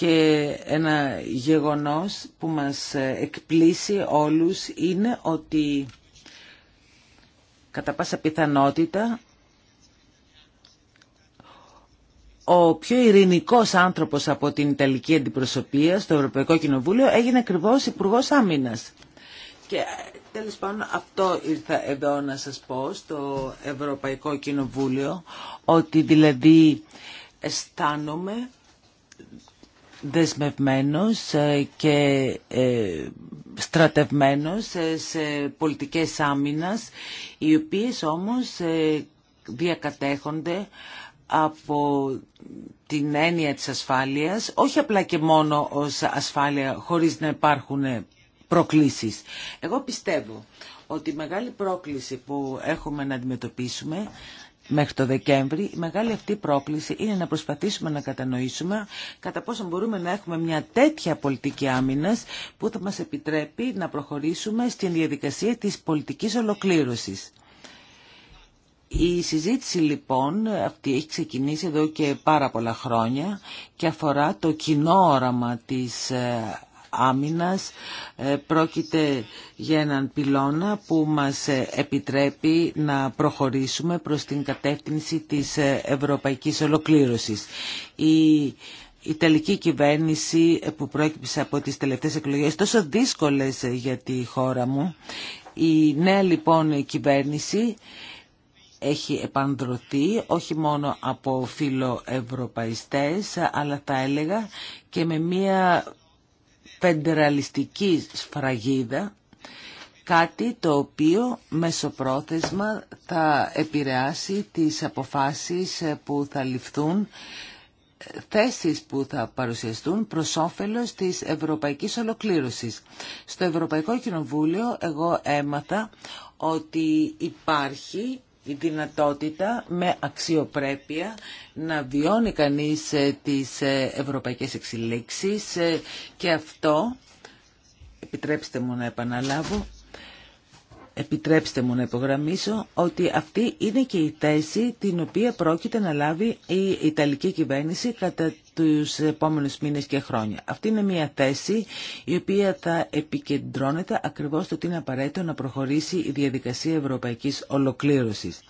και ένα γεγονός που μας εκπλήσει όλους είναι ότι κατά πάσα πιθανότητα ο πιο ειρηνικός άνθρωπος από την Ιταλική Αντιπροσωπεία στο Ευρωπαϊκό Κοινοβούλιο έγινε ακριβώ υπουργό Άμυνα. Και τέλος πάντων αυτό ήρθα εδώ να σας πω στο Ευρωπαϊκό Κοινοβούλιο ότι δηλαδή αισθάνομαι δεσμευμένος ε, και ε, στρατευμένος ε, σε πολιτικές άμυνας, οι οποίες όμως διακατέχονται από την έννοια της ασφάλειας, όχι απλά και μόνο ως ασφάλεια χωρίς να υπάρχουν προκλήσεις. Εγώ πιστεύω ότι η μεγάλη πρόκληση που έχουμε να αντιμετωπίσουμε μέχρι το Δεκέμβρη, η μεγάλη αυτή πρόκληση είναι να προσπαθήσουμε να κατανοήσουμε κατά πόσο μπορούμε να έχουμε μια τέτοια πολιτική άμυνας που θα μας επιτρέπει να προχωρήσουμε στην διαδικασία της πολιτικής ολοκλήρωσης. Η συζήτηση λοιπόν αυτή έχει ξεκινήσει εδώ και πάρα πολλά χρόνια και αφορά το κοινό όραμα της ε, άμυνας. Ε, πρόκειται για έναν πυλώνα που μας ε, επιτρέπει να προχωρήσουμε προς την κατεύθυνση της ε, ευρωπαϊκής ολοκλήρωσης. Η η τελική κυβέρνηση που πρόκειψε από τις τελευταίες εκλογές τόσο δύσκολες για τη χώρα μου. Η νέα λοιπόν κυβέρνηση έχει επανδρωθεί όχι μόνο από φιλοευρωπαϊστές αλλά τα έλεγα και με μια πεντεραλιστική σφραγίδα, κάτι το οποίο μεσοπρόθεσμα θα επηρεάσει τις αποφάσεις που θα ληφθούν θέσεις που θα παρουσιαστούν προς όφελος της ευρωπαϊκής ολοκλήρωσης. Στο Ευρωπαϊκό Κοινοβούλιο εγώ έμαθα ότι υπάρχει η δυνατότητα με αξιοπρέπεια να βιώνει κανείς ε, τις ε, ευρωπαϊκές εξελίξεις ε, και αυτό, επιτρέψτε μου να επαναλάβω, Επιτρέψτε μου να υπογραμμίσω ότι αυτή είναι και η θέση την οποία πρόκειται να λάβει η Ιταλική κυβέρνηση κατά τους επόμενους μήνες και χρόνια. Αυτή είναι μια θέση η οποία θα επικεντρώνεται ακριβώς στο τι είναι απαραίτητο να προχωρήσει η διαδικασία ευρωπαϊκής ολοκλήρωσης.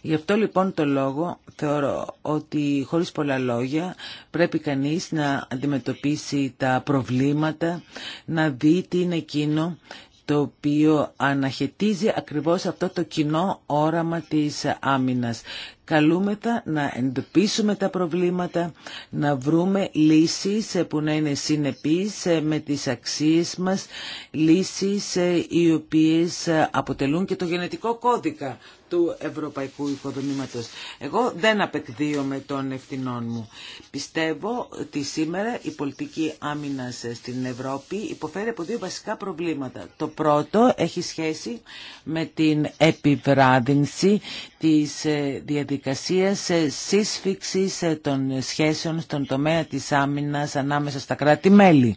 Γι' αυτό λοιπόν το λόγο θεωρώ ότι χωρίς πολλά λόγια πρέπει κανείς να αντιμετωπίσει τα προβλήματα, να δει τι είναι εκείνο το οποίο αναχαιτίζει ακριβώς αυτό το κοινό όραμα της άμυνας. Καλούμεθα να εντοπίσουμε τα προβλήματα, να βρούμε λύσεις που να είναι συνεπείς με τις αξίες μας, λύσεις οι οποίες αποτελούν και το γενετικό κώδικα του ευρωπαϊκού οικοδομήματος. Εγώ δεν απεκδίωμαι των ευθυνών μου. Πιστεύω ότι σήμερα η πολιτική άμυνα στην Ευρώπη υποφέρει από δύο βασικά προβλήματα. Το πρώτο έχει σχέση με την επιβράδυνση της ε, διαδικασίας ε, σύσφυξης ε, των σχέσεων στον τομέα της άμυνας ανάμεσα στα κράτη-μέλη.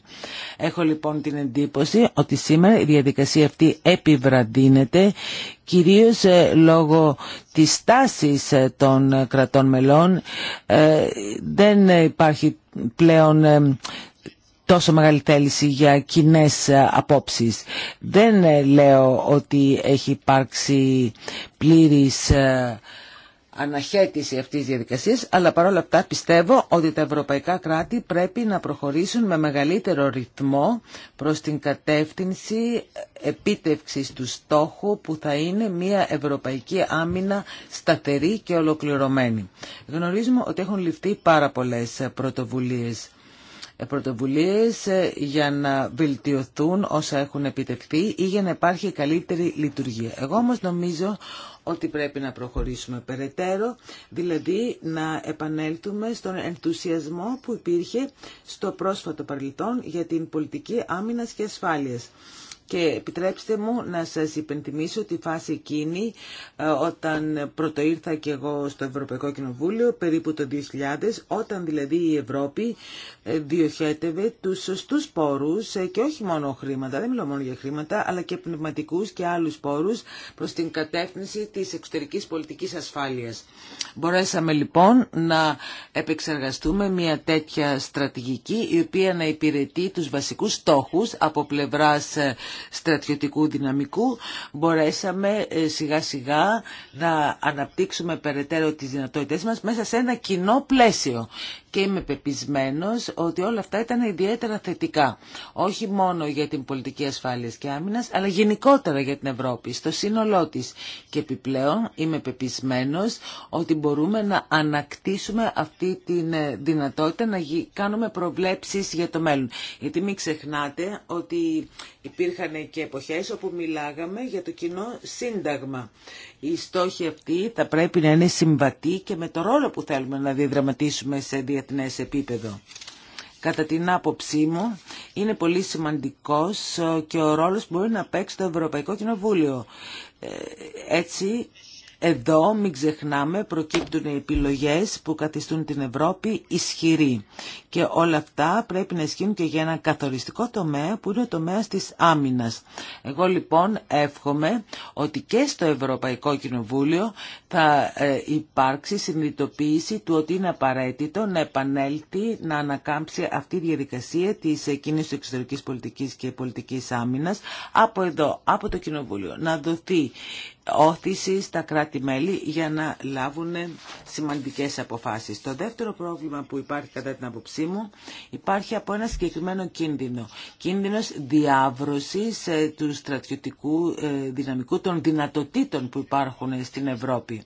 Έχω λοιπόν την εντύπωση ότι σήμερα η διαδικασία αυτή επιβραδύνεται κυρίως ε, λόγω της στάσης ε, των ε, κρατών μελών δεν υπάρχει πλέον τόσο μεγάλη θέληση για κοινέ απόψεις. Δεν λέω ότι έχει υπάρξει πλήρης αναχέτηση αυτής της διαδικασίας, αλλά παρόλα αυτά πιστεύω ότι τα ευρωπαϊκά κράτη πρέπει να προχωρήσουν με μεγαλύτερο ρυθμό προς την κατεύθυνση επίτευξης του στόχου που θα είναι μια ευρωπαϊκή άμυνα σταθερή και ολοκληρωμένη. Γνωρίζουμε ότι έχουν ληφθεί πάρα πολλές πρωτοβουλίες ε, πρωτοβουλίες ε, για να βελτιωθούν όσα έχουν επιτευχθεί ή για να υπάρχει καλύτερη λειτουργία. Εγώ όμως νομίζω ότι πρέπει να προχωρήσουμε περαιτέρω, δηλαδή να επανέλθουμε στον ενθουσιασμό που υπήρχε στο πρόσφατο παρελθόν για την πολιτική άμυνας και ασφάλειας. Και επιτρέψτε μου να σας υπενθυμίσω τη φάση εκείνη ε, όταν πρωτοήρθα και εγώ στο Ευρωπαϊκό Κοινοβούλιο περίπου το 2000 όταν δηλαδή η Ευρώπη ε, διοχέτευε τους σωστούς πόρους ε, και όχι μόνο χρήματα, δεν μιλώ μόνο για χρήματα αλλά και πνευματικούς και άλλους πόρους προς την κατεύθυνση της εξωτερικής πολιτικής ασφάλειας. Μπορέσαμε λοιπόν να επεξεργαστούμε μια τέτοια στρατηγική η οποία να υπηρετεί τους βασικούς στόχους από στρατιωτικού δυναμικού μπορέσαμε ε, σιγά σιγά να αναπτύξουμε περαιτέρω τις δυνατότητές μας μέσα σε ένα κοινό πλαίσιο και είμαι πεπισμένος ότι όλα αυτά ήταν ιδιαίτερα θετικά. Όχι μόνο για την πολιτική ασφάλειας και άμυνας, αλλά γενικότερα για την Ευρώπη, στο σύνολό της. Και επιπλέον είμαι πεπισμένος ότι μπορούμε να ανακτήσουμε αυτή τη ε, δυνατότητα να κάνουμε προβλέψεις για το μέλλον. Γιατί μην ξεχνάτε ότι υπήρχαν και εποχές όπου μιλάγαμε για το κοινό σύνταγμα. Οι στόχοι αυτοί θα πρέπει να είναι συμβατή και με το ρόλο που θέλουμε να διαδραματίσουμε σε διεθνή διεθνές επίπεδο. Κατά την άποψή μου είναι πολύ σημαντικός ε, και ο ρόλος που μπορεί να παίξει το Ευρωπαϊκό Κοινοβούλιο. Ε, έτσι εδώ, μην ξεχνάμε, προκύπτουν οι επιλογές που καθιστούν την Ευρώπη ισχυρή. Και όλα αυτά πρέπει να ισχύουν και για ένα καθοριστικό τομέα που είναι ο τομέας της άμυνας. Εγώ λοιπόν εύχομαι ότι και στο Ευρωπαϊκό Κοινοβούλιο θα ε, υπάρξει συνειδητοποίηση του ότι είναι απαραίτητο να επανέλθει, να ανακάμψει αυτή η διαδικασία της εκείνης του εξωτερικής πολιτικής και πολιτικής άμυνας από εδώ, από το Κοινοβούλιο, να δοθεί όθηση στα κράτη-μέλη για να λάβουν σημαντικές αποφάσεις. Το δεύτερο πρόβλημα που υπάρχει κατά την άποψή μου υπάρχει από ένα συγκεκριμένο κίνδυνο. Κίνδυνος διάβρωσης ε, του στρατιωτικού ε, δυναμικού των δυνατοτήτων που υπάρχουν στην Ευρώπη.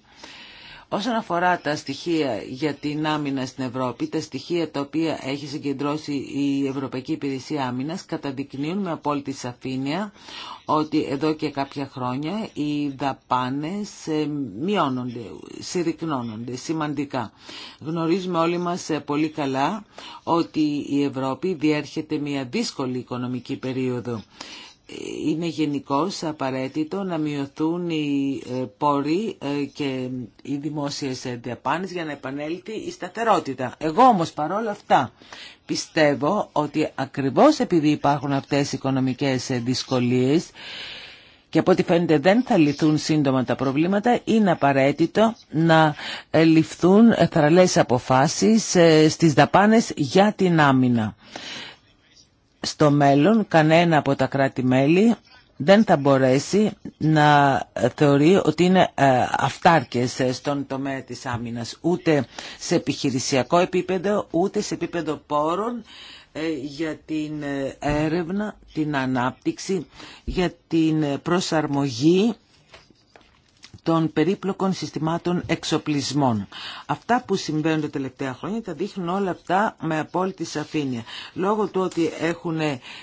Όσον αφορά τα στοιχεία για την άμυνα στην Ευρώπη, τα στοιχεία τα οποία έχει συγκεντρώσει η Ευρωπαϊκή Υπηρεσία Άμυνας καταδεικνύουν με απόλυτη σαφήνεια ότι εδώ και κάποια χρόνια οι δαπάνες ε, μειώνονται, συρρυκνώνονται σημαντικά. Γνωρίζουμε όλοι μας ε, πολύ καλά ότι η Ευρώπη διέρχεται μια δύσκολη οικονομική περίοδο είναι γενικώ απαραίτητο να μειωθούν οι ε, πόροι ε, και οι δημόσιες διαπάνες για να επανέλθει η σταθερότητα. Εγώ όμως παρόλα αυτά πιστεύω ότι ακριβώς επειδή υπάρχουν αυτές οι οικονομικές ε, δυσκολίες και από ό,τι φαίνεται δεν θα λυθούν σύντομα τα προβλήματα, είναι απαραίτητο να ληφθούν θραλές αποφάσεις στις δαπάνες για την άμυνα στο μέλλον κανένα από τα κράτη-μέλη δεν θα μπορέσει να θεωρεί ότι είναι ε, αυτάρκες ε, στον τομέα της άμυνας, ούτε σε επιχειρησιακό επίπεδο, ούτε σε επίπεδο πόρων ε, για την έρευνα, την ανάπτυξη, για την προσαρμογή των περίπλοκων συστημάτων εξοπλισμών. Αυτά που συμβαίνουν τα τελευταία χρόνια τα δείχνουν όλα αυτά με απόλυτη σαφήνεια. Λόγω του ότι έχουν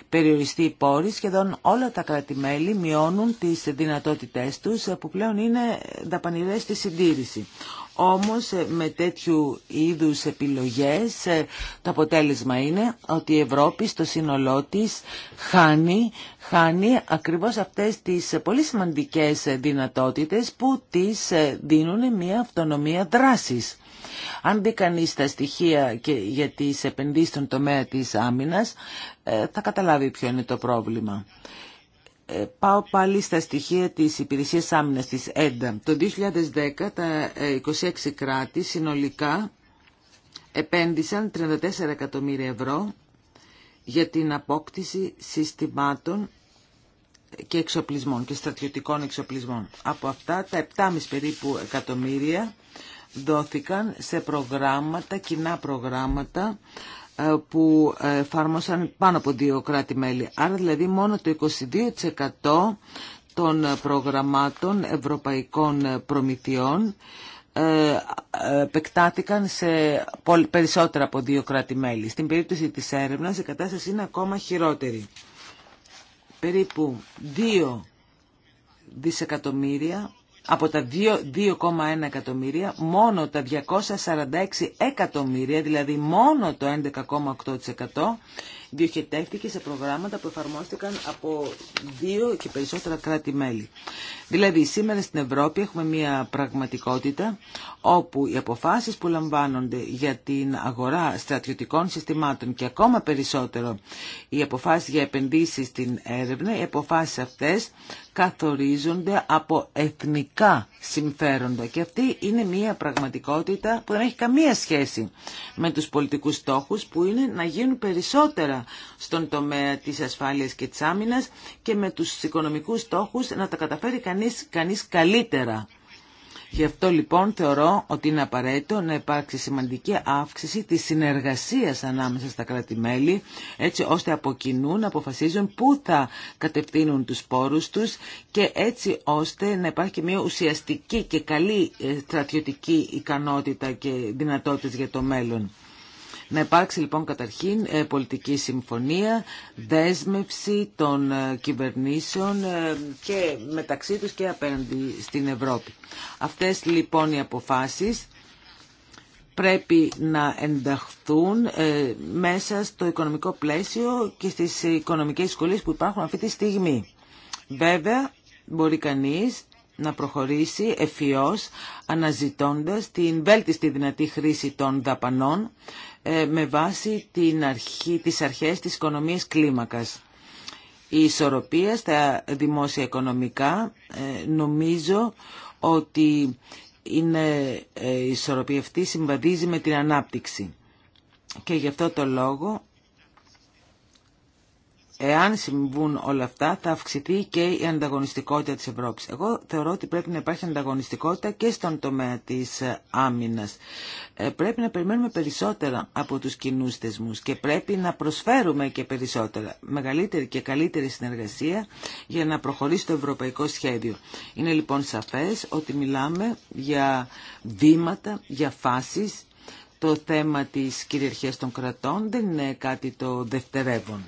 περιοριστεί οι πόροι, σχεδόν όλα τα κρατημέλη μειώνουν τις δυνατότητές τους που πλέον είναι δαπανηρές στη συντήρηση. Όμως ε, με τέτοιου είδους επιλογές ε, το αποτέλεσμα είναι ότι η Ευρώπη στο σύνολό της χάνει, χάνει ακριβώς αυτές τις πολύ σημαντικές δυνατότητες που τις ε, δίνουν μια αυτονομία δράσης. Αν δει κανεί τα στοιχεία και για τις επενδύσεις στον τομέα της άμυνας, θα καταλάβει ποιο είναι το πρόβλημα. Ε, πάω πάλι στα στοιχεία της Υπηρεσίας Άμυνας της ΕΝΤΑ. Το 2010 τα 26 ε, κράτη συνολικά επένδυσαν 34 εκατομμύρια ευρώ για την απόκτηση συστημάτων και εξοπλισμών και στρατιωτικών εξοπλισμών. Από αυτά τα 7,5 περίπου εκατομμύρια δόθηκαν σε προγράμματα, κοινά προγράμματα ε, που εφάρμοσαν πάνω από δύο κράτη-μέλη. Άρα δηλαδή μόνο το 22% των προγραμμάτων ευρωπαϊκών προμηθειών ε, επεκτάθηκαν σε περισσότερα από δύο κράτη-μέλη. Στην περίπτωση της έρευνας η κατάσταση είναι ακόμα χειρότερη. Περίπου 2 δισεκατομμύρια από τα 2,1 εκατομμύρια μόνο τα 246 εκατομμύρια, δηλαδή μόνο το 11,8% διοχετεύτηκε σε προγράμματα που εφαρμόστηκαν από δύο και περισσότερα κράτη-μέλη. Δηλαδή σήμερα στην Ευρώπη έχουμε μια πραγματικότητα όπου οι αποφάσεις που λαμβάνονται για την αγορά στρατιωτικών συστημάτων και ακόμα περισσότερο οι αποφάσεις για επενδύσεις στην έρευνα, οι αποφάσεις αυτές καθορίζονται από εθνικά συμφέροντα και αυτή είναι μια πραγματικότητα που δεν έχει καμία σχέση με τους πολιτικούς στόχους που είναι να γίνουν περισσότερα στον τομέα της ασφάλειας και της άμυνας και με τους οικονομικούς στόχους να τα καταφέρει κανείς, κανείς καλύτερα. Γι' αυτό λοιπόν θεωρώ ότι είναι απαραίτητο να υπάρξει σημαντική αύξηση της συνεργασίας ανάμεσα στα κράτη-μέλη, έτσι ώστε από κοινού να αποφασίζουν πού θα κατευθύνουν τους πόρους τους και έτσι ώστε να υπάρχει μια ουσιαστική και καλή ε, στρατιωτική ικανότητα και δυνατότητες για το μέλλον. Να υπάρξει λοιπόν καταρχήν ε, πολιτική συμφωνία, δέσμευση των ε, κυβερνήσεων ε, και μεταξύ τους και απέναντι στην Ευρώπη. Αυτές λοιπόν οι αποφάσεις πρέπει να ενταχθούν μέσα στο οικονομικό πλαίσιο και στις οικονομικές σχολές που υπάρχουν αυτή τη στιγμή. Βέβαια, μπορεί κανείς να προχωρήσει ευφυώς αναζητώντας την βέλτιστη δυνατή χρήση των δαπανών ε, με βάση την αρχή, τις αρχές της οικονομίας κλίμακας. Η ισορροπία στα δημόσια οικονομικά ε, νομίζω ότι είναι ε, η ισορροπία αυτή συμβαδίζει με την ανάπτυξη. Και γι' αυτό το λόγο Εάν συμβούν όλα αυτά, θα αυξηθεί και η ανταγωνιστικότητα της Ευρώπης. Εγώ θεωρώ ότι πρέπει να υπάρχει ανταγωνιστικότητα και στον τομέα της ε, άμυνας. Ε, πρέπει να περιμένουμε περισσότερα από τους κοινού θεσμού και πρέπει να προσφέρουμε και περισσότερα. Μεγαλύτερη και καλύτερη συνεργασία για να προχωρήσει το ευρωπαϊκό σχέδιο. Είναι λοιπόν σαφές ότι μιλάμε για βήματα, για φάσεις. Το θέμα της κυριαρχίας των κρατών δεν είναι κάτι το δευτερεύον.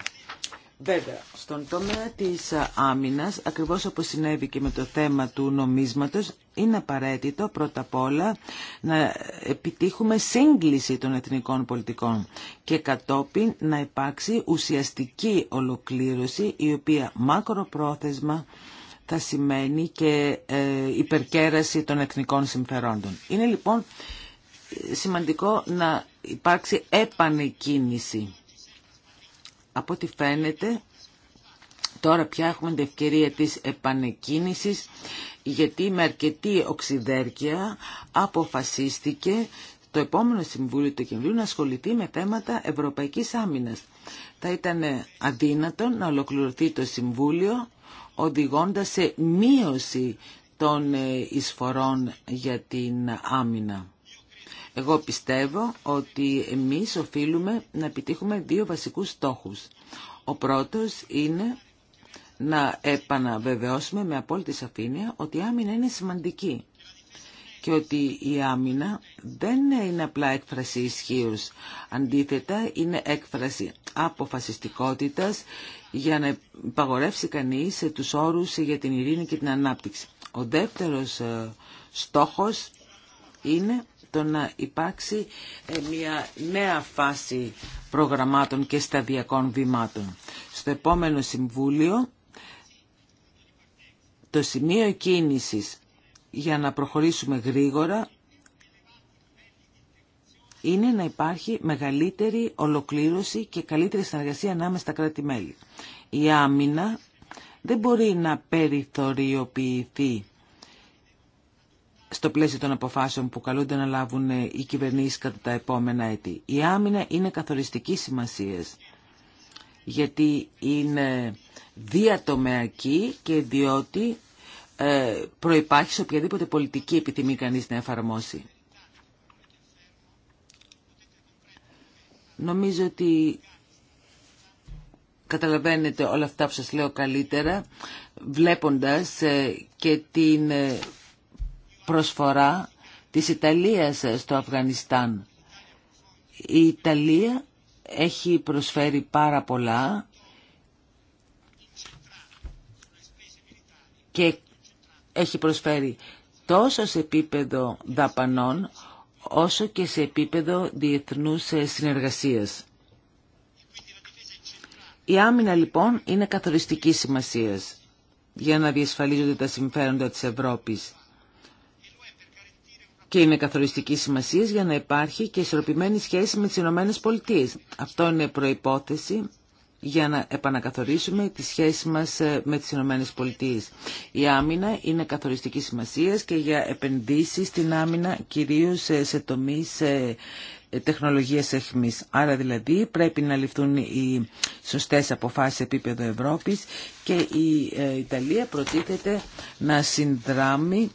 Βέβαια, στον τομέα της άμυνας, ακριβώς όπως συνέβη και με το θέμα του νομίσματος, είναι απαραίτητο πρώτα απ' όλα να επιτύχουμε σύγκληση των εθνικών πολιτικών και κατόπιν να υπάρξει ουσιαστική ολοκλήρωση η οποία μακροπρόθεσμα θα σημαίνει και ε, υπερκέραση των εθνικών συμφερόντων. Είναι λοιπόν σημαντικό να υπάρξει επανεκκίνηση από ό,τι φαίνεται τώρα πια έχουμε την ευκαιρία της επανεκκίνησης γιατί με αρκετή οξυδέρκεια αποφασίστηκε το επόμενο Συμβούλιο του Κεμβρίου να ασχοληθεί με θέματα ευρωπαϊκής άμυνας. Θα ήταν αδύνατον να ολοκληρωθεί το Συμβούλιο οδηγώντας σε μείωση των ε, εισφορών για την άμυνα. Εγώ πιστεύω ότι εμείς οφείλουμε να επιτύχουμε δύο βασικούς στόχους. Ο πρώτος είναι να επαναβεβαιώσουμε με απόλυτη σαφήνεια ότι η άμυνα είναι σημαντική και ότι η άμυνα δεν είναι απλά έκφραση ισχύω. Αντίθετα, είναι έκφραση αποφασιστικότητας για να υπαγορεύσει κανείς τους όρους για την ειρήνη και την ανάπτυξη. Ο δεύτερος ε, στόχος είναι το να υπάρξει ε, μια νέα φάση προγραμμάτων και σταδιακών βημάτων. Στο επόμενο Συμβούλιο, το σημείο κίνησης για να προχωρήσουμε γρήγορα είναι να υπάρχει μεγαλύτερη ολοκλήρωση και καλύτερη συνεργασία ανάμεσα στα κράτη-μέλη. Η άμυνα δεν μπορεί να περιθωριοποιηθεί στο πλαίσιο των αποφάσεων που καλούνται να λάβουν ε, οι κυβερνήσεις κατά τα επόμενα έτη. Η άμυνα είναι καθοριστική σημασίας γιατί είναι διατομεακή και διότι ε, προϋπάρχει σε οποιαδήποτε πολιτική επιθυμεί κανείς να εφαρμόσει. Νομίζω ότι καταλαβαίνετε όλα αυτά που σας λέω καλύτερα βλέποντας ε, και την προσφορά της Ιταλίας στο Αφγανιστάν. Η Ιταλία έχει προσφέρει πάρα πολλά και έχει προσφέρει τόσο σε επίπεδο δαπανών όσο και σε επίπεδο διεθνούς συνεργασίας. Η άμυνα λοιπόν είναι καθοριστική σημασίας για να διασφαλίζονται τα συμφέροντα της Ευρώπης και είναι καθοριστική σημασία για να υπάρχει και ισορροπημένη σχέση με τις Ηνωμένε Πολιτείε. Αυτό είναι προϋπόθεση για να επανακαθορίσουμε τη σχέση μας ε, με τις Ηνωμένε Πολιτείε. Η άμυνα είναι καθοριστική σημασία και για επενδύσεις στην άμυνα κυρίως ε, σε τομείς ε, τεχνολογία εχμή. Άρα δηλαδή πρέπει να ληφθούν οι σωστέ αποφάσει σε επίπεδο Ευρώπης και η Ιταλία προτίθεται να συνδράμει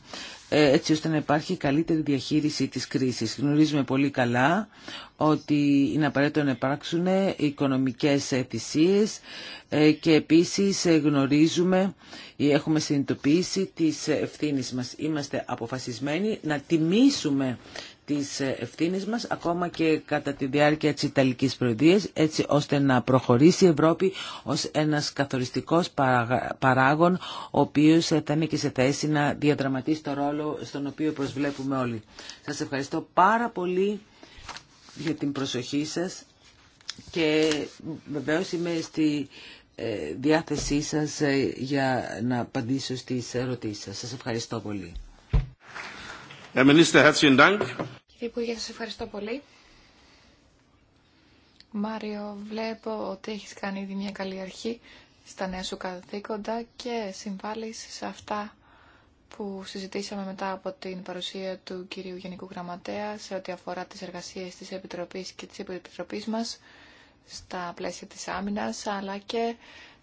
έτσι ώστε να υπάρχει καλύτερη διαχείριση της κρίσης. Γνωρίζουμε πολύ καλά ότι είναι απαραίτητο να υπάρξουν οικονομικές θυσίες ε, και επίσης ε, γνωρίζουμε ή έχουμε συνειδητοποιήσει τις ευθύνες μας. Είμαστε αποφασισμένοι να τιμήσουμε τις ε, ευθύνες μας ακόμα και κατά τη διάρκεια της Ιταλικής Προεδρίας έτσι ώστε να προχωρήσει η Ευρώπη ως ένας καθοριστικός παράγων ο οποίος θα είναι και σε θέση να διαδραματίσει το ρόλο στον οποίο προσβλέπουμε όλοι. Σας ευχαριστώ πάρα πολύ για την προσοχή σας και βεβαίως είμαι στη ε, διάθεσή σας ε, για να απαντήσω στις ερωτήσεις σας. Σας ευχαριστώ πολύ. Κύριε Υπουργέ, σας ευχαριστώ πολύ. Μάριο, βλέπω ότι έχεις κάνει ήδη μια καλή αρχή στα νέα σου καθήκοντα και συμβάλλεις σε αυτά που συζητήσαμε μετά από την παρουσία του κυρίου Γενικού Γραμματέα σε ό,τι αφορά τις εργασίες της Επιτροπής και της Επιτροπής μας στα πλαίσια της άμυνας, αλλά και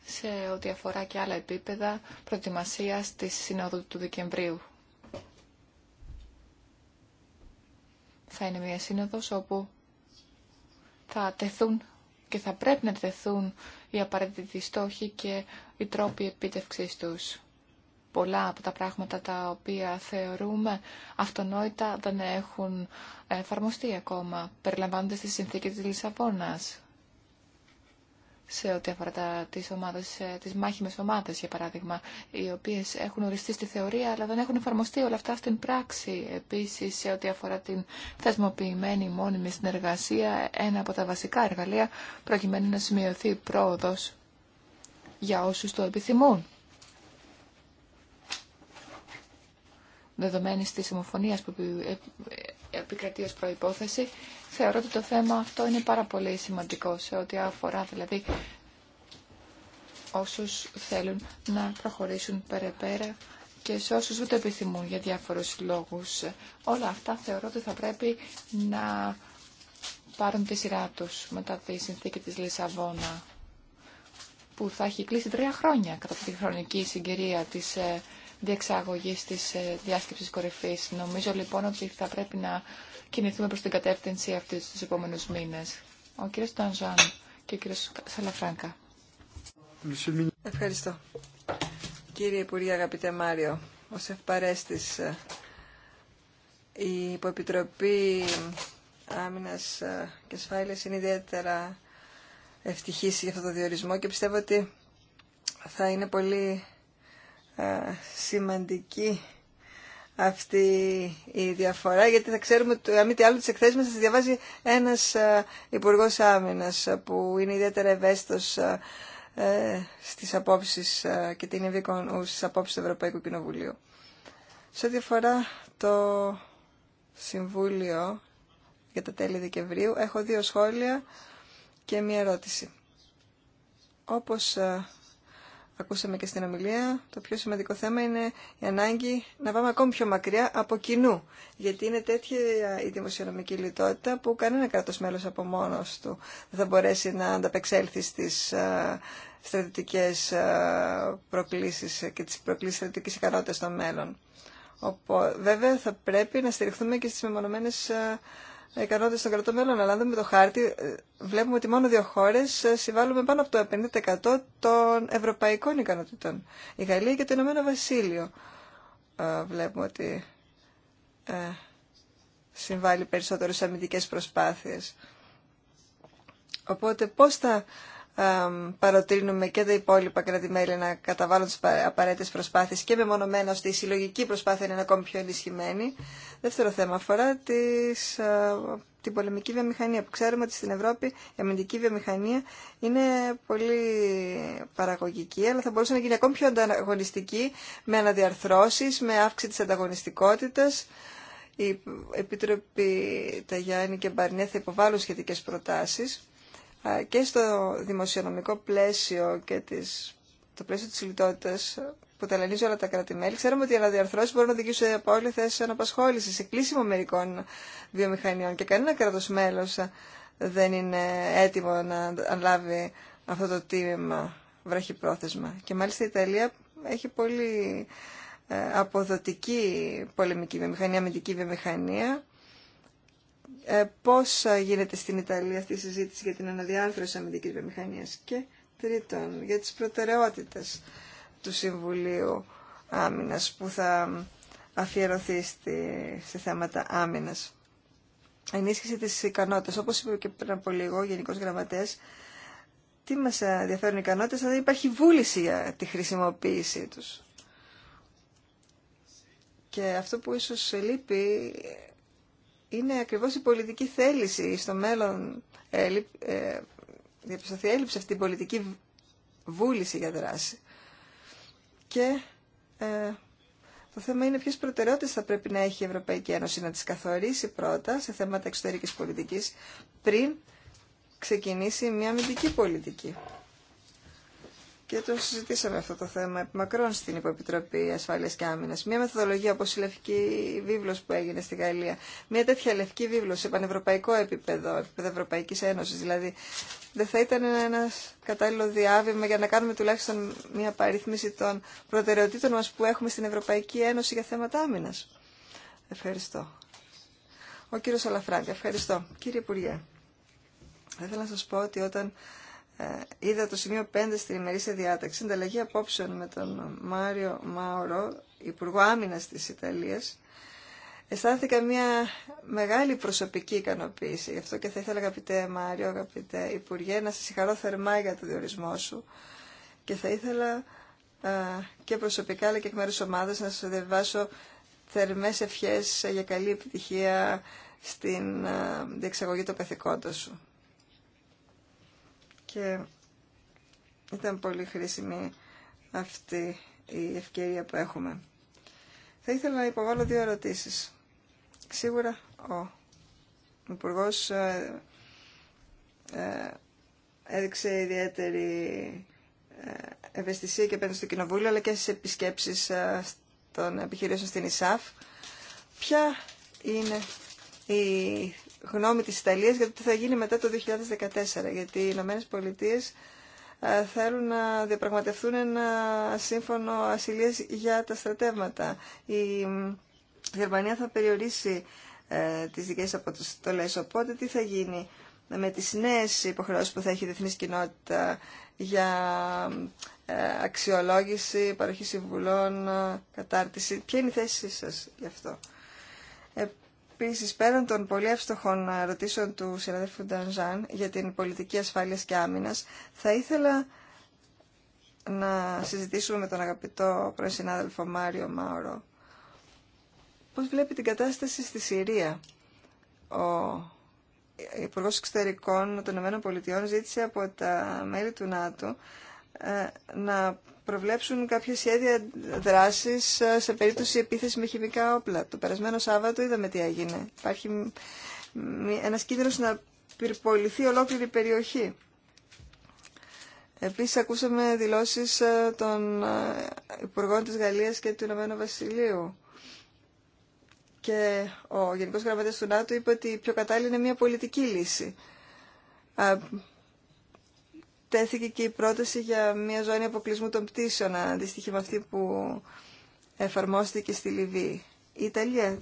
σε ό,τι αφορά και άλλα επίπεδα προετοιμασίας της Συνόδου του Δεκεμβρίου θα είναι μια σύνοδος όπου θα τεθούν και θα πρέπει να τεθούν οι απαραίτητοι στόχοι και οι τρόποι επίτευξής τους. Πολλά από τα πράγματα τα οποία θεωρούμε αυτονόητα δεν έχουν εφαρμοστεί ακόμα, περιλαμβάνονται στη συνθήκη της Λισαβόνας σε ό,τι αφορά τα, τις, ομάδες, ε, τις μάχημες ομάδες, για παράδειγμα, οι οποίες έχουν οριστεί στη θεωρία, αλλά δεν έχουν εφαρμοστεί όλα αυτά στην πράξη. Επίσης, σε ό,τι αφορά την θεσμοποιημένη μόνιμη συνεργασία, ένα από τα βασικά εργαλεία, προκειμένου να σημειωθεί πρόοδος για όσους το επιθυμούν. Δεδομένης της ομοφωνίας που ε, επικρατεί ως προϋπόθεση, θεωρώ ότι το θέμα αυτό είναι πάρα πολύ σημαντικό σε ό,τι αφορά δηλαδή όσους θέλουν να προχωρήσουν περαιπέρα και σε όσους ούτε επιθυμούν για διάφορους λόγους. Όλα αυτά θεωρώ ότι θα πρέπει να πάρουν τη σειρά τους μετά τη συνθήκη της Λισαβόνα που θα έχει κλείσει τρία χρόνια κατά τη χρονική συγκυρία της ε, Διεξάγωγή τη ε, διάσκεψη κορυφή. Νομίζω λοιπόν ότι θα πρέπει να κινηθούμε προ την κατεύθυνση αυτή του επόμενου μήνε. Ο κύριος Τανζάν και ο κύριος Σαλαφράγκα. Ευχαριστώ. Κύριε Υπουργέ, αγαπητέ Μάριο, ως ευπαρέστης ε, η Υποεπιτροπή Άμυνας ε, και Ασφάλειας είναι ιδιαίτερα ευτυχής για αυτό το διορισμό και πιστεύω ότι θα είναι πολύ ε, σημαντική αυτή η διαφορά, γιατί θα ξέρουμε, αν μη τι άλλο, τις εκθέσεις μας θα τις διαβάζει ένας ε, υπουργός άμυνας, ε, που είναι ιδιαίτερα ευαίσθητος στις απόψεις και την ευήκον στις απόψεις του Ευρωπαϊκού Κοινοβουλίου. Σε ό,τι αφορά το Συμβούλιο για τα τέλη Δεκεμβρίου, έχω δύο σχόλια και μία ερώτηση. Όπως ακούσαμε και στην ομιλία, το πιο σημαντικό θέμα είναι η ανάγκη να πάμε ακόμη πιο μακριά από κοινού. Γιατί είναι τέτοια η δημοσιονομική λιτότητα που κανένα κράτο μέλος από μόνος του δεν θα μπορέσει να ανταπεξέλθει στις ε, στρατιωτικέ ε, προκλήσεις και τις προκλήσεις στρατιωτική ικανότητα των μέλλον. Οπότε, βέβαια θα πρέπει να στηριχθούμε και στις μεμονωμένες ε, ικανότητε των κρατών μέλων. Αλλά δούμε το χάρτη, ε, βλέπουμε ότι μόνο δύο χώρε συμβάλλουν πάνω από το 50% των ευρωπαϊκών ικανότητων. Η Γαλλία και το Ηνωμένο Βασίλειο ε, βλέπουμε ότι ε, συμβάλλει περισσότερες σε αμυντικές προσπάθειες. Οπότε πώς θα παροτρύνουμε και τα υπόλοιπα κρατημέλη να καταβάλουν τις απαραίτητες προσπάθειες και μεμονωμένα ώστε η συλλογική προσπάθεια είναι ακόμη πιο ενισχυμένη. Δεύτερο θέμα αφορά τις, ε, την πολεμική βιομηχανία που ξέρουμε ότι στην Ευρώπη η αμυντική βιομηχανία είναι πολύ παραγωγική αλλά θα μπορούσε να γίνει ακόμη πιο ανταγωνιστική με αναδιαρθρώσεις, με αύξηση της ανταγωνιστικότητας. Η Επίτροπη Ταγιάννη και Μπαρνιέ θα υποβάλουν σχετικές προτάσεις και στο δημοσιονομικό πλαίσιο και τις, το πλαίσιο της λιτότητας που ταλανίζει όλα τα κράτη-μέλη, ξέρουμε ότι οι αναδιαρθρώσεις μπορούν να οδηγήσουν σε απόλυτη θέση αναπασχόληση, σε κλείσιμο μερικών βιομηχανιών και κανένα κράτος μέλος δεν είναι έτοιμο να ανλάβει αυτό το τίμημα βραχυπρόθεσμα. Και μάλιστα η Ιταλία έχει πολύ ε, αποδοτική πολεμική βιομηχανία, αμυντική βιομηχανία, ε, πώς ε, γίνεται στην Ιταλία αυτή η συζήτηση για την αναδιάρθρωση αμυντικής βιομηχανίας και τρίτον για τις προτεραιότητες του Συμβουλίου Άμυνας που θα αφιερωθεί στη, σε θέματα άμυνας. Ενίσχυση της ικανότητας. Όπως είπε και πριν από λίγο ο Γενικός Γραμματέας, τι μας ε, ενδιαφέρουν οι ικανότητες, αν δηλαδή δεν υπάρχει βούληση για τη χρησιμοποίησή τους. Και αυτό που ίσως λείπει είναι ακριβώς η πολιτική θέληση στο μέλλον ε, ε, διαπιστωθεί έλλειψη αυτή η πολιτική βούληση για δράση. Και ε, το θέμα είναι ποιες προτεραιότητες θα πρέπει να έχει η Ευρωπαϊκή Ένωση να τις καθορίσει πρώτα σε θέματα εξωτερικής πολιτικής πριν ξεκινήσει μια αμυντική πολιτική και το συζητήσαμε αυτό το θέμα μακρόν στην Υποεπιτροπή Ασφάλεια και Άμυνα. Μια μεθοδολογία όπω η Λευκή Βίβλος που έγινε στη Γαλλία, μια τέτοια Λευκή Βίβλος σε πανευρωπαϊκό επίπεδο, επίπεδο Ευρωπαϊκή Ένωσης, δηλαδή δεν θα ήταν ένα κατάλληλο διάβημα για να κάνουμε τουλάχιστον μια παρήθμιση των προτεραιοτήτων μα που έχουμε στην Ευρωπαϊκή Ένωση για θέματα άμυνα. Ευχαριστώ. Ο κύριο Αλαφράγκα, ευχαριστώ. Κύριε Υπουργέ, θα ήθελα να πω ότι όταν ε, είδα το σημείο 5 στην ημερήσια διάταξη, ανταλλαγή απόψεων με τον Μάριο Μάωρο, Υπουργό Άμυνας της Ιταλίας, αισθάνθηκα μια μεγάλη προσωπική ικανοποίηση. Γι' αυτό και θα ήθελα, αγαπητέ Μάριο, αγαπητέ Υπουργέ, να σας συγχαρώ θερμά για το διορισμό σου. Και θα ήθελα ε, και προσωπικά, αλλά και εκ μέρους ομάδας, να σας διαβάσω θερμές ευχές για καλή επιτυχία στην ε, διεξαγωγή των καθηκόντων σου και ήταν πολύ χρήσιμη αυτή η ευκαιρία που έχουμε. Θα ήθελα να υποβάλω δύο ερωτήσεις. Σίγουρα ο υπουργό ε, ε, έδειξε ιδιαίτερη ε, ευαισθησία και επένδυση στο Κοινοβούλιο, αλλά και στις επισκέψεις των επιχειρήσεων στην ΙΣΑΦ. Ποια είναι η γνώμη της Ιταλίας για το τι θα γίνει μετά το 2014, γιατί οι Ηνωμένε Πολιτείε ε, θέλουν να διαπραγματευτούν ένα σύμφωνο ασυλίας για τα στρατεύματα. Η Γερμανία θα περιορίσει ε, τις δικές αποστολές, οπότε τι θα γίνει με τις νέες υποχρεώσεις που θα έχει η διεθνής κοινότητα για ε, αξιολόγηση, παροχή συμβουλών, ε, κατάρτιση. Ποια είναι η θέση σας γι' αυτό. Επίση, πέραν των πολύ εύστοχων ερωτήσεων του συναδέλφου Ντανζάν για την πολιτική ασφάλεια και άμυνα, θα ήθελα να συζητήσουμε με τον αγαπητό πρώην συνάδελφο Μάριο Μαώρο πώς βλέπει την κατάσταση στη Συρία. Ο Υπουργό Εξωτερικών των ΗΠΑ ζήτησε από τα μέλη του ΝΑΤΟ ε, να προβλέψουν κάποια σχέδια δράση ε, σε περίπτωση επίθεση με χημικά όπλα. Το περασμένο Σάββατο είδαμε τι έγινε. Υπάρχει ένα κίνδυνο να πυρποληθεί ολόκληρη η περιοχή. Επίση ακούσαμε δηλώσει ε, των ε, Υπουργών τη Γαλλία και του Ηνωμένου Βασιλείου. Και ο Γενικό Γραμματέας του ΝΑΤΟ είπε ότι η πιο κατάλληλη είναι μια πολιτική λύση τέθηκε και η πρόταση για μια ζώνη αποκλεισμού των πτήσεων, αντίστοιχη με αυτή που εφαρμόστηκε στη Λιβύη. Η Ιταλία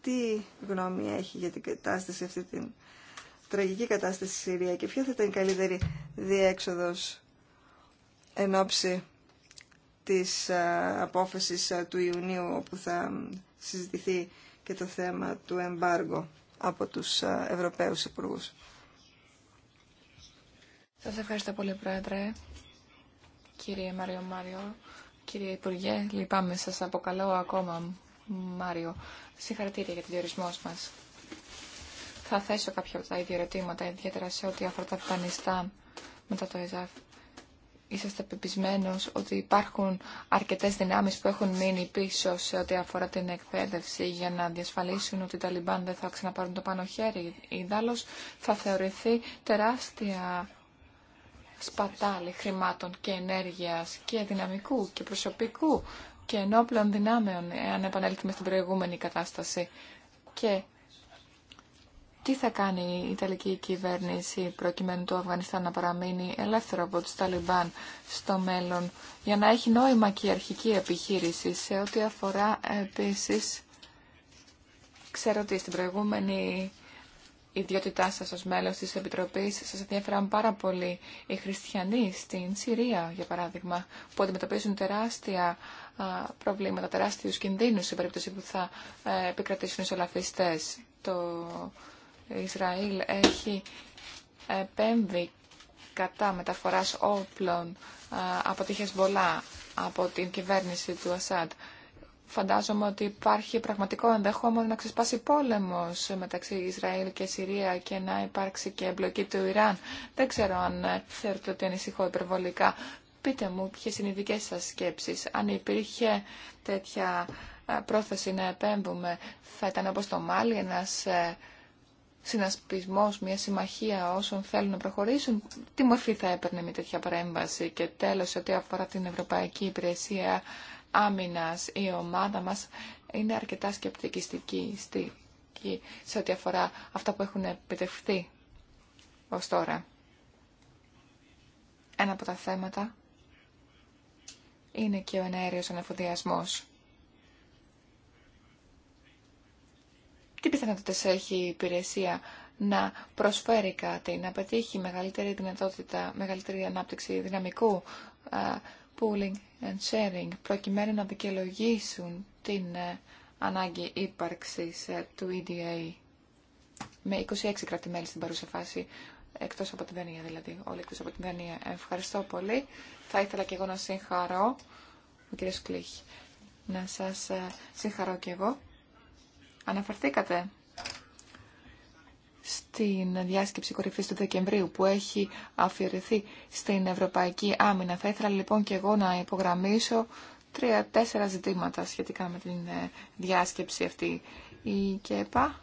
τι γνώμη έχει για την κατάσταση αυτή την τραγική κατάσταση στη Συρία και ποια θα ήταν η καλύτερη διέξοδος εν ώψη της απόφασης του Ιουνίου όπου θα συζητηθεί και το θέμα του εμπάργου από τους Ευρωπαίους Υπουργούς. Σας ευχαριστώ πολύ, Πρόεδρε. Κύριε Μάριο Μάριο, κύριε Υπουργέ, λυπάμαι, σας αποκαλώ ακόμα Μάριο. Συγχαρητήρια για τον διορισμό μας. Θα θέσω κάποια από τα ίδια ερωτήματα, ιδιαίτερα σε ό,τι αφορά τα Αφγανιστάν μετά το ΕΖΑΦ. Είσαστε πεπισμένος ότι υπάρχουν αρκετές δυνάμεις που έχουν μείνει πίσω σε ό,τι αφορά την εκπαίδευση για να διασφαλίσουν ότι τα λιμπάν δεν θα ξαναπάρουν το πάνω χέρι. Ιδάλλως θα θεωρηθεί τεράστια σπατάλη χρημάτων και ενέργειας και δυναμικού και προσωπικού και ενόπλων δυνάμεων, αν επανέλθουμε στην προηγούμενη κατάσταση. Και τι θα κάνει η Ιταλική κυβέρνηση προκειμένου του Αφγανιστάν να παραμείνει ελεύθερο από τους Ταλιμπάν στο μέλλον για να έχει νόημα και η αρχική επιχείρηση σε ό,τι αφορά επίσης ξέρω ότι στην προηγούμενη ιδιότητά σας ως μέλος της Επιτροπής σας ενδιαφέραν πάρα πολύ οι χριστιανοί στην Συρία, για παράδειγμα, που αντιμετωπίζουν τεράστια προβλήματα, τεράστιους κινδύνους σε περίπτωση που θα ε, επικρατήσουν οι σολαφιστές. Το Ισραήλ έχει επέμβει κατά μεταφοράς όπλων από τη Χεσβολά από την κυβέρνηση του Ασάντ. Φαντάζομαι ότι υπάρχει πραγματικό ενδεχόμενο να ξεσπάσει πόλεμος μεταξύ Ισραήλ και Συρία και να υπάρξει και εμπλοκή του Ιράν. Δεν ξέρω αν θεωρείτε ότι ανησυχώ υπερβολικά. Πείτε μου ποιε είναι οι δικές σας σκέψεις. Αν υπήρχε τέτοια πρόθεση να επέμβουμε, θα ήταν όπως το Μάλι ένα ε, συνασπισμός, μια συμμαχία όσων θέλουν να προχωρήσουν. Τι μορφή θα έπαιρνε με τέτοια παρέμβαση και τέλο ότι αφορά την Ευρωπαϊκή Υπηρεσία άμυνας. Η ομάδα μας είναι αρκετά σκεπτικιστική σε ό,τι αφορά αυτά που έχουν επιτευχθεί ως τώρα. Ένα από τα θέματα είναι και ο ενέργειος ανεφοδιασμός. Τι πιθανότητε έχει η υπηρεσία να προσφέρει κάτι, να πετύχει μεγαλύτερη δυνατότητα, μεγαλύτερη ανάπτυξη δυναμικού pooling and sharing προκειμένου να δικαιολογήσουν την ε, ανάγκη ύπαρξης ε, του EDA με 26 κρατημέλη στην παρούσα φάση, εκτός από την Δανία δηλαδή, όλοι εκτός από την Δανία. Ευχαριστώ πολύ. Θα ήθελα και εγώ να συγχαρώ, ο κύριος να σας ε, συγχαρώ και εγώ. Αναφερθήκατε στην διάσκεψη κορυφής του Δεκεμβρίου που έχει αφιερωθεί στην Ευρωπαϊκή Άμυνα. Θα ήθελα λοιπόν και εγώ να υπογραμμίσω τρία-τέσσερα ζητήματα σχετικά με την ε, διάσκεψη αυτή. Η ΚΕΠΑ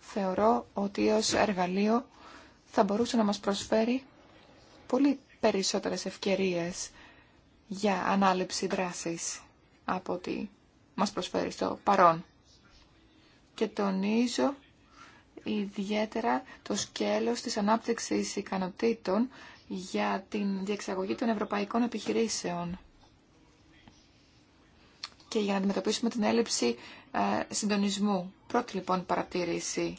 θεωρώ ότι ως εργαλείο θα μπορούσε να μας προσφέρει πολύ περισσότερες ευκαιρίες για ανάληψη δράσης από ό,τι μας προσφέρει στο παρόν. Και τονίζω ιδιαίτερα το σκέλος της ανάπτυξης ικανοτήτων για την διεξαγωγή των ευρωπαϊκών επιχειρήσεων και για να αντιμετωπίσουμε την έλλειψη ε, συντονισμού. Πρώτη λοιπόν παρατήρηση.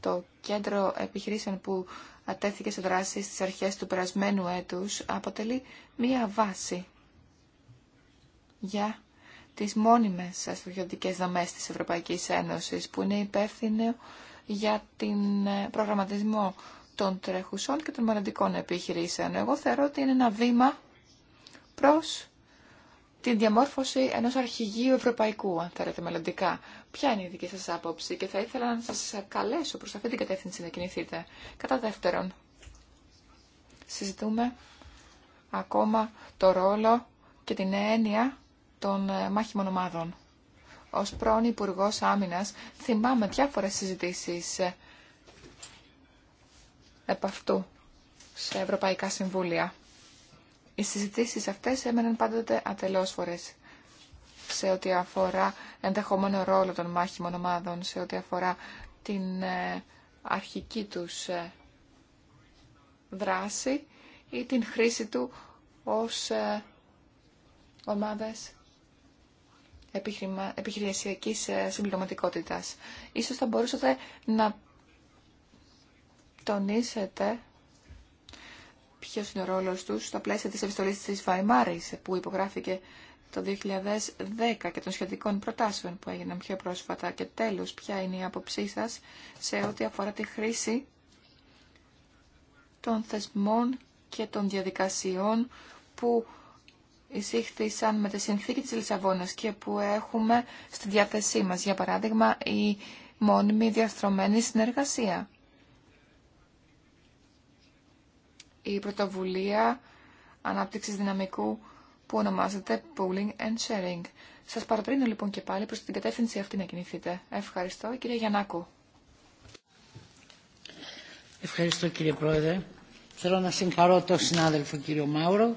Το κέντρο επιχειρήσεων που ατέθηκε σε δράση στις αρχές του περασμένου έτους αποτελεί μία βάση για τις μόνιμες αστυνομικέ δομές της Ευρωπαϊκής Ένωσης που είναι υπεύθυνο για την ε, προγραμματισμό των τρέχουσών και των μελλοντικών επιχειρήσεων. Εγώ θεωρώ ότι είναι ένα βήμα προς την διαμόρφωση ενός αρχηγείου ευρωπαϊκού, αν θέλετε, μελλοντικά. Ποια είναι η δική σας άποψη και θα ήθελα να σας καλέσω προς αυτή την κατεύθυνση να κινηθείτε. Κατά δεύτερον, συζητούμε ακόμα το ρόλο και την έννοια των ε, μάχημων ομάδων. Ως πρώην υπουργό Άμυνα θυμάμαι διάφορες συζητήσεις ε, επ' αυτού σε Ευρωπαϊκά Συμβούλια. Οι συζητήσεις αυτές έμεναν πάντοτε ατελώς φορές σε ό,τι αφορά ενδεχόμενο ρόλο των μάχημων ομάδων, σε ό,τι αφορά την ε, αρχική τους δράση ή την χρήση του ως ομάδες επιχειρησιακής ε, συμπληρωματικότητας. Ίσως θα μπορούσατε να τονίσετε ποιο είναι ο ρόλος τους στα πλαίσια της επιστολής της Βαϊμάρης που υπογράφηκε το 2010 και των σχετικών προτάσεων που έγιναν πιο πρόσφατα και τέλος ποια είναι η άποψή σας σε ό,τι αφορά τη χρήση των θεσμών και των διαδικασιών που εισήχθησαν με τη συνθήκη της Λισαβόνας και που έχουμε στη διάθεσή μας. Για παράδειγμα, η μόνιμη διαστρωμένη συνεργασία. Η πρωτοβουλία ανάπτυξης δυναμικού που ονομάζεται Pooling and Sharing. Σας παρατρύνω λοιπόν και πάλι προς την κατεύθυνση αυτή να κινηθείτε. Ευχαριστώ, κύριε Γιαννάκου. Ευχαριστώ κύριε Πρόεδρε. Θέλω να συγχαρώ τον συνάδελφο κύριο Μάουρο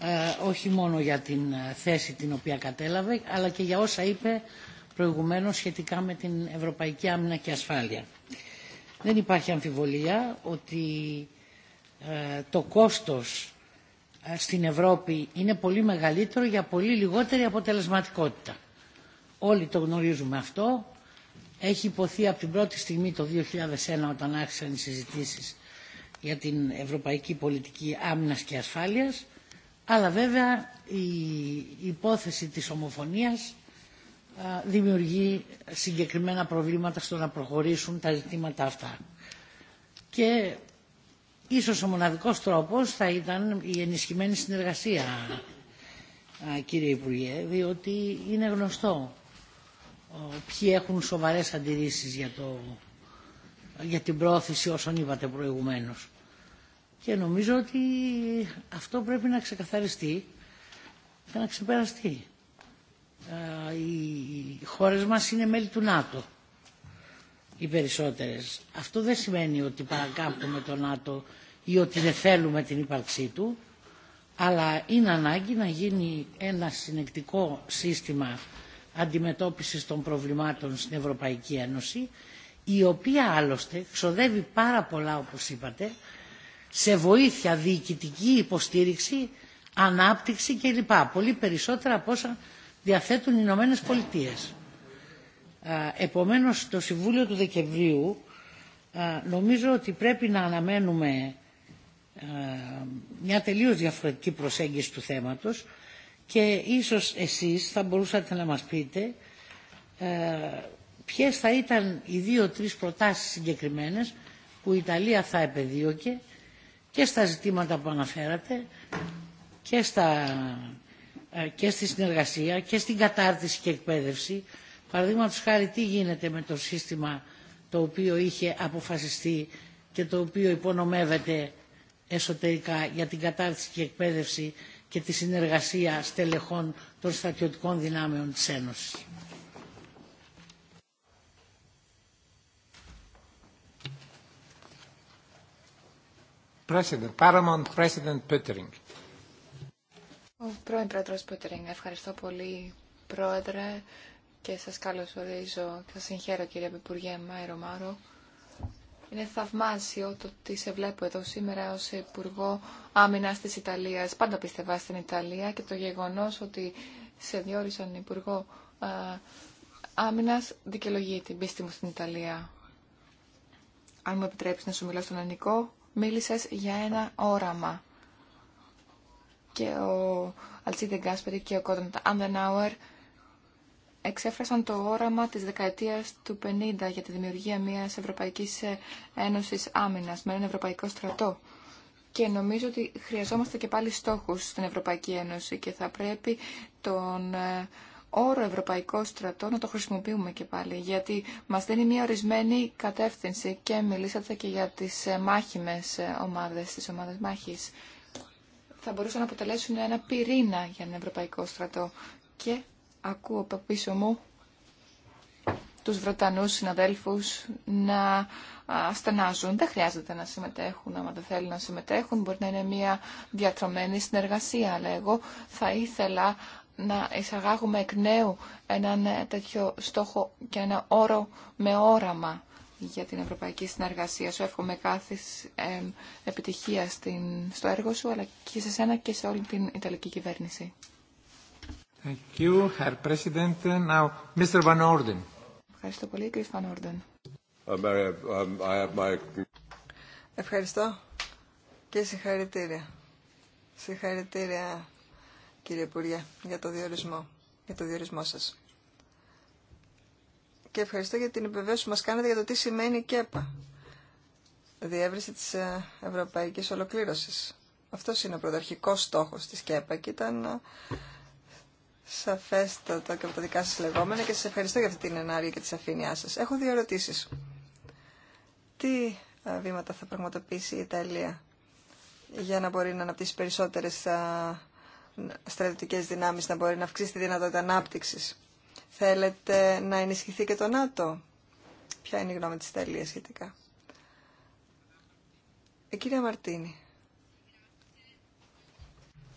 ε, όχι μόνο για την ε, θέση την οποία κατέλαβε, αλλά και για όσα είπε προηγουμένως σχετικά με την Ευρωπαϊκή Άμυνα και Ασφάλεια. Δεν υπάρχει αμφιβολία ότι ε, το κόστος στην Ευρώπη είναι πολύ μεγαλύτερο για πολύ λιγότερη αποτελεσματικότητα. Όλοι το γνωρίζουμε αυτό. Έχει υποθεί από την πρώτη στιγμή το 2001 όταν άρχισαν οι συζητήσεις για την Ευρωπαϊκή Πολιτική Άμυνας και Ασφάλειας αλλά βέβαια η υπόθεση της ομοφωνίας δημιουργεί συγκεκριμένα προβλήματα στο να προχωρήσουν τα ζητήματα αυτά. Και ίσως ο μοναδικός τρόπος θα ήταν η ενισχυμένη συνεργασία, κύριε Υπουργέ, διότι είναι γνωστό ποιοι έχουν σοβαρές αντιρρήσεις για, το, για την πρόθεση όσων είπατε προηγουμένως. Και νομίζω ότι αυτό πρέπει να ξεκαθαριστεί και να ξεπεραστεί. Ε, οι χώρες μας είναι μέλη του ΝΑΤΟ, οι περισσότερες. Αυτό δεν σημαίνει ότι παρακάμπτουμε το ΝΑΤΟ ή ότι δεν θέλουμε την ύπαρξή του, αλλά είναι ανάγκη να γίνει ένα συνεκτικό σύστημα αντιμετώπισης των προβλημάτων στην Ευρωπαϊκή Ένωση, η οποία άλλωστε ξοδεύει πάρα πολλά, όπως είπατε, σε βοήθεια, διοικητική υποστήριξη, ανάπτυξη κλπ. Πολύ περισσότερα από όσα διαθέτουν οι Ηνωμένε Πολιτείε. Επομένω, το Συμβούλιο του Δεκεμβρίου νομίζω ότι πρέπει να αναμένουμε μια τελείως διαφορετική προσέγγιση του θέματος και ίσως εσείς θα μπορούσατε να μας πείτε ποιες θα ήταν οι δύο-τρεις προτάσεις συγκεκριμένες που η Ιταλία θα επεδίωκε και στα ζητήματα που αναφέρατε και, στα, ε, και στη συνεργασία και στην κατάρτιση και εκπαίδευση. Παραδείγματο χάρη τι γίνεται με το σύστημα το οποίο είχε αποφασιστεί και το οποίο υπονομεύεται εσωτερικά για την κατάρτιση και εκπαίδευση και τη συνεργασία στελεχών των στρατιωτικών δυνάμεων της Ένωσης. President, Paramount President Ο πρώην πρόεδρος Pöttering, ευχαριστώ πολύ πρόεδρε και σας καλωσορίζω και σα συγχαίρω κύριε Υπουργέ Μάιρο Μάρο. Είναι θαυμάσιο το ότι σε βλέπω εδώ σήμερα ω Υπουργό Άμυνα τη Ιταλία, Πάντα πίστευα στην Ιταλία και το γεγονό ότι σε διόρισαν Υπουργό ε, Άμυνα δικαιολογεί την πίστη μου στην Ιταλία. Αν μου επιτρέψει να σου μιλάω στον ελληνικό, μίλησες για ένα όραμα. Και ο Αλτσίδε Γκάσπερη και ο Κόντον Άντενάουερ εξέφρασαν το όραμα της δεκαετίας του 50 για τη δημιουργία μιας Ευρωπαϊκής Ένωσης Άμυνας με έναν Ευρωπαϊκό στρατό. Και νομίζω ότι χρειαζόμαστε και πάλι στόχους στην Ευρωπαϊκή Ένωση και θα πρέπει τον ε, όρο Ευρωπαϊκό Στρατό να το χρησιμοποιούμε και πάλι, γιατί μας δίνει μια ορισμένη κατεύθυνση και μιλήσατε και για τις ε, μάχημες ε, ομάδες, τις ομάδες μάχης. Θα μπορούσαν να αποτελέσουν ένα πυρήνα για ένα Ευρωπαϊκό Στρατό. Και ακούω από πίσω μου τους βρετανού συναδέλφους να στενάζουν. Δεν χρειάζεται να συμμετέχουν, άμα δεν θέλουν να συμμετέχουν. Μπορεί να είναι μια διατρομένη συνεργασία, αλλά εγώ θα ήθελα να εισαγάγουμε εκ νέου έναν ε, τέτοιο στόχο και ένα όρο με όραμα για την ευρωπαϊκή συνεργασία. Σου εύχομαι κάθε επιτυχία στο έργο σου, αλλά και σε σένα και σε όλη την Ιταλική κυβέρνηση. Thank you, Herr President. Now, Mr. Van Orden. Ευχαριστώ πολύ, κύριε Van Orden. Uh, um, Ευχαριστώ και συγχαρητήρια. Συγχαρητήρια κύριε Υπουργέ, για το διορισμό, για το διορισμό σας. Και ευχαριστώ για την επιβεβαίωση που μας κάνετε για το τι σημαίνει η ΚΕΠΑ. Διεύρυνση της ε, Ευρωπαϊκής Ολοκλήρωσης. Αυτό είναι ο πρωταρχικός στόχος της ΚΕΠΑ και ήταν ε, σαφέστατα και από τα δικά σας λεγόμενα και σας ευχαριστώ για αυτή την ενάργεια και τη σαφήνειά σας. Έχω δύο ερωτήσεις. Τι ε, βήματα θα πραγματοποιήσει η Ιταλία για να μπορεί να αναπτύσσει περισσότερες στρατιωτικές δυνάμεις να μπορεί να αυξήσει τη δυνατότητα ανάπτυξης. Θέλετε να ενισχυθεί και το ΝΑΤΟ. Ποια είναι η γνώμη της Τελεία σχετικά. Η ε, κυρία Μαρτίνη.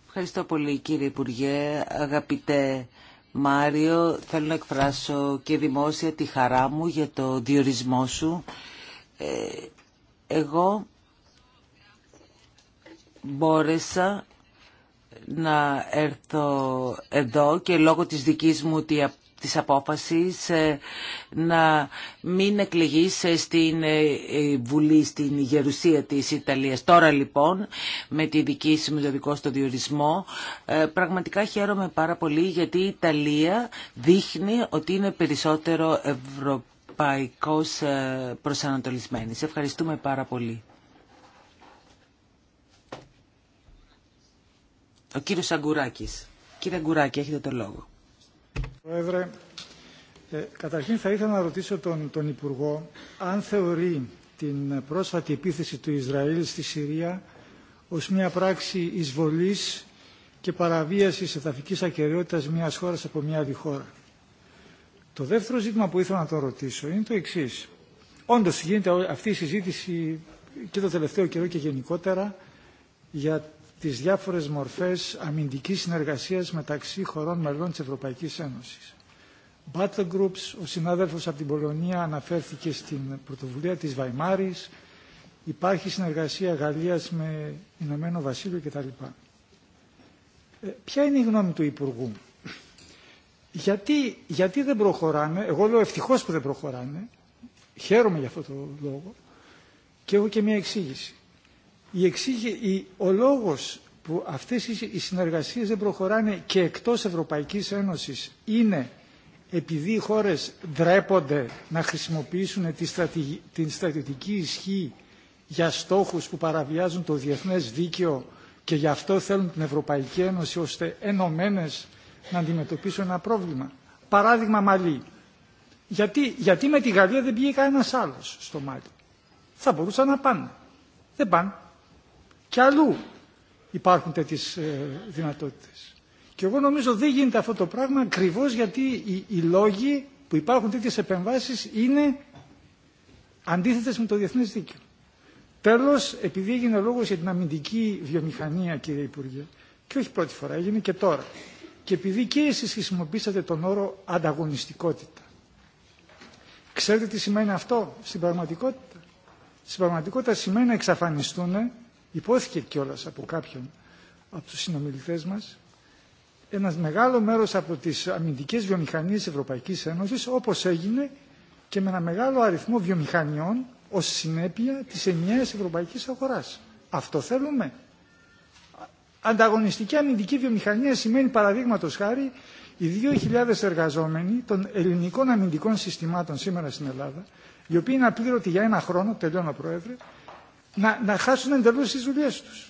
Ευχαριστώ πολύ κύριε Υπουργέ, αγαπητέ Μάριο. Θέλω να εκφράσω και δημόσια τη χαρά μου για το διορισμό σου. Ε, εγώ μπόρεσα να έρθω εδώ και λόγω της δικής μου της απόφασης ε, να μην εκλεγείς στην ε, ε, Βουλή, στην Γερουσία της Ιταλίας. Τώρα λοιπόν, με τη δική δικό στο διορισμό, πραγματικά χαίρομαι πάρα πολύ γιατί η Ιταλία δείχνει ότι είναι περισσότερο ευρωπαϊκός προσανατολισμένη. Σε ευχαριστούμε πάρα πολύ. Ο κύριος Αγκουράκης. Κύριε Αγκουράκη, έχετε το λόγο. Πρόεδρε, ε, καταρχήν θα ήθελα να ρωτήσω τον, τον Υπουργό αν θεωρεί την πρόσφατη επίθεση του Ισραήλ στη Συρία ως μια πράξη εισβολής και παραβίασης εδαφικής ακεραιότητας μιας χώρας από μια άλλη χώρα. Το δεύτερο ζήτημα που ήθελα να το ρωτήσω είναι το εξή. Όντως γίνεται αυτή η συζήτηση και το τελευταίο καιρό και γενικότερα για τις διάφορες μορφές αμυντικής συνεργασίας μεταξύ χωρών μελών της Ευρωπαϊκής Ένωσης. Battle groups, ο συνάδελφος από την Πολωνία αναφέρθηκε στην πρωτοβουλία της Βαϊμάρης, υπάρχει συνεργασία Γαλλίας με Ηνωμένο Βασίλειο κτλ. Ε, ποια είναι η γνώμη του Υπουργού. Γιατί, γιατί δεν προχωράνε, εγώ λέω ευτυχώ που δεν προχωράνε, χαίρομαι για αυτό το λόγο και έχω και μια εξήγηση η ο λόγος που αυτές οι συνεργασίες δεν προχωράνε και εκτός Ευρωπαϊκής Ένωσης είναι επειδή οι χώρες ντρέπονται να χρησιμοποιήσουν τη την στρατηγική ισχύ για στόχους που παραβιάζουν το διεθνές δίκαιο και γι' αυτό θέλουν την Ευρωπαϊκή Ένωση ώστε ενωμένε να αντιμετωπίσουν ένα πρόβλημα. Παράδειγμα Μαλή. Γιατί, γιατί με τη Γαλλία δεν πήγε κανένα άλλος στο Μάλι. Θα μπορούσαν να πάνε. Δεν πάνε. Και αλλού υπάρχουν τέτοιες ε, δυνατότητες. Και εγώ νομίζω δεν γίνεται αυτό το πράγμα ακριβώ γιατί οι, οι, λόγοι που υπάρχουν τέτοιες επεμβάσεις είναι αντίθετες με το διεθνές δίκαιο. Τέλος, επειδή έγινε λόγος για την αμυντική βιομηχανία, κύριε Υπουργέ, και όχι πρώτη φορά, έγινε και τώρα. Και επειδή και εσείς χρησιμοποίησατε τον όρο ανταγωνιστικότητα. Ξέρετε τι σημαίνει αυτό στην πραγματικότητα. Στην πραγματικότητα σημαίνει να εξαφανιστούν υπόθηκε κιόλα από κάποιον από τους συνομιλητές μας, ένα μεγάλο μέρος από τις αμυντικές βιομηχανίες Ευρωπαϊκής Ένωσης, όπως έγινε και με ένα μεγάλο αριθμό βιομηχανιών ως συνέπεια της ενιαίας ευρωπαϊκής αγοράς. Αυτό θέλουμε. Ανταγωνιστική αμυντική βιομηχανία σημαίνει παραδείγματο χάρη οι 2.000 εργαζόμενοι των ελληνικών αμυντικών συστημάτων σήμερα στην Ελλάδα, οι οποίοι είναι απλήρωτοι για ένα χρόνο, τελειώνω Πρόεδρε, να, χάσουν εντελώ τι δουλειέ του.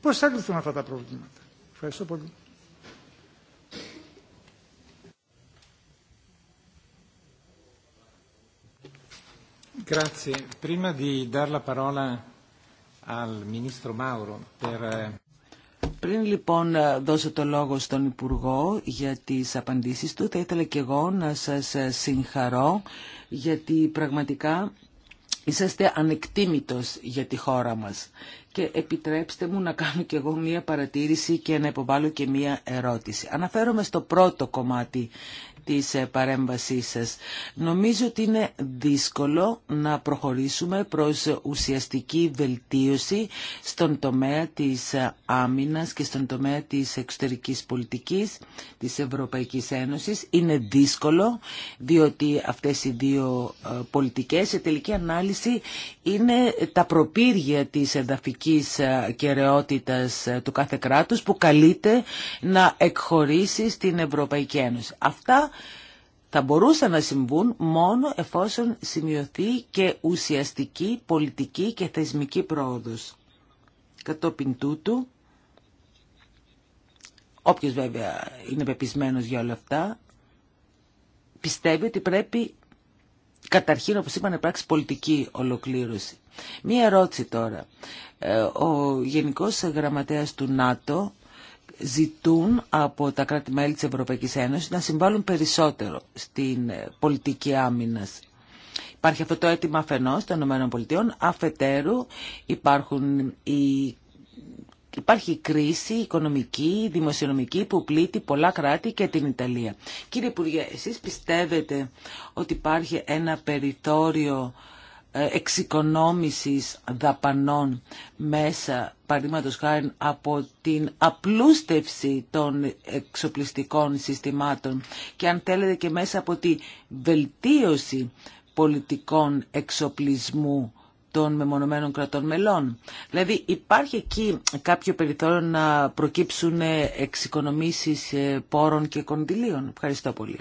Πώ θα λυθούν αυτά τα προβλήματα. Ευχαριστώ πολύ. Grazie. Πριν λοιπόν ε, δώσω το λόγο στον Υπουργό για τις απαντήσεις του, θα ήθελα και εγώ να σας ε, συγχαρώ γιατί πραγματικά Είσαστε ανεκτήμητος για τη χώρα μας. Και επιτρέψτε μου να κάνω κι εγώ μία παρατήρηση και να υποβάλω και μία ερώτηση. Αναφέρομαι στο πρώτο κομμάτι της ε, παρέμβασής σας. Νομίζω ότι είναι δύσκολο να προχωρήσουμε προς ουσιαστική βελτίωση στον τομέα της ε, άμυνας και στον τομέα της εξωτερικής πολιτικής της Ευρωπαϊκής Ένωσης. Είναι δύσκολο διότι αυτές οι δύο ε, πολιτικές σε τελική ανάλυση είναι τα προπύργια της εδαφικής κεραιότητας του κάθε κράτους που καλείται να εκχωρήσει στην Ευρωπαϊκή Ένωση. Αυτά θα μπορούσαν να συμβούν μόνο εφόσον σημειωθεί και ουσιαστική πολιτική και θεσμική πρόοδος. Κατόπιν τούτου, όποιος βέβαια είναι πεπισμένος για όλα αυτά, πιστεύει ότι πρέπει καταρχήν, όπως είπα, να υπάρξει πολιτική ολοκλήρωση. Μία ερώτηση τώρα. Ε, ο Γενικός Γραμματέας του ΝΑΤΟ ζητούν από τα κράτη-μέλη της Ευρωπαϊκής Ένωσης να συμβάλλουν περισσότερο στην ε, πολιτική άμυνας. Υπάρχει αυτό το αίτημα αφενός των ΗΠΑ, αφετέρου υπάρχουν οι Υπάρχει κρίση οικονομική, δημοσιονομική που πλήττει πολλά κράτη και την Ιταλία. Κύριε Υπουργέ, εσείς πιστεύετε ότι υπάρχει ένα περιθώριο ε, εξοικονόμησης δαπανών μέσα, παραδείγματος χάρη από την απλούστευση των εξοπλιστικών συστημάτων και αν θέλετε και μέσα από τη βελτίωση πολιτικών εξοπλισμού των μεμονωμένων κρατών μελών. Δηλαδή υπάρχει εκεί κάποιο περιθώριο να προκύψουν εξοικονομήσεις ε, πόρων και κοντιλίων. Ευχαριστώ πολύ.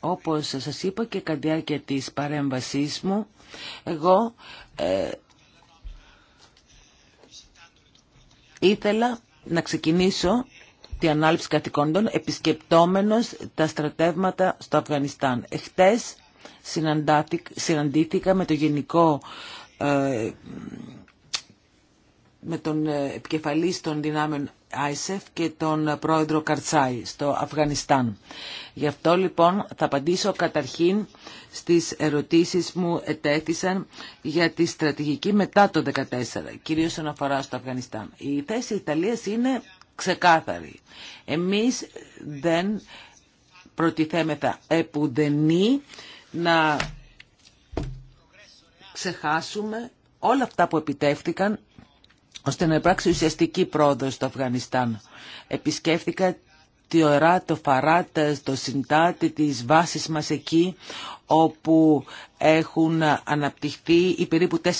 Όπως σας είπα και κατά τη διάρκεια της παρέμβασής μου, εγώ ε, ήθελα να ξεκινήσω τη ανάληψη καθηκόντων επισκεπτόμενος τα στρατεύματα στο Αφγανιστάν. Εχθές συναντήθηκα με το γενικό ε, με τον ε, επικεφαλής των δυνάμεων Άισεφ και τον πρόεδρο Καρτσάη στο Αφγανιστάν. Γι' αυτό λοιπόν θα απαντήσω καταρχήν στις ερωτήσεις μου ετέθησαν για τη στρατηγική μετά το 2014, κυρίως όσον αφορά στο Αφγανιστάν. Η θέση Ιταλίας είναι ξεκάθαρη. Εμείς δεν προτιθέμεθα επουδενή να ξεχάσουμε όλα αυτά που επιτεύχθηκαν ώστε να υπάρξει ουσιαστική πρόοδος στο Αφγανιστάν. Επισκέφθηκα τη ώρα το Φαράτα, το συντάτη τις βάσεις μας εκεί, όπου έχουν αναπτυχθεί οι περίπου 4.000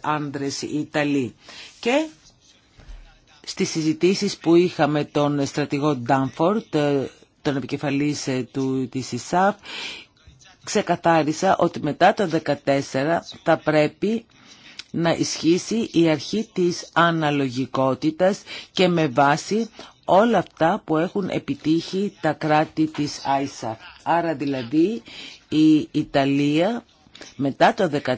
άνδρες Ιταλοί. Και στις συζητήσεις που είχαμε τον στρατηγό Ντάμφορτ, τον επικεφαλής ε, του, της ΙΣΑΦ, ξεκαθάρισα ότι μετά το 2014 θα πρέπει να ισχύσει η αρχή της αναλογικότητας και με βάση όλα αυτά που έχουν επιτύχει τα κράτη της ΆΙΣΑ. Άρα δηλαδή η Ιταλία μετά το 2014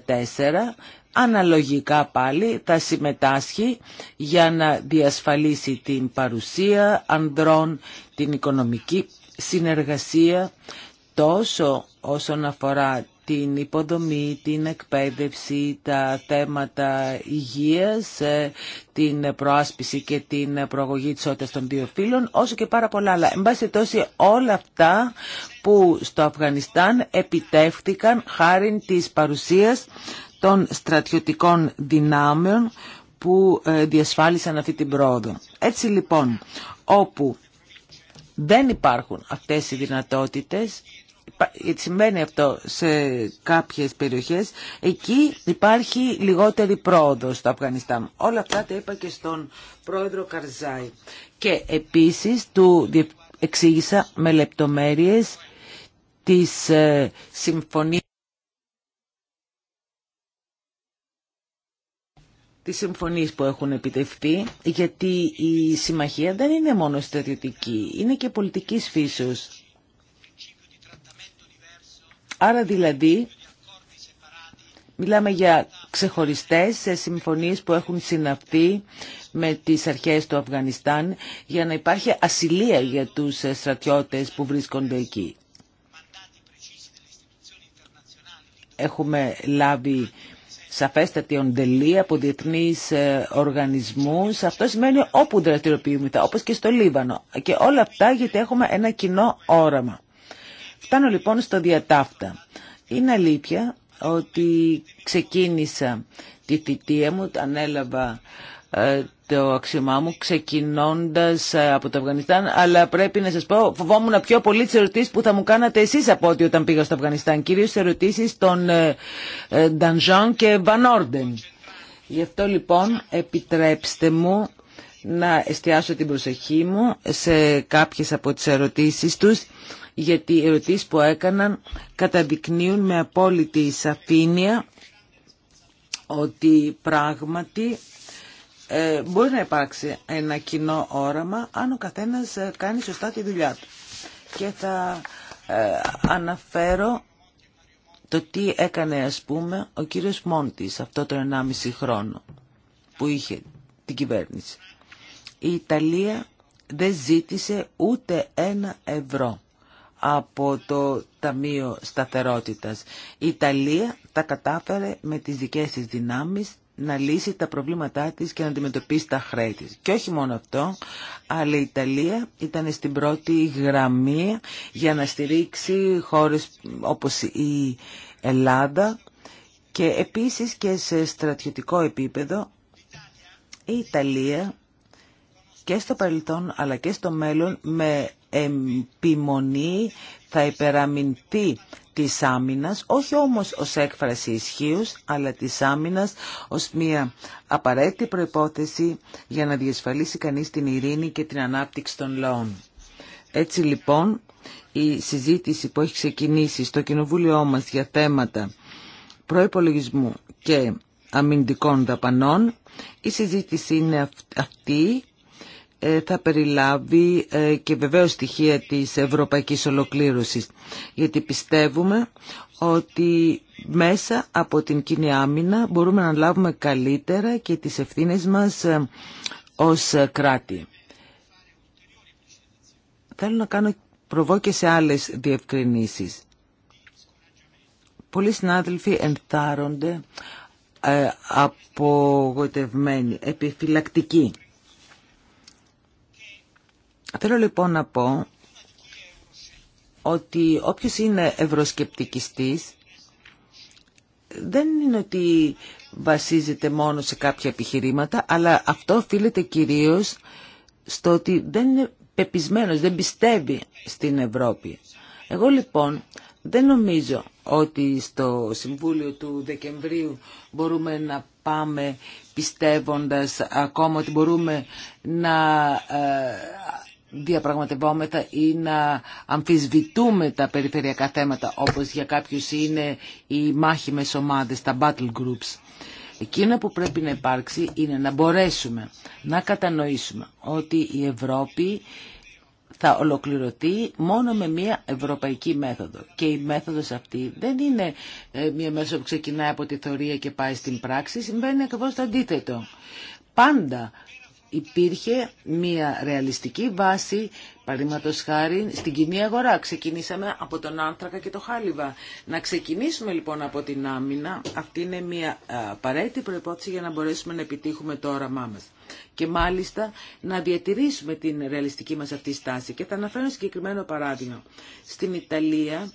αναλογικά πάλι θα συμμετάσχει για να διασφαλίσει την παρουσία ανδρών, την οικονομική συνεργασία τόσο όσον αφορά την υποδομή, την εκπαίδευση, τα θέματα υγείας, ε, την προάσπιση και την προαγωγή της των δύο φύλων, όσο και πάρα πολλά άλλα. Εν πάση τόση όλα αυτά που στο Αφγανιστάν επιτεύχθηκαν χάρη της παρουσίας των στρατιωτικών δυνάμεων που ε, διασφάλισαν αυτή την πρόοδο. Έτσι λοιπόν, όπου δεν υπάρχουν αυτές οι δυνατότητες, Σημαίνει αυτό σε κάποιες περιοχές. Εκεί υπάρχει λιγότερη πρόοδο στο Αφγανιστάν. Όλα αυτά τα είπα και στον πρόεδρο Καρζάη. Και επίσης του εξήγησα με λεπτομέρειες της ε, συμφωνίας τις συμφωνίες που έχουν επιτευχθεί, γιατί η συμμαχία δεν είναι μόνο στρατιωτική, είναι και πολιτικής φύσεως. Άρα δηλαδή μιλάμε για ξεχωριστές συμφωνίες που έχουν συναυτεί με τις αρχές του Αφγανιστάν για να υπάρχει ασυλία για τους στρατιώτες που βρίσκονται εκεί. Έχουμε λάβει σαφέστατη οντελή από διεθνείς ε, οργανισμούς. Αυτό σημαίνει όπου δραστηριοποιούμεθα, όπως και στο Λίβανο. Και όλα αυτά γιατί έχουμε ένα κοινό όραμα. Φτάνω λοιπόν στο διατάφτα. Είναι αλήθεια ότι ξεκίνησα τη θητεία μου, ανέλαβα ε, το αξιωμά μου ξεκινώντας ε, από το Αφγανιστάν αλλά πρέπει να σας πω φοβόμουν πιο πολύ τις ερωτήσεις που θα μου κάνατε εσείς από ό,τι όταν πήγα στο Αφγανιστάν κυρίως τις ερωτήσεις των ε, Ντανζόν και Βανόρντεν. γι' αυτό λοιπόν επιτρέψτε μου να εστιάσω την προσοχή μου σε κάποιες από τις ερωτήσεις τους γιατί οι ερωτήσεις που έκαναν καταδεικνύουν με απόλυτη σαφήνεια ότι πράγματι ε, μπορεί να υπάρξει ένα κοινό όραμα αν ο καθένας ε, κάνει σωστά τη δουλειά του. Και θα ε, αναφέρω το τι έκανε ας πούμε ο κύριος Μόντις αυτό το 1,5 χρόνο που είχε την κυβέρνηση η Ιταλία δεν ζήτησε ούτε ένα ευρώ από το Ταμείο Σταθερότητας. Η Ιταλία τα κατάφερε με τις δικές της δυνάμεις να λύσει τα προβλήματά της και να αντιμετωπίσει τα χρέη της. Και όχι μόνο αυτό, αλλά η Ιταλία ήταν στην πρώτη γραμμή για να στηρίξει χώρες όπως η Ελλάδα και επίσης και σε στρατιωτικό επίπεδο η Ιταλία και στο παρελθόν αλλά και στο μέλλον με επιμονή θα υπεραμεινθεί της άμυνας, όχι όμως ως έκφραση ισχύου, αλλά της άμυνας ως μια απαραίτητη προϋπόθεση για να διασφαλίσει κανείς την ειρήνη και την ανάπτυξη των λαών. Έτσι λοιπόν η συζήτηση που έχει ξεκινήσει στο Κοινοβούλιο μας για θέματα προϋπολογισμού και αμυντικών δαπανών, η συζήτηση είναι αυτή ε, θα περιλάβει ε, και βεβαίως στοιχεία της ευρωπαϊκής ολοκλήρωσης. Γιατί πιστεύουμε ότι μέσα από την κοινή άμυνα μπορούμε να λάβουμε καλύτερα και τις ευθύνες μας ε, ως κράτη. Θέλω να κάνω προβώ και σε άλλες διευκρινήσεις. Πολλοί συνάδελφοι ενθάρρονται απογοητευμένοι, επιφυλακτικοί Θέλω λοιπόν να πω ότι όποιος είναι ευρωσκεπτικιστής δεν είναι ότι βασίζεται μόνο σε κάποια επιχειρήματα, αλλά αυτό οφείλεται κυρίως στο ότι δεν είναι πεπισμένος, δεν πιστεύει στην Ευρώπη. Εγώ λοιπόν δεν νομίζω ότι στο Συμβούλιο του Δεκεμβρίου μπορούμε να πάμε πιστεύοντας ακόμα ότι μπορούμε να ε, διαπραγματευόμεθα ή να αμφισβητούμε τα περιφερειακά θέματα όπως για κάποιους είναι οι μάχημες ομάδες, τα battle groups. Εκείνο που πρέπει να υπάρξει είναι να μπορέσουμε να κατανοήσουμε ότι η Ευρώπη θα ολοκληρωθεί μόνο με μια ευρωπαϊκή μέθοδο. Και η μέθοδος αυτή δεν είναι ε, μια μέθοδο που ξεκινάει από τη θεωρία και πάει στην πράξη, συμβαίνει ακριβώς το αντίθετο. Πάντα υπήρχε μια ρεαλιστική βάση, παραδείγματο χάρη, στην κοινή αγορά. Ξεκινήσαμε από τον άνθρακα και το χάλιβα. Να ξεκινήσουμε λοιπόν από την άμυνα. Αυτή είναι μια απαραίτητη προπόθεση για να μπορέσουμε να επιτύχουμε το όραμά μα. Και μάλιστα να διατηρήσουμε την ρεαλιστική μα αυτή στάση. Και θα αναφέρω συγκεκριμένο παράδειγμα. Στην Ιταλία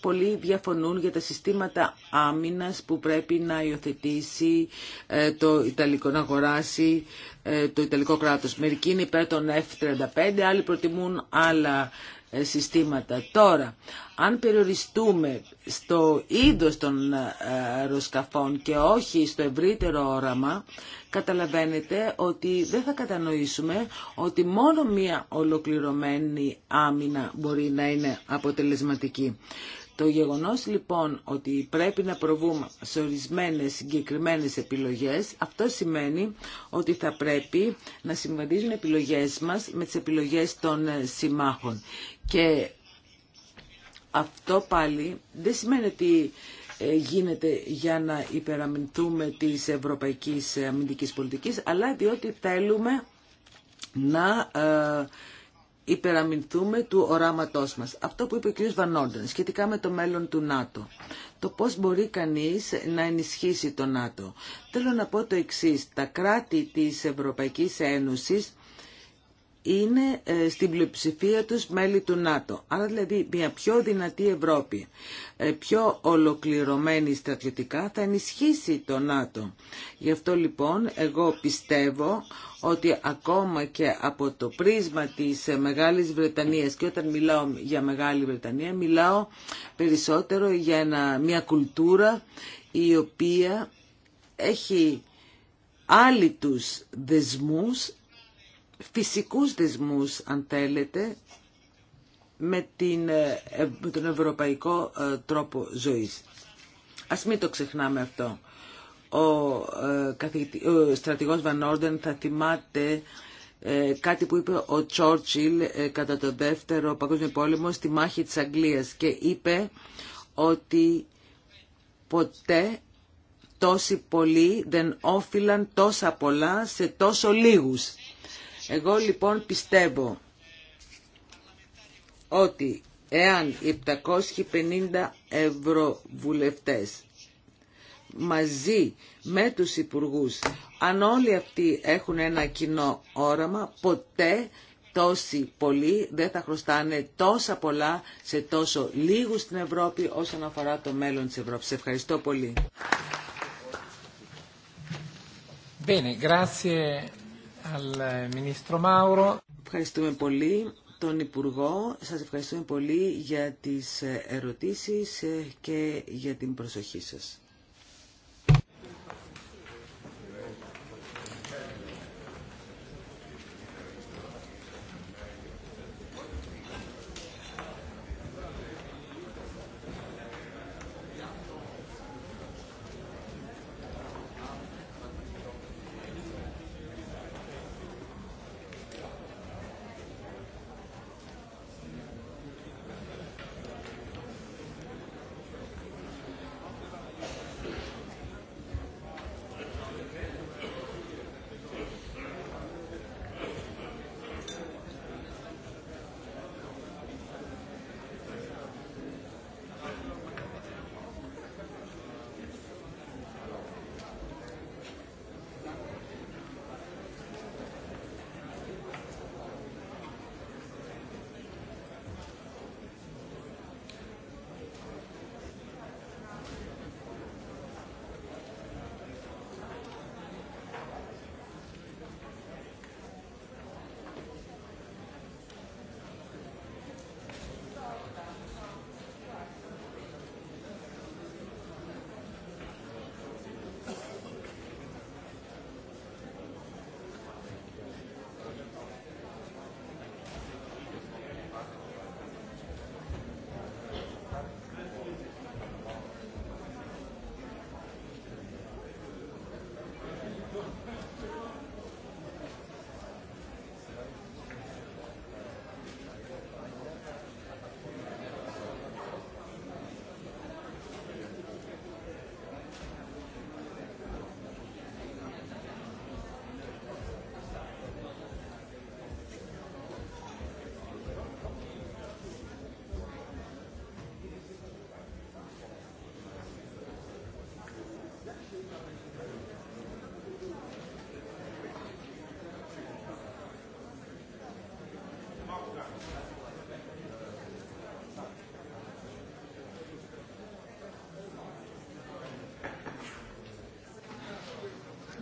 πολλοί διαφωνούν για τα συστήματα άμυνας που πρέπει να υιοθετήσει ε, το Ιταλικό, να αγοράσει ε, το Ιταλικό κράτος. Μερικοί είναι υπέρ των F-35, άλλοι προτιμούν άλλα ε, συστήματα. Τώρα, αν περιοριστούμε στο είδος των αεροσκαφών και όχι στο ευρύτερο όραμα, καταλαβαίνετε ότι δεν θα κατανοήσουμε ότι μόνο μία ολοκληρωμένη άμυνα μπορεί να είναι αποτελεσματική. Το γεγονός λοιπόν ότι πρέπει να προβούμε σε ορισμένες συγκεκριμένες επιλογές, αυτό σημαίνει ότι θα πρέπει να συμβαδίζουν επιλογές μας με τις επιλογές των ε, συμμάχων. Και αυτό πάλι δεν σημαίνει ότι ε, γίνεται για να υπεραμεινθούμε της ευρωπαϊκής ε, αμυντικής πολιτικής, αλλά διότι θέλουμε να υπεραμεινθούμε του οράματός μας. Αυτό που είπε ο κ. Βανόντεν σχετικά με το μέλλον του ΝΑΤΟ. Το πώς μπορεί κανείς να ενισχύσει το ΝΑΤΟ. Θέλω να πω το εξής. Τα κράτη της Ευρωπαϊκής Ένωσης είναι ε, στην πλειοψηφία τους μέλη του ΝΑΤΟ. Άρα δηλαδή μια πιο δυνατή Ευρώπη, ε, πιο ολοκληρωμένη στρατιωτικά θα ενισχύσει το ΝΑΤΟ. Γι' αυτό λοιπόν εγώ πιστεύω ότι ακόμα και από το πρίσμα της ε, Μεγάλης Βρετανίας και όταν μιλάω για Μεγάλη Βρετανία μιλάω περισσότερο για μια κουλτούρα η οποία έχει άλλοι τους δεσμούς φυσικούς δεσμούς, αν θέλετε, με, την, ε, ε, με τον ευρωπαϊκό ε, τρόπο ζωής. Ας μην το ξεχνάμε αυτό. Ο, ε, στρατηγός Βαν Όρντεν θα θυμάται κάτι που είπε ο Τσόρτσιλ κατά το δεύτερο παγκόσμιο πόλεμο στη μάχη της Αγγλίας και είπε ότι ποτέ τόσοι πολλοί δεν όφυλαν τόσα πολλά σε τόσο λίγους. Εγώ λοιπόν πιστεύω ότι εάν οι 750 ευρωβουλευτές μαζί με τους υπουργούς, αν όλοι αυτοί έχουν ένα κοινό όραμα, ποτέ τόσοι πολλοί δεν θα χρωστάνε τόσα πολλά σε τόσο λίγους στην Ευρώπη όσον αφορά το μέλλον της Ευρώπης. Σε ευχαριστώ πολύ. Bene, Eh, ευχαριστούμε πολύ τον Υπουργό. Σας ευχαριστούμε πολύ για τις ε, ερωτήσεις ε, και για την προσοχή σας.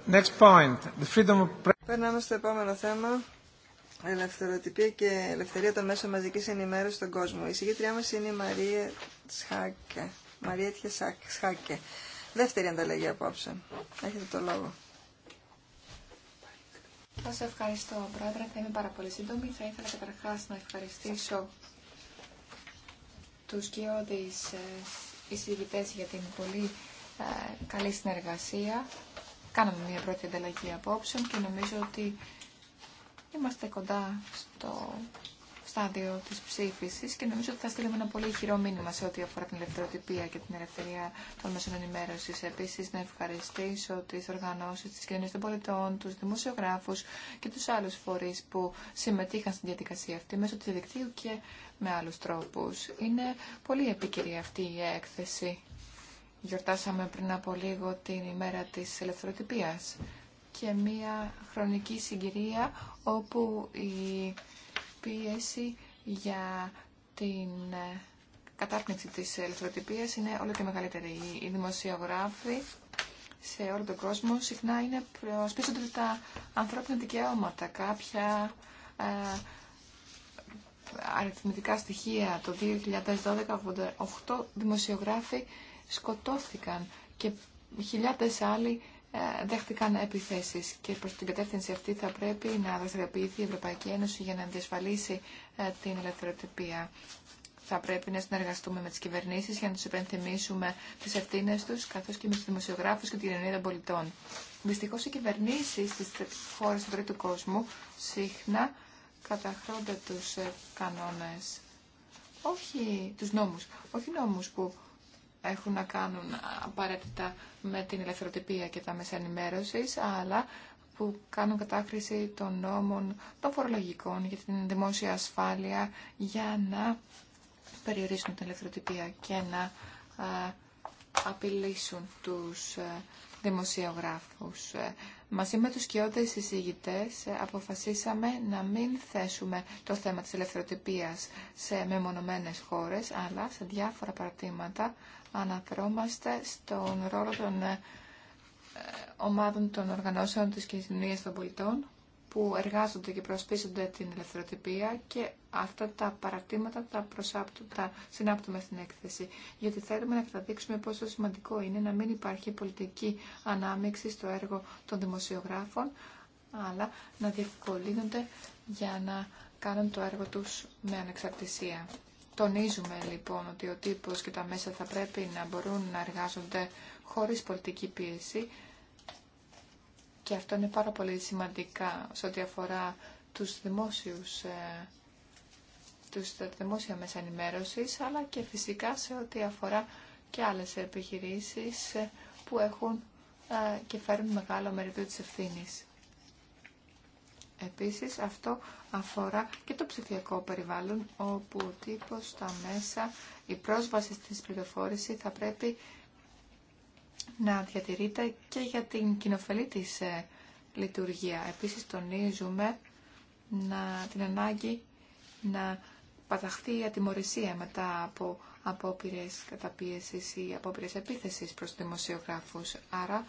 Next Περνάμε στο επόμενο θέμα. Ελευθεροτυπία και ελευθερία των μέσων μαζικής ενημέρωσης στον κόσμο. Η συγκεκριά μας είναι η Μαρία Σχάκε. Μαρία Σχάκε. Δεύτερη ανταλλαγή απόψε. Έχετε το λόγο. σε ευχαριστώ, Πρόεδρε. Θα είμαι πάρα πολύ σύντομη. Θα ήθελα καταρχά να ευχαριστήσω τους κοιόδης ε, εισηγητές για την πολύ ε, καλή συνεργασία Κάναμε μια πρώτη ανταλλαγή απόψεων και νομίζω ότι είμαστε κοντά στο στάδιο τη ψήφιση και νομίζω ότι θα στείλουμε ένα πολύ χειρό μήνυμα σε ό,τι αφορά την ελευθεροτυπία και την ελευθερία των μέσων ενημέρωση. Επίση, να ευχαριστήσω τι οργανώσει τη κοινωνία των πολιτών, του δημοσιογράφου και του άλλου φορεί που συμμετείχαν στην διαδικασία αυτή μέσω του διαδικτύου και με άλλου τρόπου. Είναι πολύ επίκαιρη αυτή η έκθεση Γιορτάσαμε πριν από λίγο την ημέρα της ελευθεροτυπίας και μία χρονική συγκυρία όπου η πίεση για την ε, κατάρτιση της ελευθεροτυπίας είναι όλο και μεγαλύτερη. Οι δημοσιογράφοι σε όλο τον κόσμο συχνά είναι προσπίσονται τα ανθρώπινα δικαιώματα. Κάποια ε, αριθμητικά στοιχεία το 2012 8 δημοσιογράφοι σκοτώθηκαν και χιλιάδες άλλοι ε, δέχτηκαν επιθέσει και προ την κατεύθυνση αυτή θα πρέπει να δραστηριοποιηθεί η Ευρωπαϊκή Ένωση για να διασφαλίσει ε, την ελευθεροτυπία. Θα πρέπει να συνεργαστούμε με τι κυβερνήσει για να του υπενθυμίσουμε τι ευθύνε του, καθώ και με του δημοσιογράφου και την κοινωνία των πολιτών. Δυστυχώ οι κυβερνήσει στι χώρε του τρίτου κόσμου συχνά καταχρώνται του ε, κανόνε, όχι του νόμου, όχι νόμου που έχουν να κάνουν απαραίτητα με την ελευθεροτυπία και τα μέσα ενημέρωση, αλλά που κάνουν κατάχρηση των νόμων των φορολογικών για την δημόσια ασφάλεια για να περιορίσουν την ελευθεροτυπία και να απειλήσουν τους ε, δημοσιογράφους. Ε, μαζί με τους κοιότες εισηγητές ε, αποφασίσαμε να μην θέσουμε το θέμα της ελευθεροτυπίας σε μεμονωμένες χώρες, αλλά σε διάφορα παρατήματα αναφερόμαστε στον ρόλο των ε, ομάδων των οργανώσεων της κοινωνίας των πολιτών που εργάζονται και προσπίσονται την ελευθεροτυπία και αυτά τα παρατήματα τα, τα συνάπτουμε στην έκθεση. Γιατί θέλουμε να καταδείξουμε πόσο σημαντικό είναι να μην υπάρχει πολιτική ανάμειξη στο έργο των δημοσιογράφων, αλλά να διευκολύνονται για να κάνουν το έργο τους με ανεξαρτησία. Τονίζουμε λοιπόν ότι ο τύπος και τα μέσα θα πρέπει να μπορούν να εργάζονται χωρίς πολιτική πίεση και αυτό είναι πάρα πολύ σημαντικά σε ό,τι αφορά τους δημόσιους ε, τους δημόσια μέσα ενημέρωσης, αλλά και φυσικά σε ό,τι αφορά και άλλες επιχειρήσεις ε, που έχουν ε, και φέρουν μεγάλο μερίδιο της ευθύνης. Επίσης αυτό αφορά και το ψηφιακό περιβάλλον όπου ο τύπος, τα μέσα, η πρόσβαση στην πληροφόρηση θα πρέπει να διατηρείται και για την κοινοφελή της ε, λειτουργία. Επίσης τονίζουμε να, την ανάγκη να παταχθεί η ατιμορρησία μετά από απόπειρες καταπίεσης ή απόπειρες επίθεσης προς δημοσιογράφους. Άρα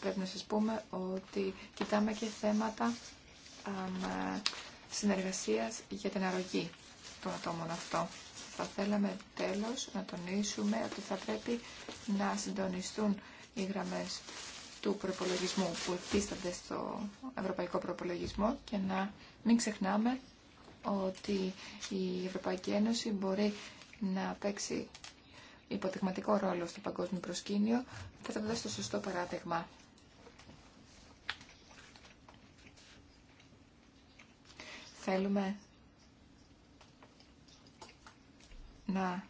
Πρέπει να σας πούμε ότι κοιτάμε και θέματα συνεργασίας για την αρρωγή των ατόμων αυτό. Θα θέλαμε τέλος να τονίσουμε ότι θα πρέπει να συντονιστούν οι γραμμές του προπολογισμού που εφίστανται στο ευρωπαϊκό προπολογισμό και να μην ξεχνάμε ότι η Ευρωπαϊκή Ένωση μπορεί να παίξει υποδειγματικό ρόλο στο παγκόσμιο προσκήνιο, θα το δώσει το σωστό παράδειγμα Θέλουμε να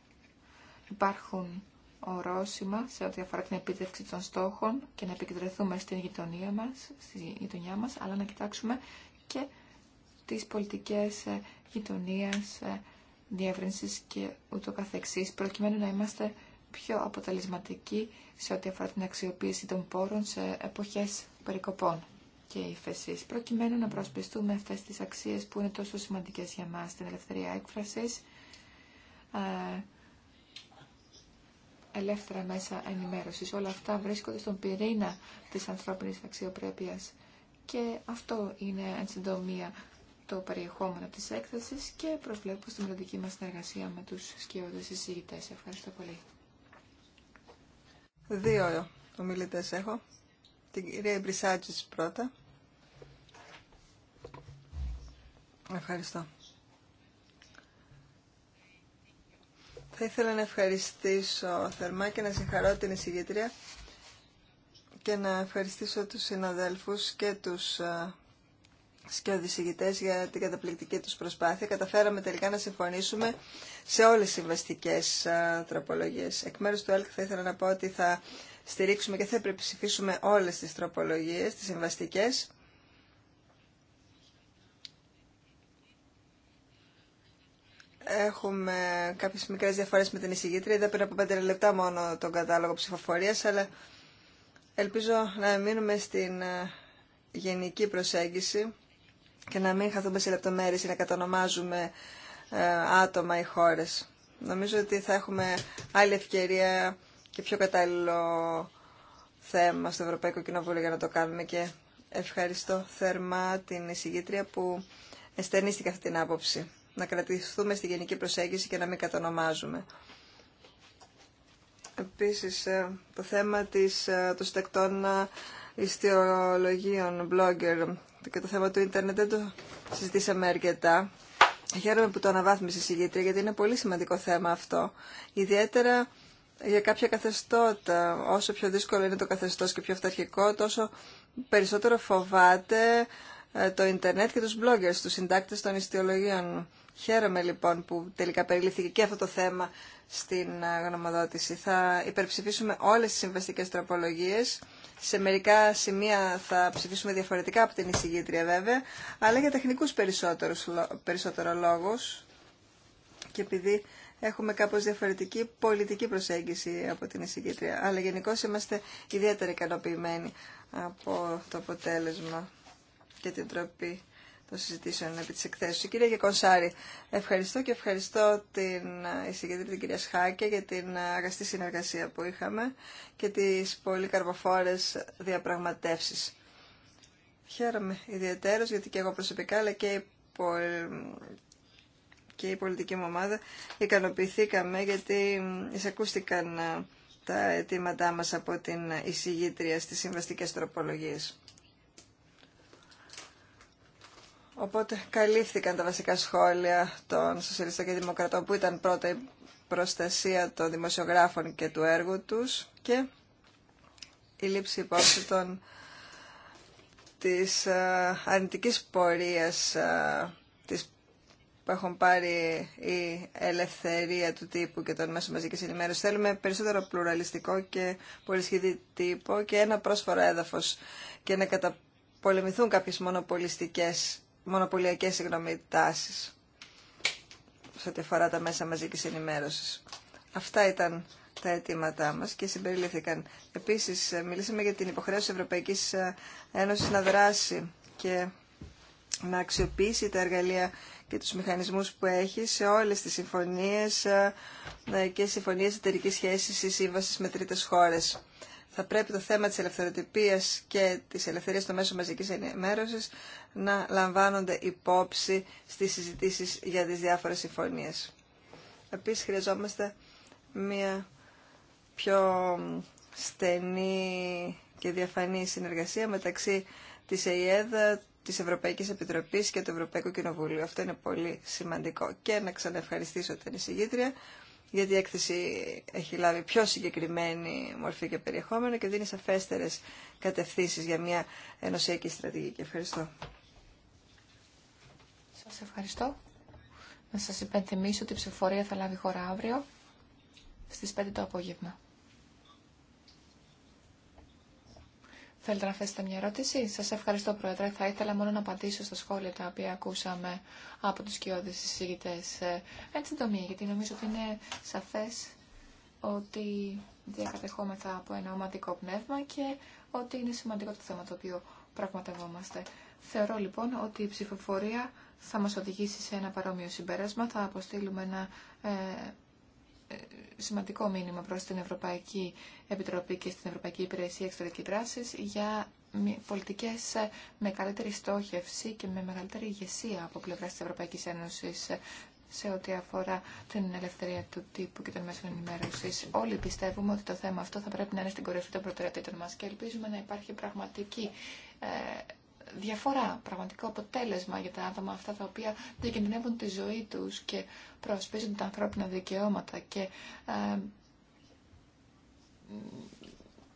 υπάρχουν ορόσημα σε ό,τι αφορά την επίτευξη των στόχων και να επικεντρωθούμε στην γειτονία μας, στη γειτονιά μας, αλλά να κοιτάξουμε και τις πολιτικές ε, γειτονίας, ε, διεύρυνσης και ούτω καθεξής, προκειμένου να είμαστε πιο αποτελεσματικοί σε ό,τι αφορά την αξιοποίηση των πόρων σε εποχές περικοπών και ύφεση, προκειμένου να προσπιστούμε αυτέ τι αξίε που είναι τόσο σημαντικέ για μα, την ελευθερία έκφραση, ε, ελεύθερα μέσα ενημέρωση. Όλα αυτά βρίσκονται στον πυρήνα τη ανθρώπινη αξιοπρέπεια. Και αυτό είναι εν συντομία το περιεχόμενο της έκθεση και προσβλέπω στη μελλοντική μα συνεργασία με τους σκιώδε συζητητέ. Ευχαριστώ πολύ. Δύο ομιλητέ έχω την κυρία Μπρισάτζης πρώτα. Ευχαριστώ. Θα ήθελα να ευχαριστήσω θερμά και να συγχαρώ την εισηγήτρια και να ευχαριστήσω τους συναδέλφους και τους ε, σκιώδης για την καταπληκτική τους προσπάθεια. Καταφέραμε τελικά να συμφωνήσουμε σε όλες τις βαστικές ε, τροπολογίες. Εκ μέρους του ΕΛΚ θα ήθελα να πω ότι θα στηρίξουμε και θα υπερψηφίσουμε όλες τις τροπολογίες, τις συμβαστικές. Έχουμε κάποιες μικρές διαφορές με την εισηγήτρια. Είδα πριν από πέντε λεπτά μόνο τον κατάλογο ψηφοφορίας, αλλά ελπίζω να μείνουμε στην ε, γενική προσέγγιση και να μην χαθούμε σε λεπτομέρειες ή να κατανομάζουμε ε, άτομα ή χώρες. Νομίζω ότι θα έχουμε άλλη ευκαιρία και πιο κατάλληλο θέμα στο Ευρωπαϊκό Κοινοβούλιο για να το κάνουμε και ευχαριστώ θερμά την εισηγήτρια που εστερνίστηκε αυτή την άποψη. Να κρατηθούμε στη γενική προσέγγιση και να μην κατονομάζουμε. Επίσης, ε, το θέμα της, ε, των συντακτών ε, ιστιολογίων, blogger και το θέμα του ίντερνετ δεν το συζητήσαμε αρκετά. Χαίρομαι που το αναβάθμισε η συγγήτρια γιατί είναι πολύ σημαντικό θέμα αυτό. Ιδιαίτερα για κάποια καθεστώτα. Όσο πιο δύσκολο είναι το καθεστώς και πιο φταρχικό τόσο περισσότερο φοβάται ε, το ίντερνετ και τους bloggers, τους συντάκτες των ιστιολογίων. Χαίρομαι λοιπόν που τελικά περιληφθήκε και αυτό το θέμα στην ε, γνωμοδότηση. Θα υπερψηφίσουμε όλες τις συμβαστικές τροπολογίες. Σε μερικά σημεία θα ψηφίσουμε διαφορετικά από την εισηγήτρια βέβαια, αλλά για τεχνικούς περισσότερους, περισσότερο λόγους. Και επειδή έχουμε κάπως διαφορετική πολιτική προσέγγιση από την εισηγήτρια. Αλλά γενικώ είμαστε ιδιαίτερα ικανοποιημένοι από το αποτέλεσμα και την τροπή των συζητήσεων επί της εκθέσεως. Κύριε Γεκονσάρη, ευχαριστώ και ευχαριστώ την εισηγήτρια την κυρία Σχάκη για την αγαστή συνεργασία που είχαμε και τις πολύ καρποφόρες διαπραγματεύσεις. Χαίρομαι ιδιαίτερως γιατί και εγώ προσωπικά αλλά και και η πολιτική μου ομάδα ικανοποιηθήκαμε γιατί εισακούστηκαν ε, τα αιτήματά μας από την εισηγήτρια στις συμβαστικές τροπολογίες. Οπότε καλύφθηκαν τα βασικά σχόλια των Σοσιαλιστών και Δημοκρατών που ήταν πρώτα η προστασία των δημοσιογράφων και του έργου τους και η λήψη υπόψη των της ε, αρνητικής πορείας ε, της που έχουν πάρει η ελευθερία του τύπου και των μέσων μαζικής ενημέρωσης. Θέλουμε περισσότερο πλουραλιστικό και πολυσχεδί τύπο και ένα πρόσφορο έδαφος και να καταπολεμηθούν κάποιες μονοπολιστικές, μονοπωλιακές συγγνώμη, τάσεις σε ό,τι αφορά τα μέσα μαζικής ενημέρωσης. Αυτά ήταν τα αιτήματά μας και συμπεριληφθήκαν. Επίσης, ε, μιλήσαμε για την υποχρέωση της Ευρωπαϊκής ε, Ένωσης να δράσει και να αξιοποιήσει τα εργαλεία και τους μηχανισμούς που έχει σε όλες τις συμφωνίες ε, ε, και συμφωνίες εταιρικής σχέσης ή σύμβαση με τρίτες χώρες. Θα πρέπει το θέμα της ελευθεροτυπίας και της ελευθερίας των μέσων μαζικής ενημέρωσης να λαμβάνονται υπόψη στις συζητήσεις για τις διάφορες συμφωνίες. Επίσης χρειαζόμαστε μια πιο στενή και διαφανή συνεργασία μεταξύ της ΕΙΕΔ, Τη Ευρωπαϊκή Επιτροπής και του Ευρωπαϊκού Κοινοβουλίου. Αυτό είναι πολύ σημαντικό. Και να ξαναευχαριστήσω την εισηγήτρια, γιατί η έκθεση έχει λάβει πιο συγκεκριμένη μορφή και περιεχόμενο και δίνει σαφέστερες κατευθύνσεις για μια ενωσιακή στρατηγική. Ευχαριστώ. Σας ευχαριστώ. Να σας υπενθυμίσω ότι η ψηφορία θα λάβει χώρα αύριο στις 5 το απόγευμα. Θέλετε να θέσετε μια ερώτηση. Σας ευχαριστώ, Πρόεδρε. Θα ήθελα μόνο να απαντήσω στα σχόλια τα οποία ακούσαμε από τους κοιόδες συζητητές. Έτσι ε, συντομία, γιατί νομίζω ότι είναι σαφές ότι διακατεχόμεθα από ένα ομαδικό πνεύμα και ότι είναι σημαντικό το θέμα το οποίο πραγματευόμαστε. Θεωρώ λοιπόν ότι η ψηφοφορία θα μας οδηγήσει σε ένα παρόμοιο συμπέρασμα. Θα αποστείλουμε ένα ε, σημαντικό μήνυμα προς την Ευρωπαϊκή Επιτροπή και στην Ευρωπαϊκή Υπηρεσία Εξωτερική Δράση για πολιτικές με καλύτερη στόχευση και με μεγαλύτερη ηγεσία από πλευράς της Ευρωπαϊκής Ένωσης σε ό,τι αφορά την ελευθερία του τύπου και των μέσων ενημέρωση. Όλοι πιστεύουμε ότι το θέμα αυτό θα πρέπει να είναι στην κορυφή των προτεραιοτήτων μα και ελπίζουμε να υπάρχει πραγματική ε, διαφορά, πραγματικό αποτέλεσμα για τα άτομα αυτά τα οποία διακινδυνεύουν τη ζωή τους και προασπίζουν τα ανθρώπινα δικαιώματα και ε,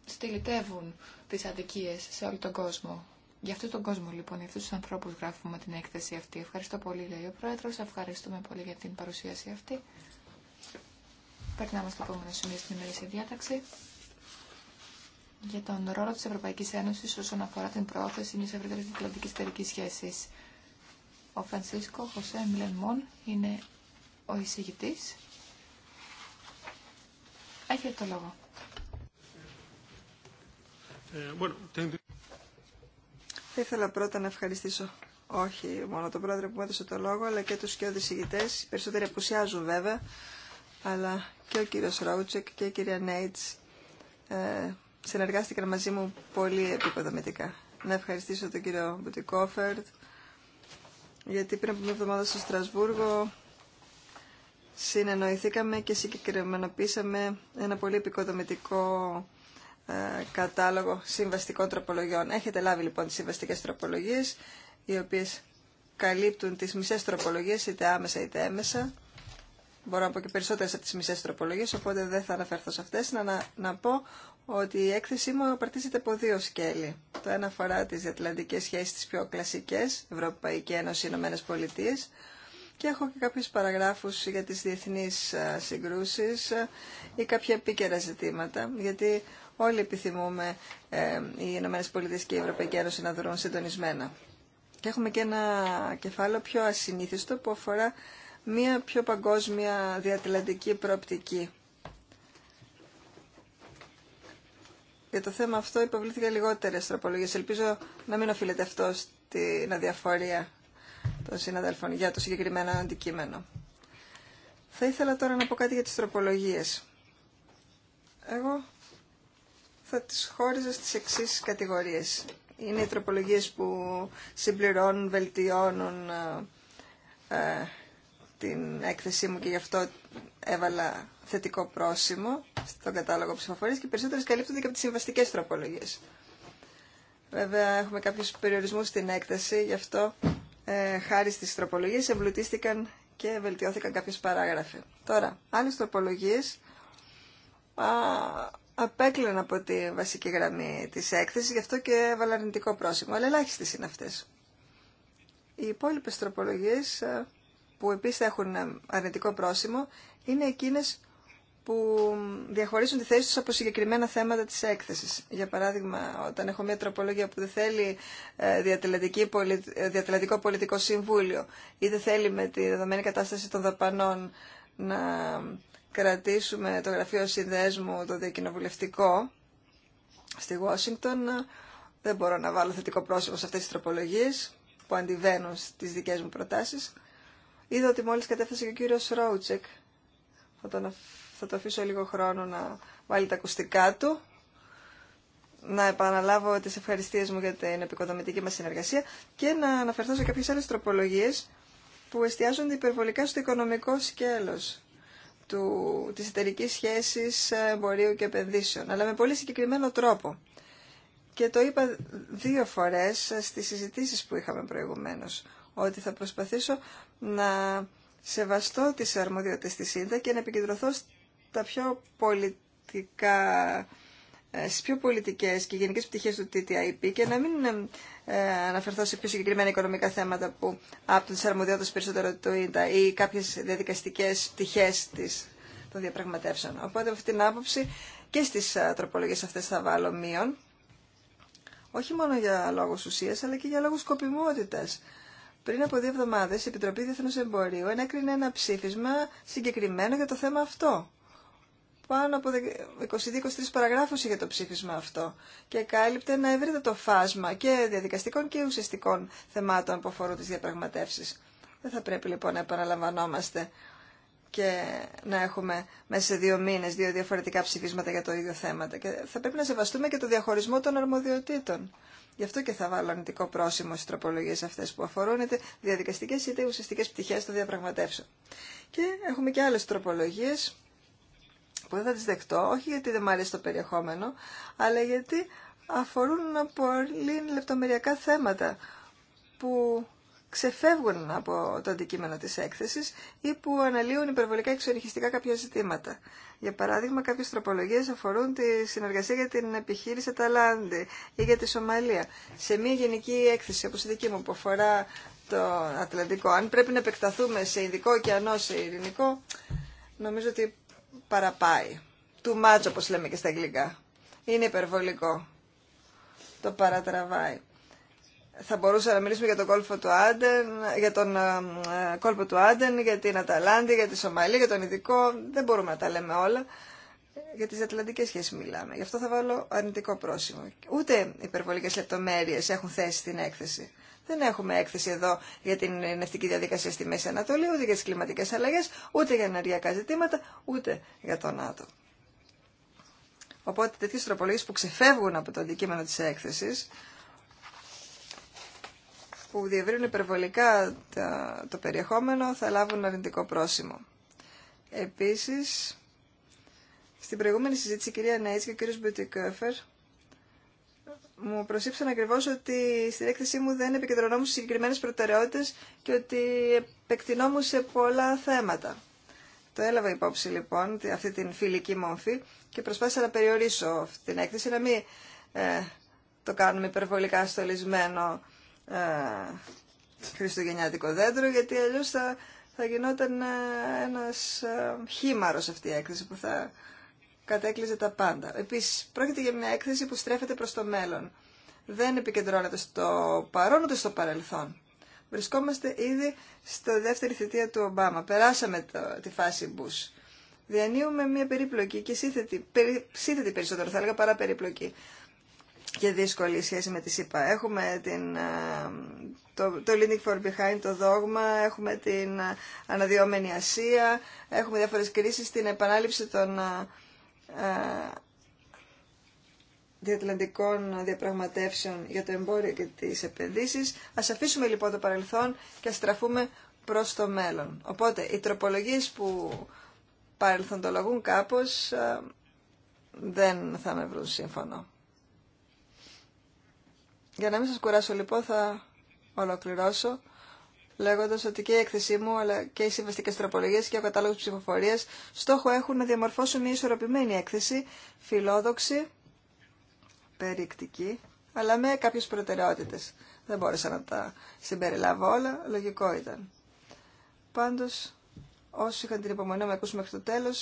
στυλιτεύουν τις αδικίες σε όλο τον κόσμο. Για αυτόν τον κόσμο λοιπόν, για αυτούς τους ανθρώπους γράφουμε την έκθεση αυτή. Ευχαριστώ πολύ λέει ο Πρόεδρος, ευχαριστούμε πολύ για την παρουσίαση αυτή. Περνάμε στο επόμενο σημείο στην ημερήσια διάταξη για τον ρόλο της Ευρωπαϊκής Ένωσης όσον αφορά την πρόθεση της ευρύτερης διπλωματικής εταιρικής σχέσης. Ο Φρανσίσκο Χωσέ Μιλενμόν είναι ο εισηγητής. Έχετε το λόγο. Ε, Θα ήθελα πρώτα να ευχαριστήσω όχι μόνο τον πρόεδρο που μου έδωσε το λόγο, αλλά και τους και οδησηγητές. Οι περισσότεροι απουσιάζουν βέβαια, αλλά και ο κύριος Ρόουτσεκ και η κυρία Νέιτς ε, συνεργάστηκαν μαζί μου πολύ επικοδομητικά. Να ευχαριστήσω τον κύριο Μπουτικόφερτ, γιατί πριν από μια εβδομάδα στο Στρασβούργο συνεννοηθήκαμε και συγκεκριμενοποίησαμε ένα πολύ επικοδομητικό ε, κατάλογο συμβαστικών τροπολογιών. Έχετε λάβει λοιπόν τις συμβαστικές τροπολογίες, οι οποίες καλύπτουν τις μισές τροπολογίες, είτε άμεσα είτε έμεσα. Μπορώ να πω και περισσότερες από τις μισές τροπολογίες, οπότε δεν θα αναφερθώ σε αυτές. Να, να, να πω ότι η έκθεσή μου απαρτίζεται από δύο σκέλη. Το ένα αφορά τι διατλαντικέ σχέσει, τι πιο κλασικέ, Ευρωπαϊκή Ένωση, Ηνωμένε Πολιτείε. Και έχω και κάποιου παραγράφου για τι διεθνεί ε, συγκρούσει ε, ή κάποια επίκαιρα ζητήματα, γιατί όλοι επιθυμούμε ε, οι Ηνωμένε Πολιτείε και η Ευρωπαϊκή Ένωση να δρουν συντονισμένα. Και έχουμε και ένα κεφάλαιο πιο ασυνήθιστο που αφορά μια πιο παγκόσμια διατλαντική προοπτική για το θέμα αυτό υποβλήθηκα λιγότερε τροπολογίε. Ελπίζω να μην οφείλεται αυτό στην αδιαφορία των συναδέλφων για το συγκεκριμένο αντικείμενο. Θα ήθελα τώρα να πω κάτι για τις τροπολογίες. Εγώ θα τις χώριζα στις εξή κατηγορίες. Είναι οι τροπολογίες που συμπληρώνουν, βελτιώνουν ε, ε, την έκθεσή μου και γι' αυτό έβαλα θετικό πρόσημο στον κατάλογο ψηφοφορίας και περισσότερες καλύπτονται και από τις συμβαστικές τροπολογίες. Βέβαια έχουμε κάποιους περιορισμούς στην έκταση, γι' αυτό ε, χάρη στις τροπολογίες εμπλουτίστηκαν και βελτιώθηκαν κάποιες παράγραφοι. Τώρα, άλλες τροπολογίες α, απέκλαιναν από τη βασική γραμμή της έκθεσης, γι' αυτό και έβαλα αρνητικό πρόσημο, αλλά ελάχιστες είναι αυτές. Οι υπόλοιπε τροπολογίες ε, που επίσης θα έχουν ε, αρνητικό πρόσημο είναι εκείνες που διαχωρίζουν τη θέση τους από συγκεκριμένα θέματα της έκθεσης. Για παράδειγμα, όταν έχω μια τροπολογία που δεν θέλει ε, ε, διατελετικό πολιτικό συμβούλιο ή δεν θέλει με τη δεδομένη κατάσταση των δαπανών να κρατήσουμε το γραφείο συνδέσμου το διακοινοβουλευτικό στη Washington, δεν μπορώ να βάλω θετικό πρόσημο σε αυτές τις τροπολογίες που αντιβαίνουν στις δικές μου προτάσεις. Είδα ότι μόλις κατέφτασε και ο κύριος Ρόουτσεκ. Θα, θα το αφήσω λίγο χρόνο να βάλει τα ακουστικά του. Να επαναλάβω τις ευχαριστίες μου για την επικοδομητική μας συνεργασία και να αναφερθώ σε κάποιες άλλες τροπολογίες που εστιάζονται υπερβολικά στο οικονομικό σκέλος του, της εταιρική σχέσης εμπορίου και επενδύσεων, αλλά με πολύ συγκεκριμένο τρόπο. Και το είπα δύο φορές στις συζητήσεις που είχαμε προηγουμένως, ότι θα προσπαθήσω να σεβαστώ τις αρμοδιότητες της ΣΥΝΤΑ και να επικεντρωθώ στα πιο πολιτικά ε, στις πιο πολιτικές και γενικέ πτυχές του TTIP και να μην ε, αναφερθώ σε πιο συγκεκριμένα οικονομικά θέματα που άπτουν τι αρμοδιότητε περισσότερο του ΙΝΤΑ ή κάποιε διαδικαστικέ πτυχέ των διαπραγματεύσεων. Οπότε από αυτήν την άποψη και στι ε, τροπολογίε αυτέ θα βάλω μείον, όχι μόνο για λόγους ουσία, αλλά και για λόγου σκοπιμότητας. Πριν από δύο εβδομάδε η Επιτροπή Διεθνού Εμπορίου ενέκρινε ένα ψήφισμα συγκεκριμένο για το θέμα αυτό. Πάνω από 22-23 παραγράφου είχε το ψήφισμα αυτό και κάλυπτε ένα το φάσμα και διαδικαστικών και ουσιαστικών θεμάτων που αφορούν τι διαπραγματεύσει. Δεν θα πρέπει λοιπόν να επαναλαμβανόμαστε και να έχουμε μέσα σε δύο μήνε δύο διαφορετικά ψηφίσματα για το ίδιο θέμα. Και θα πρέπει να σεβαστούμε και το διαχωρισμό των αρμοδιοτήτων. Γι' αυτό και θα βάλω αρνητικό πρόσημο στι τροπολογίε αυτέ που αφορούν είτε διαδικαστικέ είτε ουσιαστικέ πτυχέ των διαπραγματεύσεων. Και έχουμε και άλλε τροπολογίε που δεν θα τι δεχτώ, όχι γιατί δεν μου αρέσει το περιεχόμενο, αλλά γιατί αφορούν πολύ λεπτομεριακά θέματα που ξεφεύγουν από το αντικείμενο της έκθεσης ή που αναλύουν υπερβολικά εξορυχιστικά κάποια ζητήματα. Για παράδειγμα, κάποιες τροπολογίες αφορούν τη συνεργασία για την επιχείρηση Αταλάντη ή για τη Σομαλία. Σε μια γενική έκθεση, όπως η δική μου, που αφορά το Ατλαντικό, αν πρέπει να επεκταθούμε σε ειδικό και ανώ σε ειρηνικό, νομίζω ότι παραπάει. Too much, όπως λέμε και στα αγγλικά. Είναι υπερβολικό. Το παρατραβάει θα μπορούσαμε να μιλήσουμε για τον κόλπο του Άντεν, για τον ε, κόλπο του Άντεν, για την Αταλάντη, για τη Σομαλία, για τον Ειδικό. Δεν μπορούμε να τα λέμε όλα. Για τι ατλαντικές σχέσει μιλάμε. Γι' αυτό θα βάλω αρνητικό πρόσημο. Ούτε υπερβολικέ λεπτομέρειε έχουν θέση στην έκθεση. Δεν έχουμε έκθεση εδώ για την ενευτική διαδικασία στη Μέση Ανατολή, ούτε για τι κλιματικέ αλλαγέ, ούτε για ενεργειακά ζητήματα, ούτε για τον ΝΑΤΟ. Οπότε τέτοιε τροπολογίε που ξεφεύγουν από το αντικείμενο τη έκθεση που διευρύνουν υπερβολικά το περιεχόμενο θα λάβουν αρνητικό πρόσημο. Επίσης, στην προηγούμενη συζήτηση η κυρία Νέιτς και ο κύριος Μπιουτικόφερ μου προσήψαν ακριβώ ότι στην έκθεσή μου δεν επικεντρωνόμουν σε συγκεκριμένε προτεραιότητε και ότι επεκτηνόμουν σε πολλά θέματα. Το έλαβα υπόψη λοιπόν αυτή την φιλική μορφή και προσπάθησα να περιορίσω αυτή την έκθεση, να μην ε, το κάνουμε υπερβολικά στολισμένο χριστουγεννιάτικο δέντρο, γιατί αλλιώς θα, θα γινόταν ε, ένας ε, χήμαρος αυτή η έκθεση που θα κατέκλυζε τα πάντα. Επίσης, πρόκειται για μια έκθεση που στρέφεται προς το μέλλον. Δεν επικεντρώνεται στο παρόν ούτε στο παρελθόν. Βρισκόμαστε ήδη στο δεύτερη θητεία του Ομπάμα. Περάσαμε το, τη φάση Μπούς. Διανύουμε μια περίπλοκη και σύνθετη, σύνθετη περισσότερο θα έλεγα παρά περίπλοκη και δύσκολη σχέση με τη ΣΥΠΑ. Έχουμε την, ε, το, το Leading for Behind, το δόγμα, έχουμε την ε, αναδυόμενη Ασία, έχουμε διάφορες κρίσεις, την επανάληψη των α, ε, διατλαντικών διαπραγματεύσεων για το εμπόριο και τις επενδύσεις. Ας αφήσουμε λοιπόν το παρελθόν και ας στραφούμε προς το μέλλον. Οπότε οι τροπολογίες που παρελθοντολογούν κάπως δεν θα με βρουν σύμφωνο. Για να μην σας κουράσω λοιπόν θα ολοκληρώσω λέγοντα ότι και η έκθεσή μου αλλά και οι συμβαστικέ τροπολογίε και ο κατάλογος ψηφοφορία στόχο έχουν να διαμορφώσουν μια ισορροπημένη έκθεση, φιλόδοξη, περιεκτική, αλλά με κάποιες προτεραιότητες. Δεν μπόρεσα να τα συμπεριλάβω όλα, λογικό ήταν. Πάντως όσοι είχαν την υπομονή να ακούσουν μέχρι το τέλο,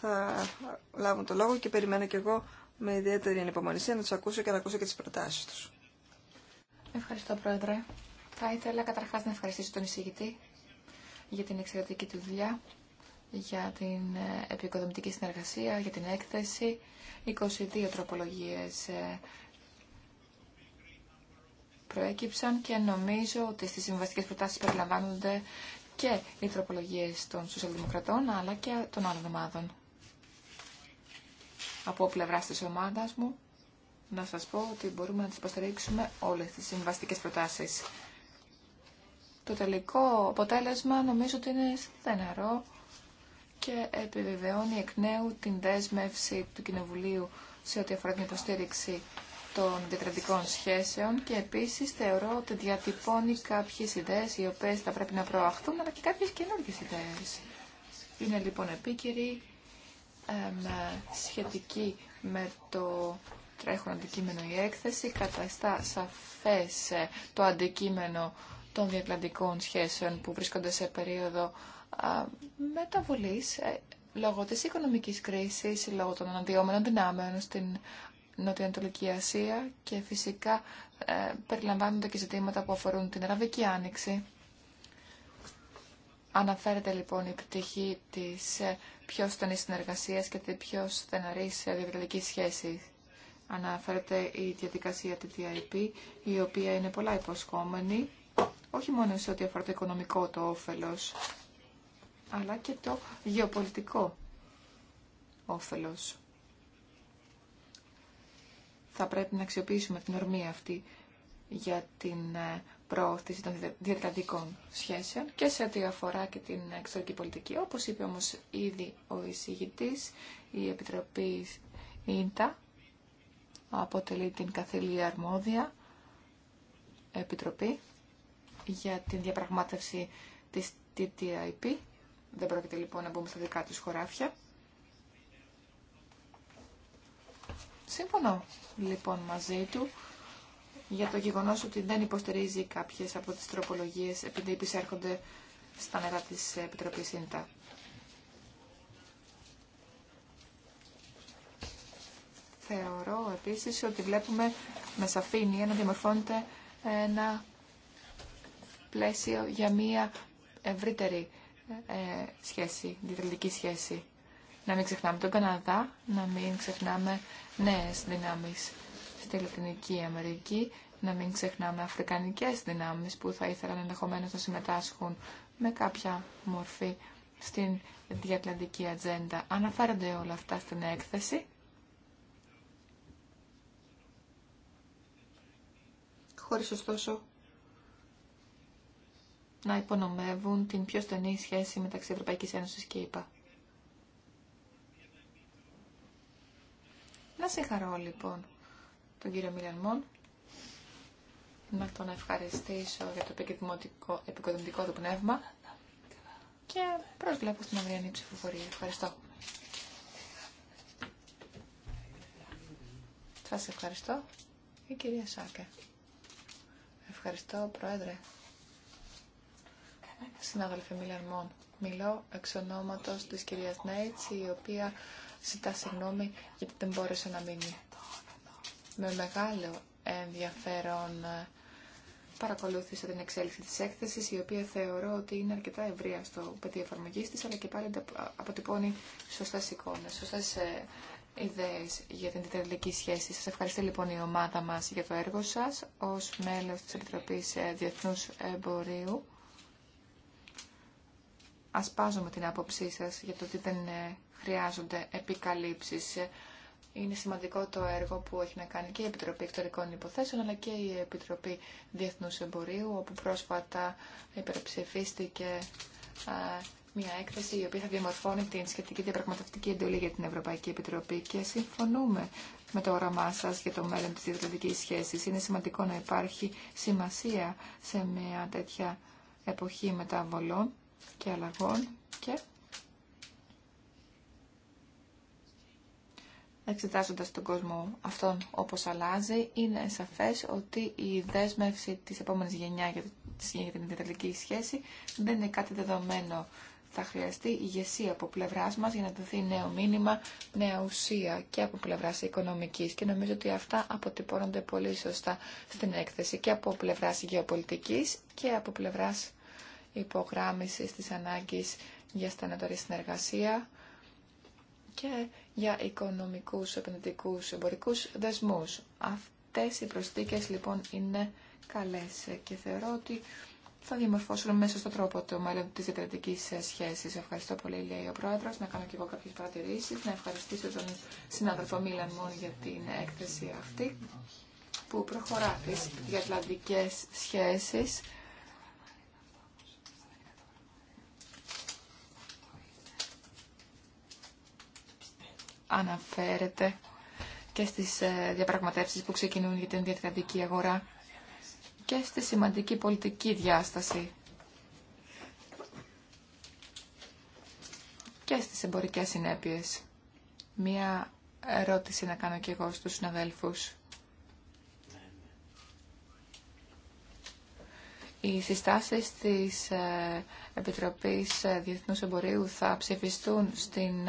θα λάβουν το λόγο και περιμένω και εγώ με ιδιαίτερη ανυπομονησία να του ακούσω και να ακούσω και τι προτάσει του. Ευχαριστώ, Πρόεδρε. Θα ήθελα καταρχά να ευχαριστήσω τον εισηγητή για την εξαιρετική του δουλειά, για την ε, επικοδομητική συνεργασία, για την έκθεση. 22 τροπολογίες ε, προέκυψαν και νομίζω ότι στις συμβαστικές προτάσεις περιλαμβάνονται και οι τροπολογίες των σοσιαλδημοκρατών αλλά και των άλλων ομάδων από πλευρά της ομάδα μου να σας πω ότι μπορούμε να τις υποστηρίξουμε όλες τις συμβαστικές προτάσεις. Το τελικό αποτέλεσμα νομίζω ότι είναι στεναρό και επιβεβαιώνει εκ νέου την δέσμευση του Κοινοβουλίου σε ό,τι αφορά την υποστήριξη των διακρατικών σχέσεων και επίσης θεωρώ ότι διατυπώνει κάποιες ιδέες οι οποίες θα πρέπει να προαχθούν αλλά και κάποιες καινούργιες ιδέες. Είναι λοιπόν επίκαιρη ε, σχετική με το τρέχον αντικείμενο η έκθεση, καταστά σαφές ε, το αντικείμενο των διακλαντικών σχέσεων που βρίσκονται σε περίοδο μεταβολής ε, λόγω της οικονομικής κρίσης, λόγω των αναδυόμενων δυνάμεων στην Νοτιοανατολική Ασία και φυσικά περιλαμβάνονται και ζητήματα που αφορούν την Αραβική Άνοιξη. Αναφέρεται λοιπόν η πτυχή της ε, πιο στενή συνεργασία και τη πιο στεναρή ε, διαδικατικής σχέση. Αναφέρεται η διαδικασία τη DIP, η οποία είναι πολλά υποσχόμενη, όχι μόνο σε ό,τι αφορά το οικονομικό το όφελος, αλλά και το γεωπολιτικό όφελος. Θα πρέπει να αξιοποιήσουμε την ορμή αυτή για την ε, προώθηση των διατρατικών σχέσεων και σε ό,τι αφορά και την εξωτερική πολιτική. Όπως είπε όμως ήδη ο εισηγητής, η Επιτροπή ΙΝΤΑ αποτελεί την καθήλια αρμόδια Επιτροπή για την διαπραγμάτευση της TTIP. Δεν πρόκειται λοιπόν να μπούμε στα δικά τους χωράφια. Σύμφωνο λοιπόν μαζί του για το γεγονός ότι δεν υποστηρίζει κάποιες από τις τροπολογίες επειδή επισέρχονται στα νερά της Επιτροπής ΣΥΝΤΑ. Θεωρώ επίσης ότι βλέπουμε με σαφήνεια να διαμορφώνεται ένα πλαίσιο για μία ευρύτερη ε, σχέση, διδελτική σχέση. Να μην ξεχνάμε τον Καναδά, να μην ξεχνάμε νέες δυνάμεις στη Λατινική Αμερική, να μην ξεχνάμε αφρικανικές δυνάμεις που θα ήθελαν ενδεχομένω να συμμετάσχουν με κάποια μορφή στην διατλαντική ατζέντα. Αναφέρονται όλα αυτά στην έκθεση. Χωρίς ωστόσο να υπονομεύουν την πιο στενή σχέση μεταξύ Ευρωπαϊκής Ένωσης και ΕΠΑ. Να συγχαρώ λοιπόν τον κύριο Μιλανμόν να τον ευχαριστήσω για το επικοδομητικό του πνεύμα και προσβλέπω στην αυριανή ψηφοφορία. Ευχαριστώ. Σας ευχαριστώ. Η κυρία Σάκε. Ευχαριστώ, Πρόεδρε. Συνάδελφε μιλανμον μιλώ εξ ονόματος της κυρίας Νέιτς, η οποία ζητά συγγνώμη γιατί δεν μπόρεσε να μείνει με μεγάλο ενδιαφέρον παρακολούθησα την εξέλιξη της έκθεσης, η οποία θεωρώ ότι είναι αρκετά ευρία στο πεδίο εφαρμογής της, αλλά και πάλι αποτυπώνει σωστά εικόνες, σωστές ε, ιδέες για την τελική σχέση. Σας ευχαριστώ λοιπόν η ομάδα μας για το έργο σας ως μέλος της Επιτροπής ε, Διεθνούς Εμπορίου. Ασπάζομαι την άποψή σας για το ότι δεν ε, χρειάζονται επικαλύψεις είναι σημαντικό το έργο που έχει να κάνει και η Επιτροπή Εκτορικών Υποθέσεων αλλά και η Επιτροπή Διεθνούς Εμπορίου όπου πρόσφατα υπερψηφίστηκε μια έκθεση η οποία θα διαμορφώνει την σχετική διαπραγματευτική εντολή για την Ευρωπαϊκή Επιτροπή και συμφωνούμε με το όραμά σα για το μέλλον τη διευθυντική σχέση. Είναι σημαντικό να υπάρχει σημασία σε μια τέτοια εποχή μεταβολών και αλλαγών και εξετάζοντας τον κόσμο αυτόν όπως αλλάζει, είναι σαφές ότι η δέσμευση της επόμενης γενιά για την διατελική σχέση δεν είναι κάτι δεδομένο. Θα χρειαστεί ηγεσία από πλευρά μα για να δοθεί νέο μήνυμα, νέα ουσία και από πλευρά οικονομική. Και νομίζω ότι αυτά αποτυπώνονται πολύ σωστά στην έκθεση και από πλευρά γεωπολιτική και από πλευρά υπογράμμιση τη ανάγκη για στενατορή συνεργασία και για οικονομικούς, επενδυτικούς, εμπορικούς δεσμούς. Αυτές οι προσθήκες λοιπόν είναι καλές και θεωρώ ότι θα διαμορφώσουν μέσα στον τρόπο το μέλλον της διακρατικής σχέσης. Ευχαριστώ πολύ, λέει ο Πρόεδρος, να κάνω και εγώ κάποιες παρατηρήσεις, να ευχαριστήσω τον συνάδελφο Μίλαν Μόν για την έκθεση αυτή που προχωρά τις διατλαντικές σχέσεις. αναφέρεται και στις ε, διαπραγματεύσεις που ξεκινούν για την διαδικατική αγορά και στη σημαντική πολιτική διάσταση και στις εμπορικές συνέπειες. Μία ερώτηση να κάνω και εγώ στους συναδέλφους. Οι συστάσεις της ε, Επιτροπής ε, Διεθνούς Εμπορίου θα ψηφιστούν στην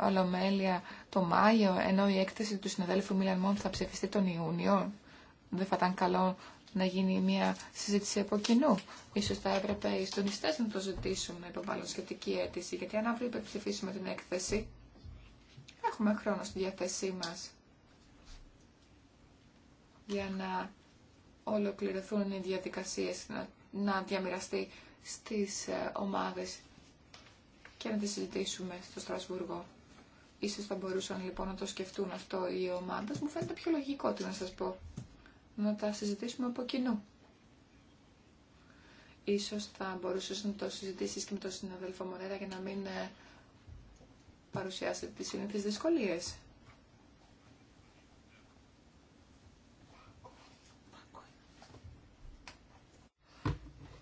Ολομέλεια το Μάιο, ενώ η έκθεση του συναδέλφου Μίλαν Μόντ θα ψηφιστεί τον Ιούνιο. Δεν θα ήταν καλό να γίνει μια συζήτηση από κοινού. Ίσως θα έπρεπε οι συντονιστέ να το ζητήσουν να υποβάλουν σχετική αίτηση, γιατί αν αύριο υπερψηφίσουμε την έκθεση, έχουμε χρόνο στη διάθεσή μας για να ολοκληρωθούν οι διαδικασίε να, να διαμοιραστεί στις ε, ομάδες και να τη συζητήσουμε στο Στρασβούργο. Ίσως θα μπορούσαν λοιπόν να το σκεφτούν αυτό οι ομάδες. Μου φαίνεται πιο λογικό τι να σας πω. Να τα συζητήσουμε από κοινού. Ίσως θα μπορούσαν να το συζητήσεις και με τον συναδελφό Μονέρα για να μην ε, παρουσιάσετε τις συνήθεις δυσκολίες.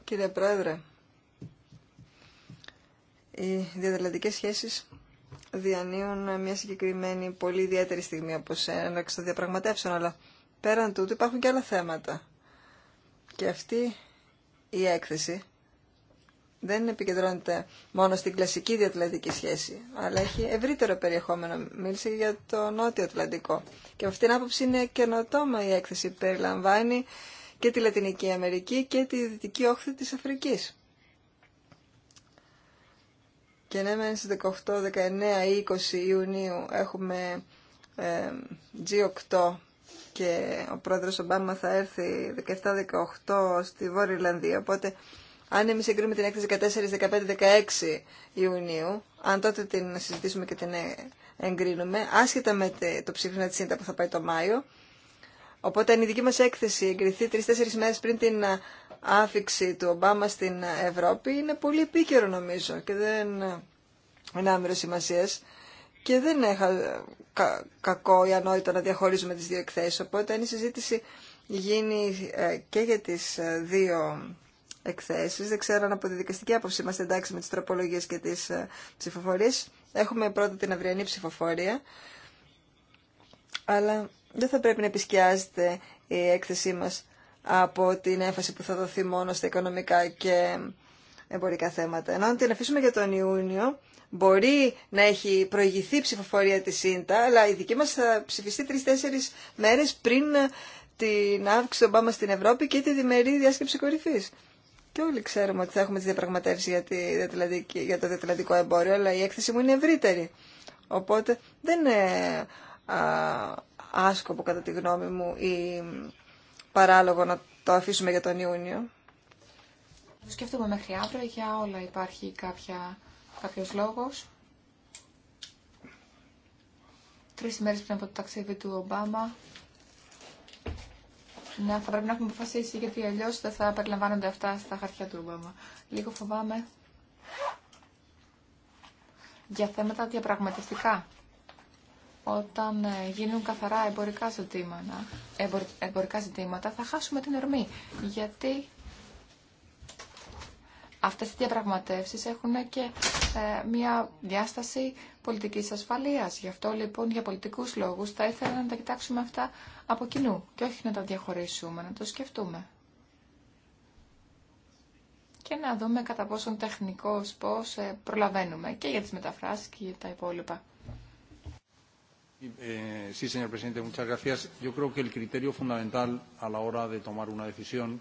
Κύριε Πρόεδρε, οι διαδηλατικές σχέσεις διανύουν μια συγκεκριμένη πολύ ιδιαίτερη στιγμή όπως ένα των διαπραγματεύσεων, αλλά πέραν τούτου υπάρχουν και άλλα θέματα. Και αυτή η έκθεση δεν επικεντρώνεται μόνο στην κλασική διατλαντική σχέση, αλλά έχει ευρύτερο περιεχόμενο. Μίλησε για το Νότιο Ατλαντικό. Και από αυτήν την άποψη είναι καινοτόμα η έκθεση. Περιλαμβάνει και τη Λατινική Αμερική και τη Δυτική Όχθη της Αφρικής. Και ναι, μένει στις 18, 19 ή 20 Ιουνίου έχουμε ε, G8 και ο πρόεδρος Ομπάμα θα έρθει 17-18 στη Βόρεια Ιρλανδία. Οπότε αν εμείς εγκρίνουμε την έκθεση 14, 15, 16 Ιουνίου, αν τότε την συζητήσουμε και την ε, εγκρίνουμε, άσχετα με το ψήφισμα της ΣΥΝΤΑ που θα πάει το Μάιο, οπότε αν η δική μας έκθεση εγκριθεί 3-4 μέρες πριν την ε, άφηξη του Ομπάμα στην Ευρώπη είναι πολύ επίκαιρο νομίζω και δεν είναι άμερο σημασία. Και δεν είναι κακό ή ανόητο να διαχωρίζουμε τις δύο εκθέσεις. Οπότε αν η συζήτηση γίνει ε, και για τις ε, δύο εκθέσεις, δεν ξέρω αν από τη δικαστική άποψη είμαστε εντάξει με τις τροπολογίες και τις ε, ψηφοφορίες. Έχουμε πρώτα την αυριανή ψηφοφορία, αλλά δεν θα πρέπει να επισκιάζεται η έκθεσή μας από την έμφαση που θα δοθεί μόνο στα οικονομικά και εμπορικά θέματα. Ενώ αν την αφήσουμε για τον Ιούνιο, μπορεί να έχει προηγηθεί ψηφοφορία της ΣΥΝΤΑ, αλλά η δική μας θα ψηφιστεί τρεις-τέσσερις μέρες πριν την αύξηση των Ομπάμα στην Ευρώπη και τη διμερή διάσκεψη κορυφής. Και όλοι ξέρουμε ότι θα έχουμε τη διαπραγματεύσεις για, τη, για το διατλαντικό εμπόριο, αλλά η έκθεση μου είναι ευρύτερη. Οπότε δεν είναι άσκοπο κατά τη γνώμη μου η παράλογο να το αφήσουμε για τον Ιούνιο. Σκέφτομαι μέχρι αύριο, για όλα υπάρχει κάποια, κάποιος λόγος. Τρεις πριν από το ταξίδι του Ομπάμα. Ναι, θα πρέπει να έχουμε αποφασίσει γιατί αλλιώ δεν θα περιλαμβάνονται αυτά στα χαρτιά του Ομπάμα. Λίγο φοβάμαι για θέματα διαπραγματευτικά όταν ε, γίνουν καθαρά εμπορικά ζητήματα, εμπορικά ζητήματα θα χάσουμε την ορμή. Γιατί αυτές οι διαπραγματεύσεις έχουν και ε, μια διάσταση πολιτικής ασφαλείας. Γι' αυτό λοιπόν για πολιτικούς λόγους θα ήθελα να τα κοιτάξουμε αυτά από κοινού και όχι να τα διαχωρίσουμε, να το σκεφτούμε. Και να δούμε κατά πόσον τεχνικός πώς ε, προλαβαίνουμε και για τις μεταφράσεις και για τα υπόλοιπα. Sí, señor presidente, muchas gracias. Yo creo que el criterio fundamental a la hora de tomar una decisión.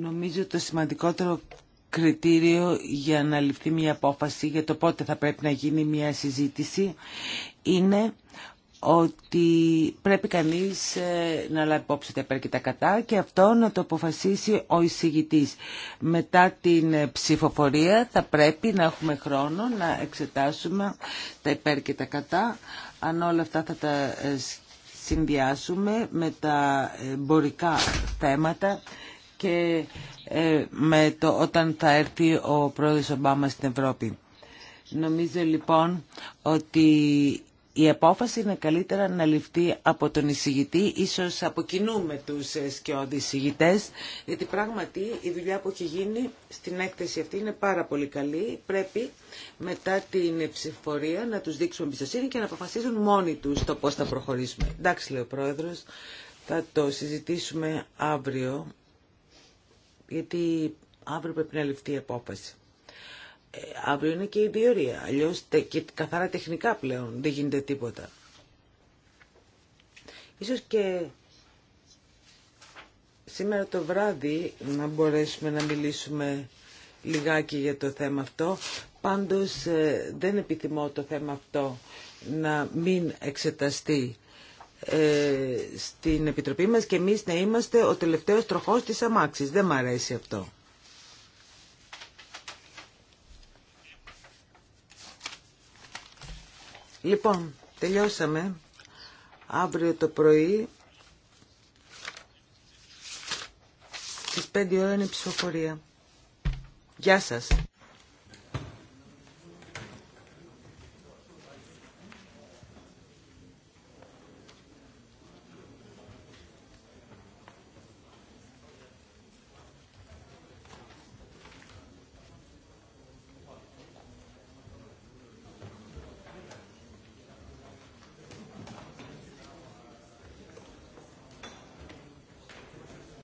Νομίζω το σημαντικότερο κριτήριο για να ληφθεί μια απόφαση για το πότε θα πρέπει να γίνει μια συζήτηση είναι ότι πρέπει κανείς ε, να λάβει υπόψη τα υπέρ και τα κατά και αυτό να το αποφασίσει ο εισηγητής. Μετά την ε, ψηφοφορία θα πρέπει να έχουμε χρόνο να εξετάσουμε τα υπέρ και τα κατά. Αν όλα αυτά θα τα ε, συνδυάσουμε με τα εμπορικά θέματα και με το όταν θα έρθει ο πρόεδρος Ομπάμα στην Ευρώπη. Νομίζω λοιπόν ότι η απόφαση είναι καλύτερα να ληφθεί από τον εισηγητή, ίσως από κοινού με τους ε, σκιώδη εισηγητέ, γιατί πράγματι η δουλειά που έχει γίνει στην έκθεση αυτή είναι πάρα πολύ καλή. Πρέπει μετά την ψηφορία να τους δείξουμε εμπιστοσύνη και να αποφασίζουν μόνοι τους το πώς θα προχωρήσουμε. Εντάξει, λέει ο Πρόεδρος, θα το συζητήσουμε αύριο, γιατί αύριο πρέπει να ληφθεί η απόφαση αύριο είναι και η διορία. αλλιώ και καθαρά τεχνικά πλέον δεν γίνεται τίποτα. Ίσως και σήμερα το βράδυ να μπορέσουμε να μιλήσουμε λιγάκι για το θέμα αυτό. Πάντως ε, δεν επιθυμώ το θέμα αυτό να μην εξεταστεί ε, στην Επιτροπή μας και εμείς να είμαστε ο τελευταίος τροχός της αμάξης. Δεν μ' αρέσει αυτό. Λοιπόν, τελειώσαμε. Αύριο το πρωί στις 5 ώρα είναι η ψηφοφορία. Γεια σας.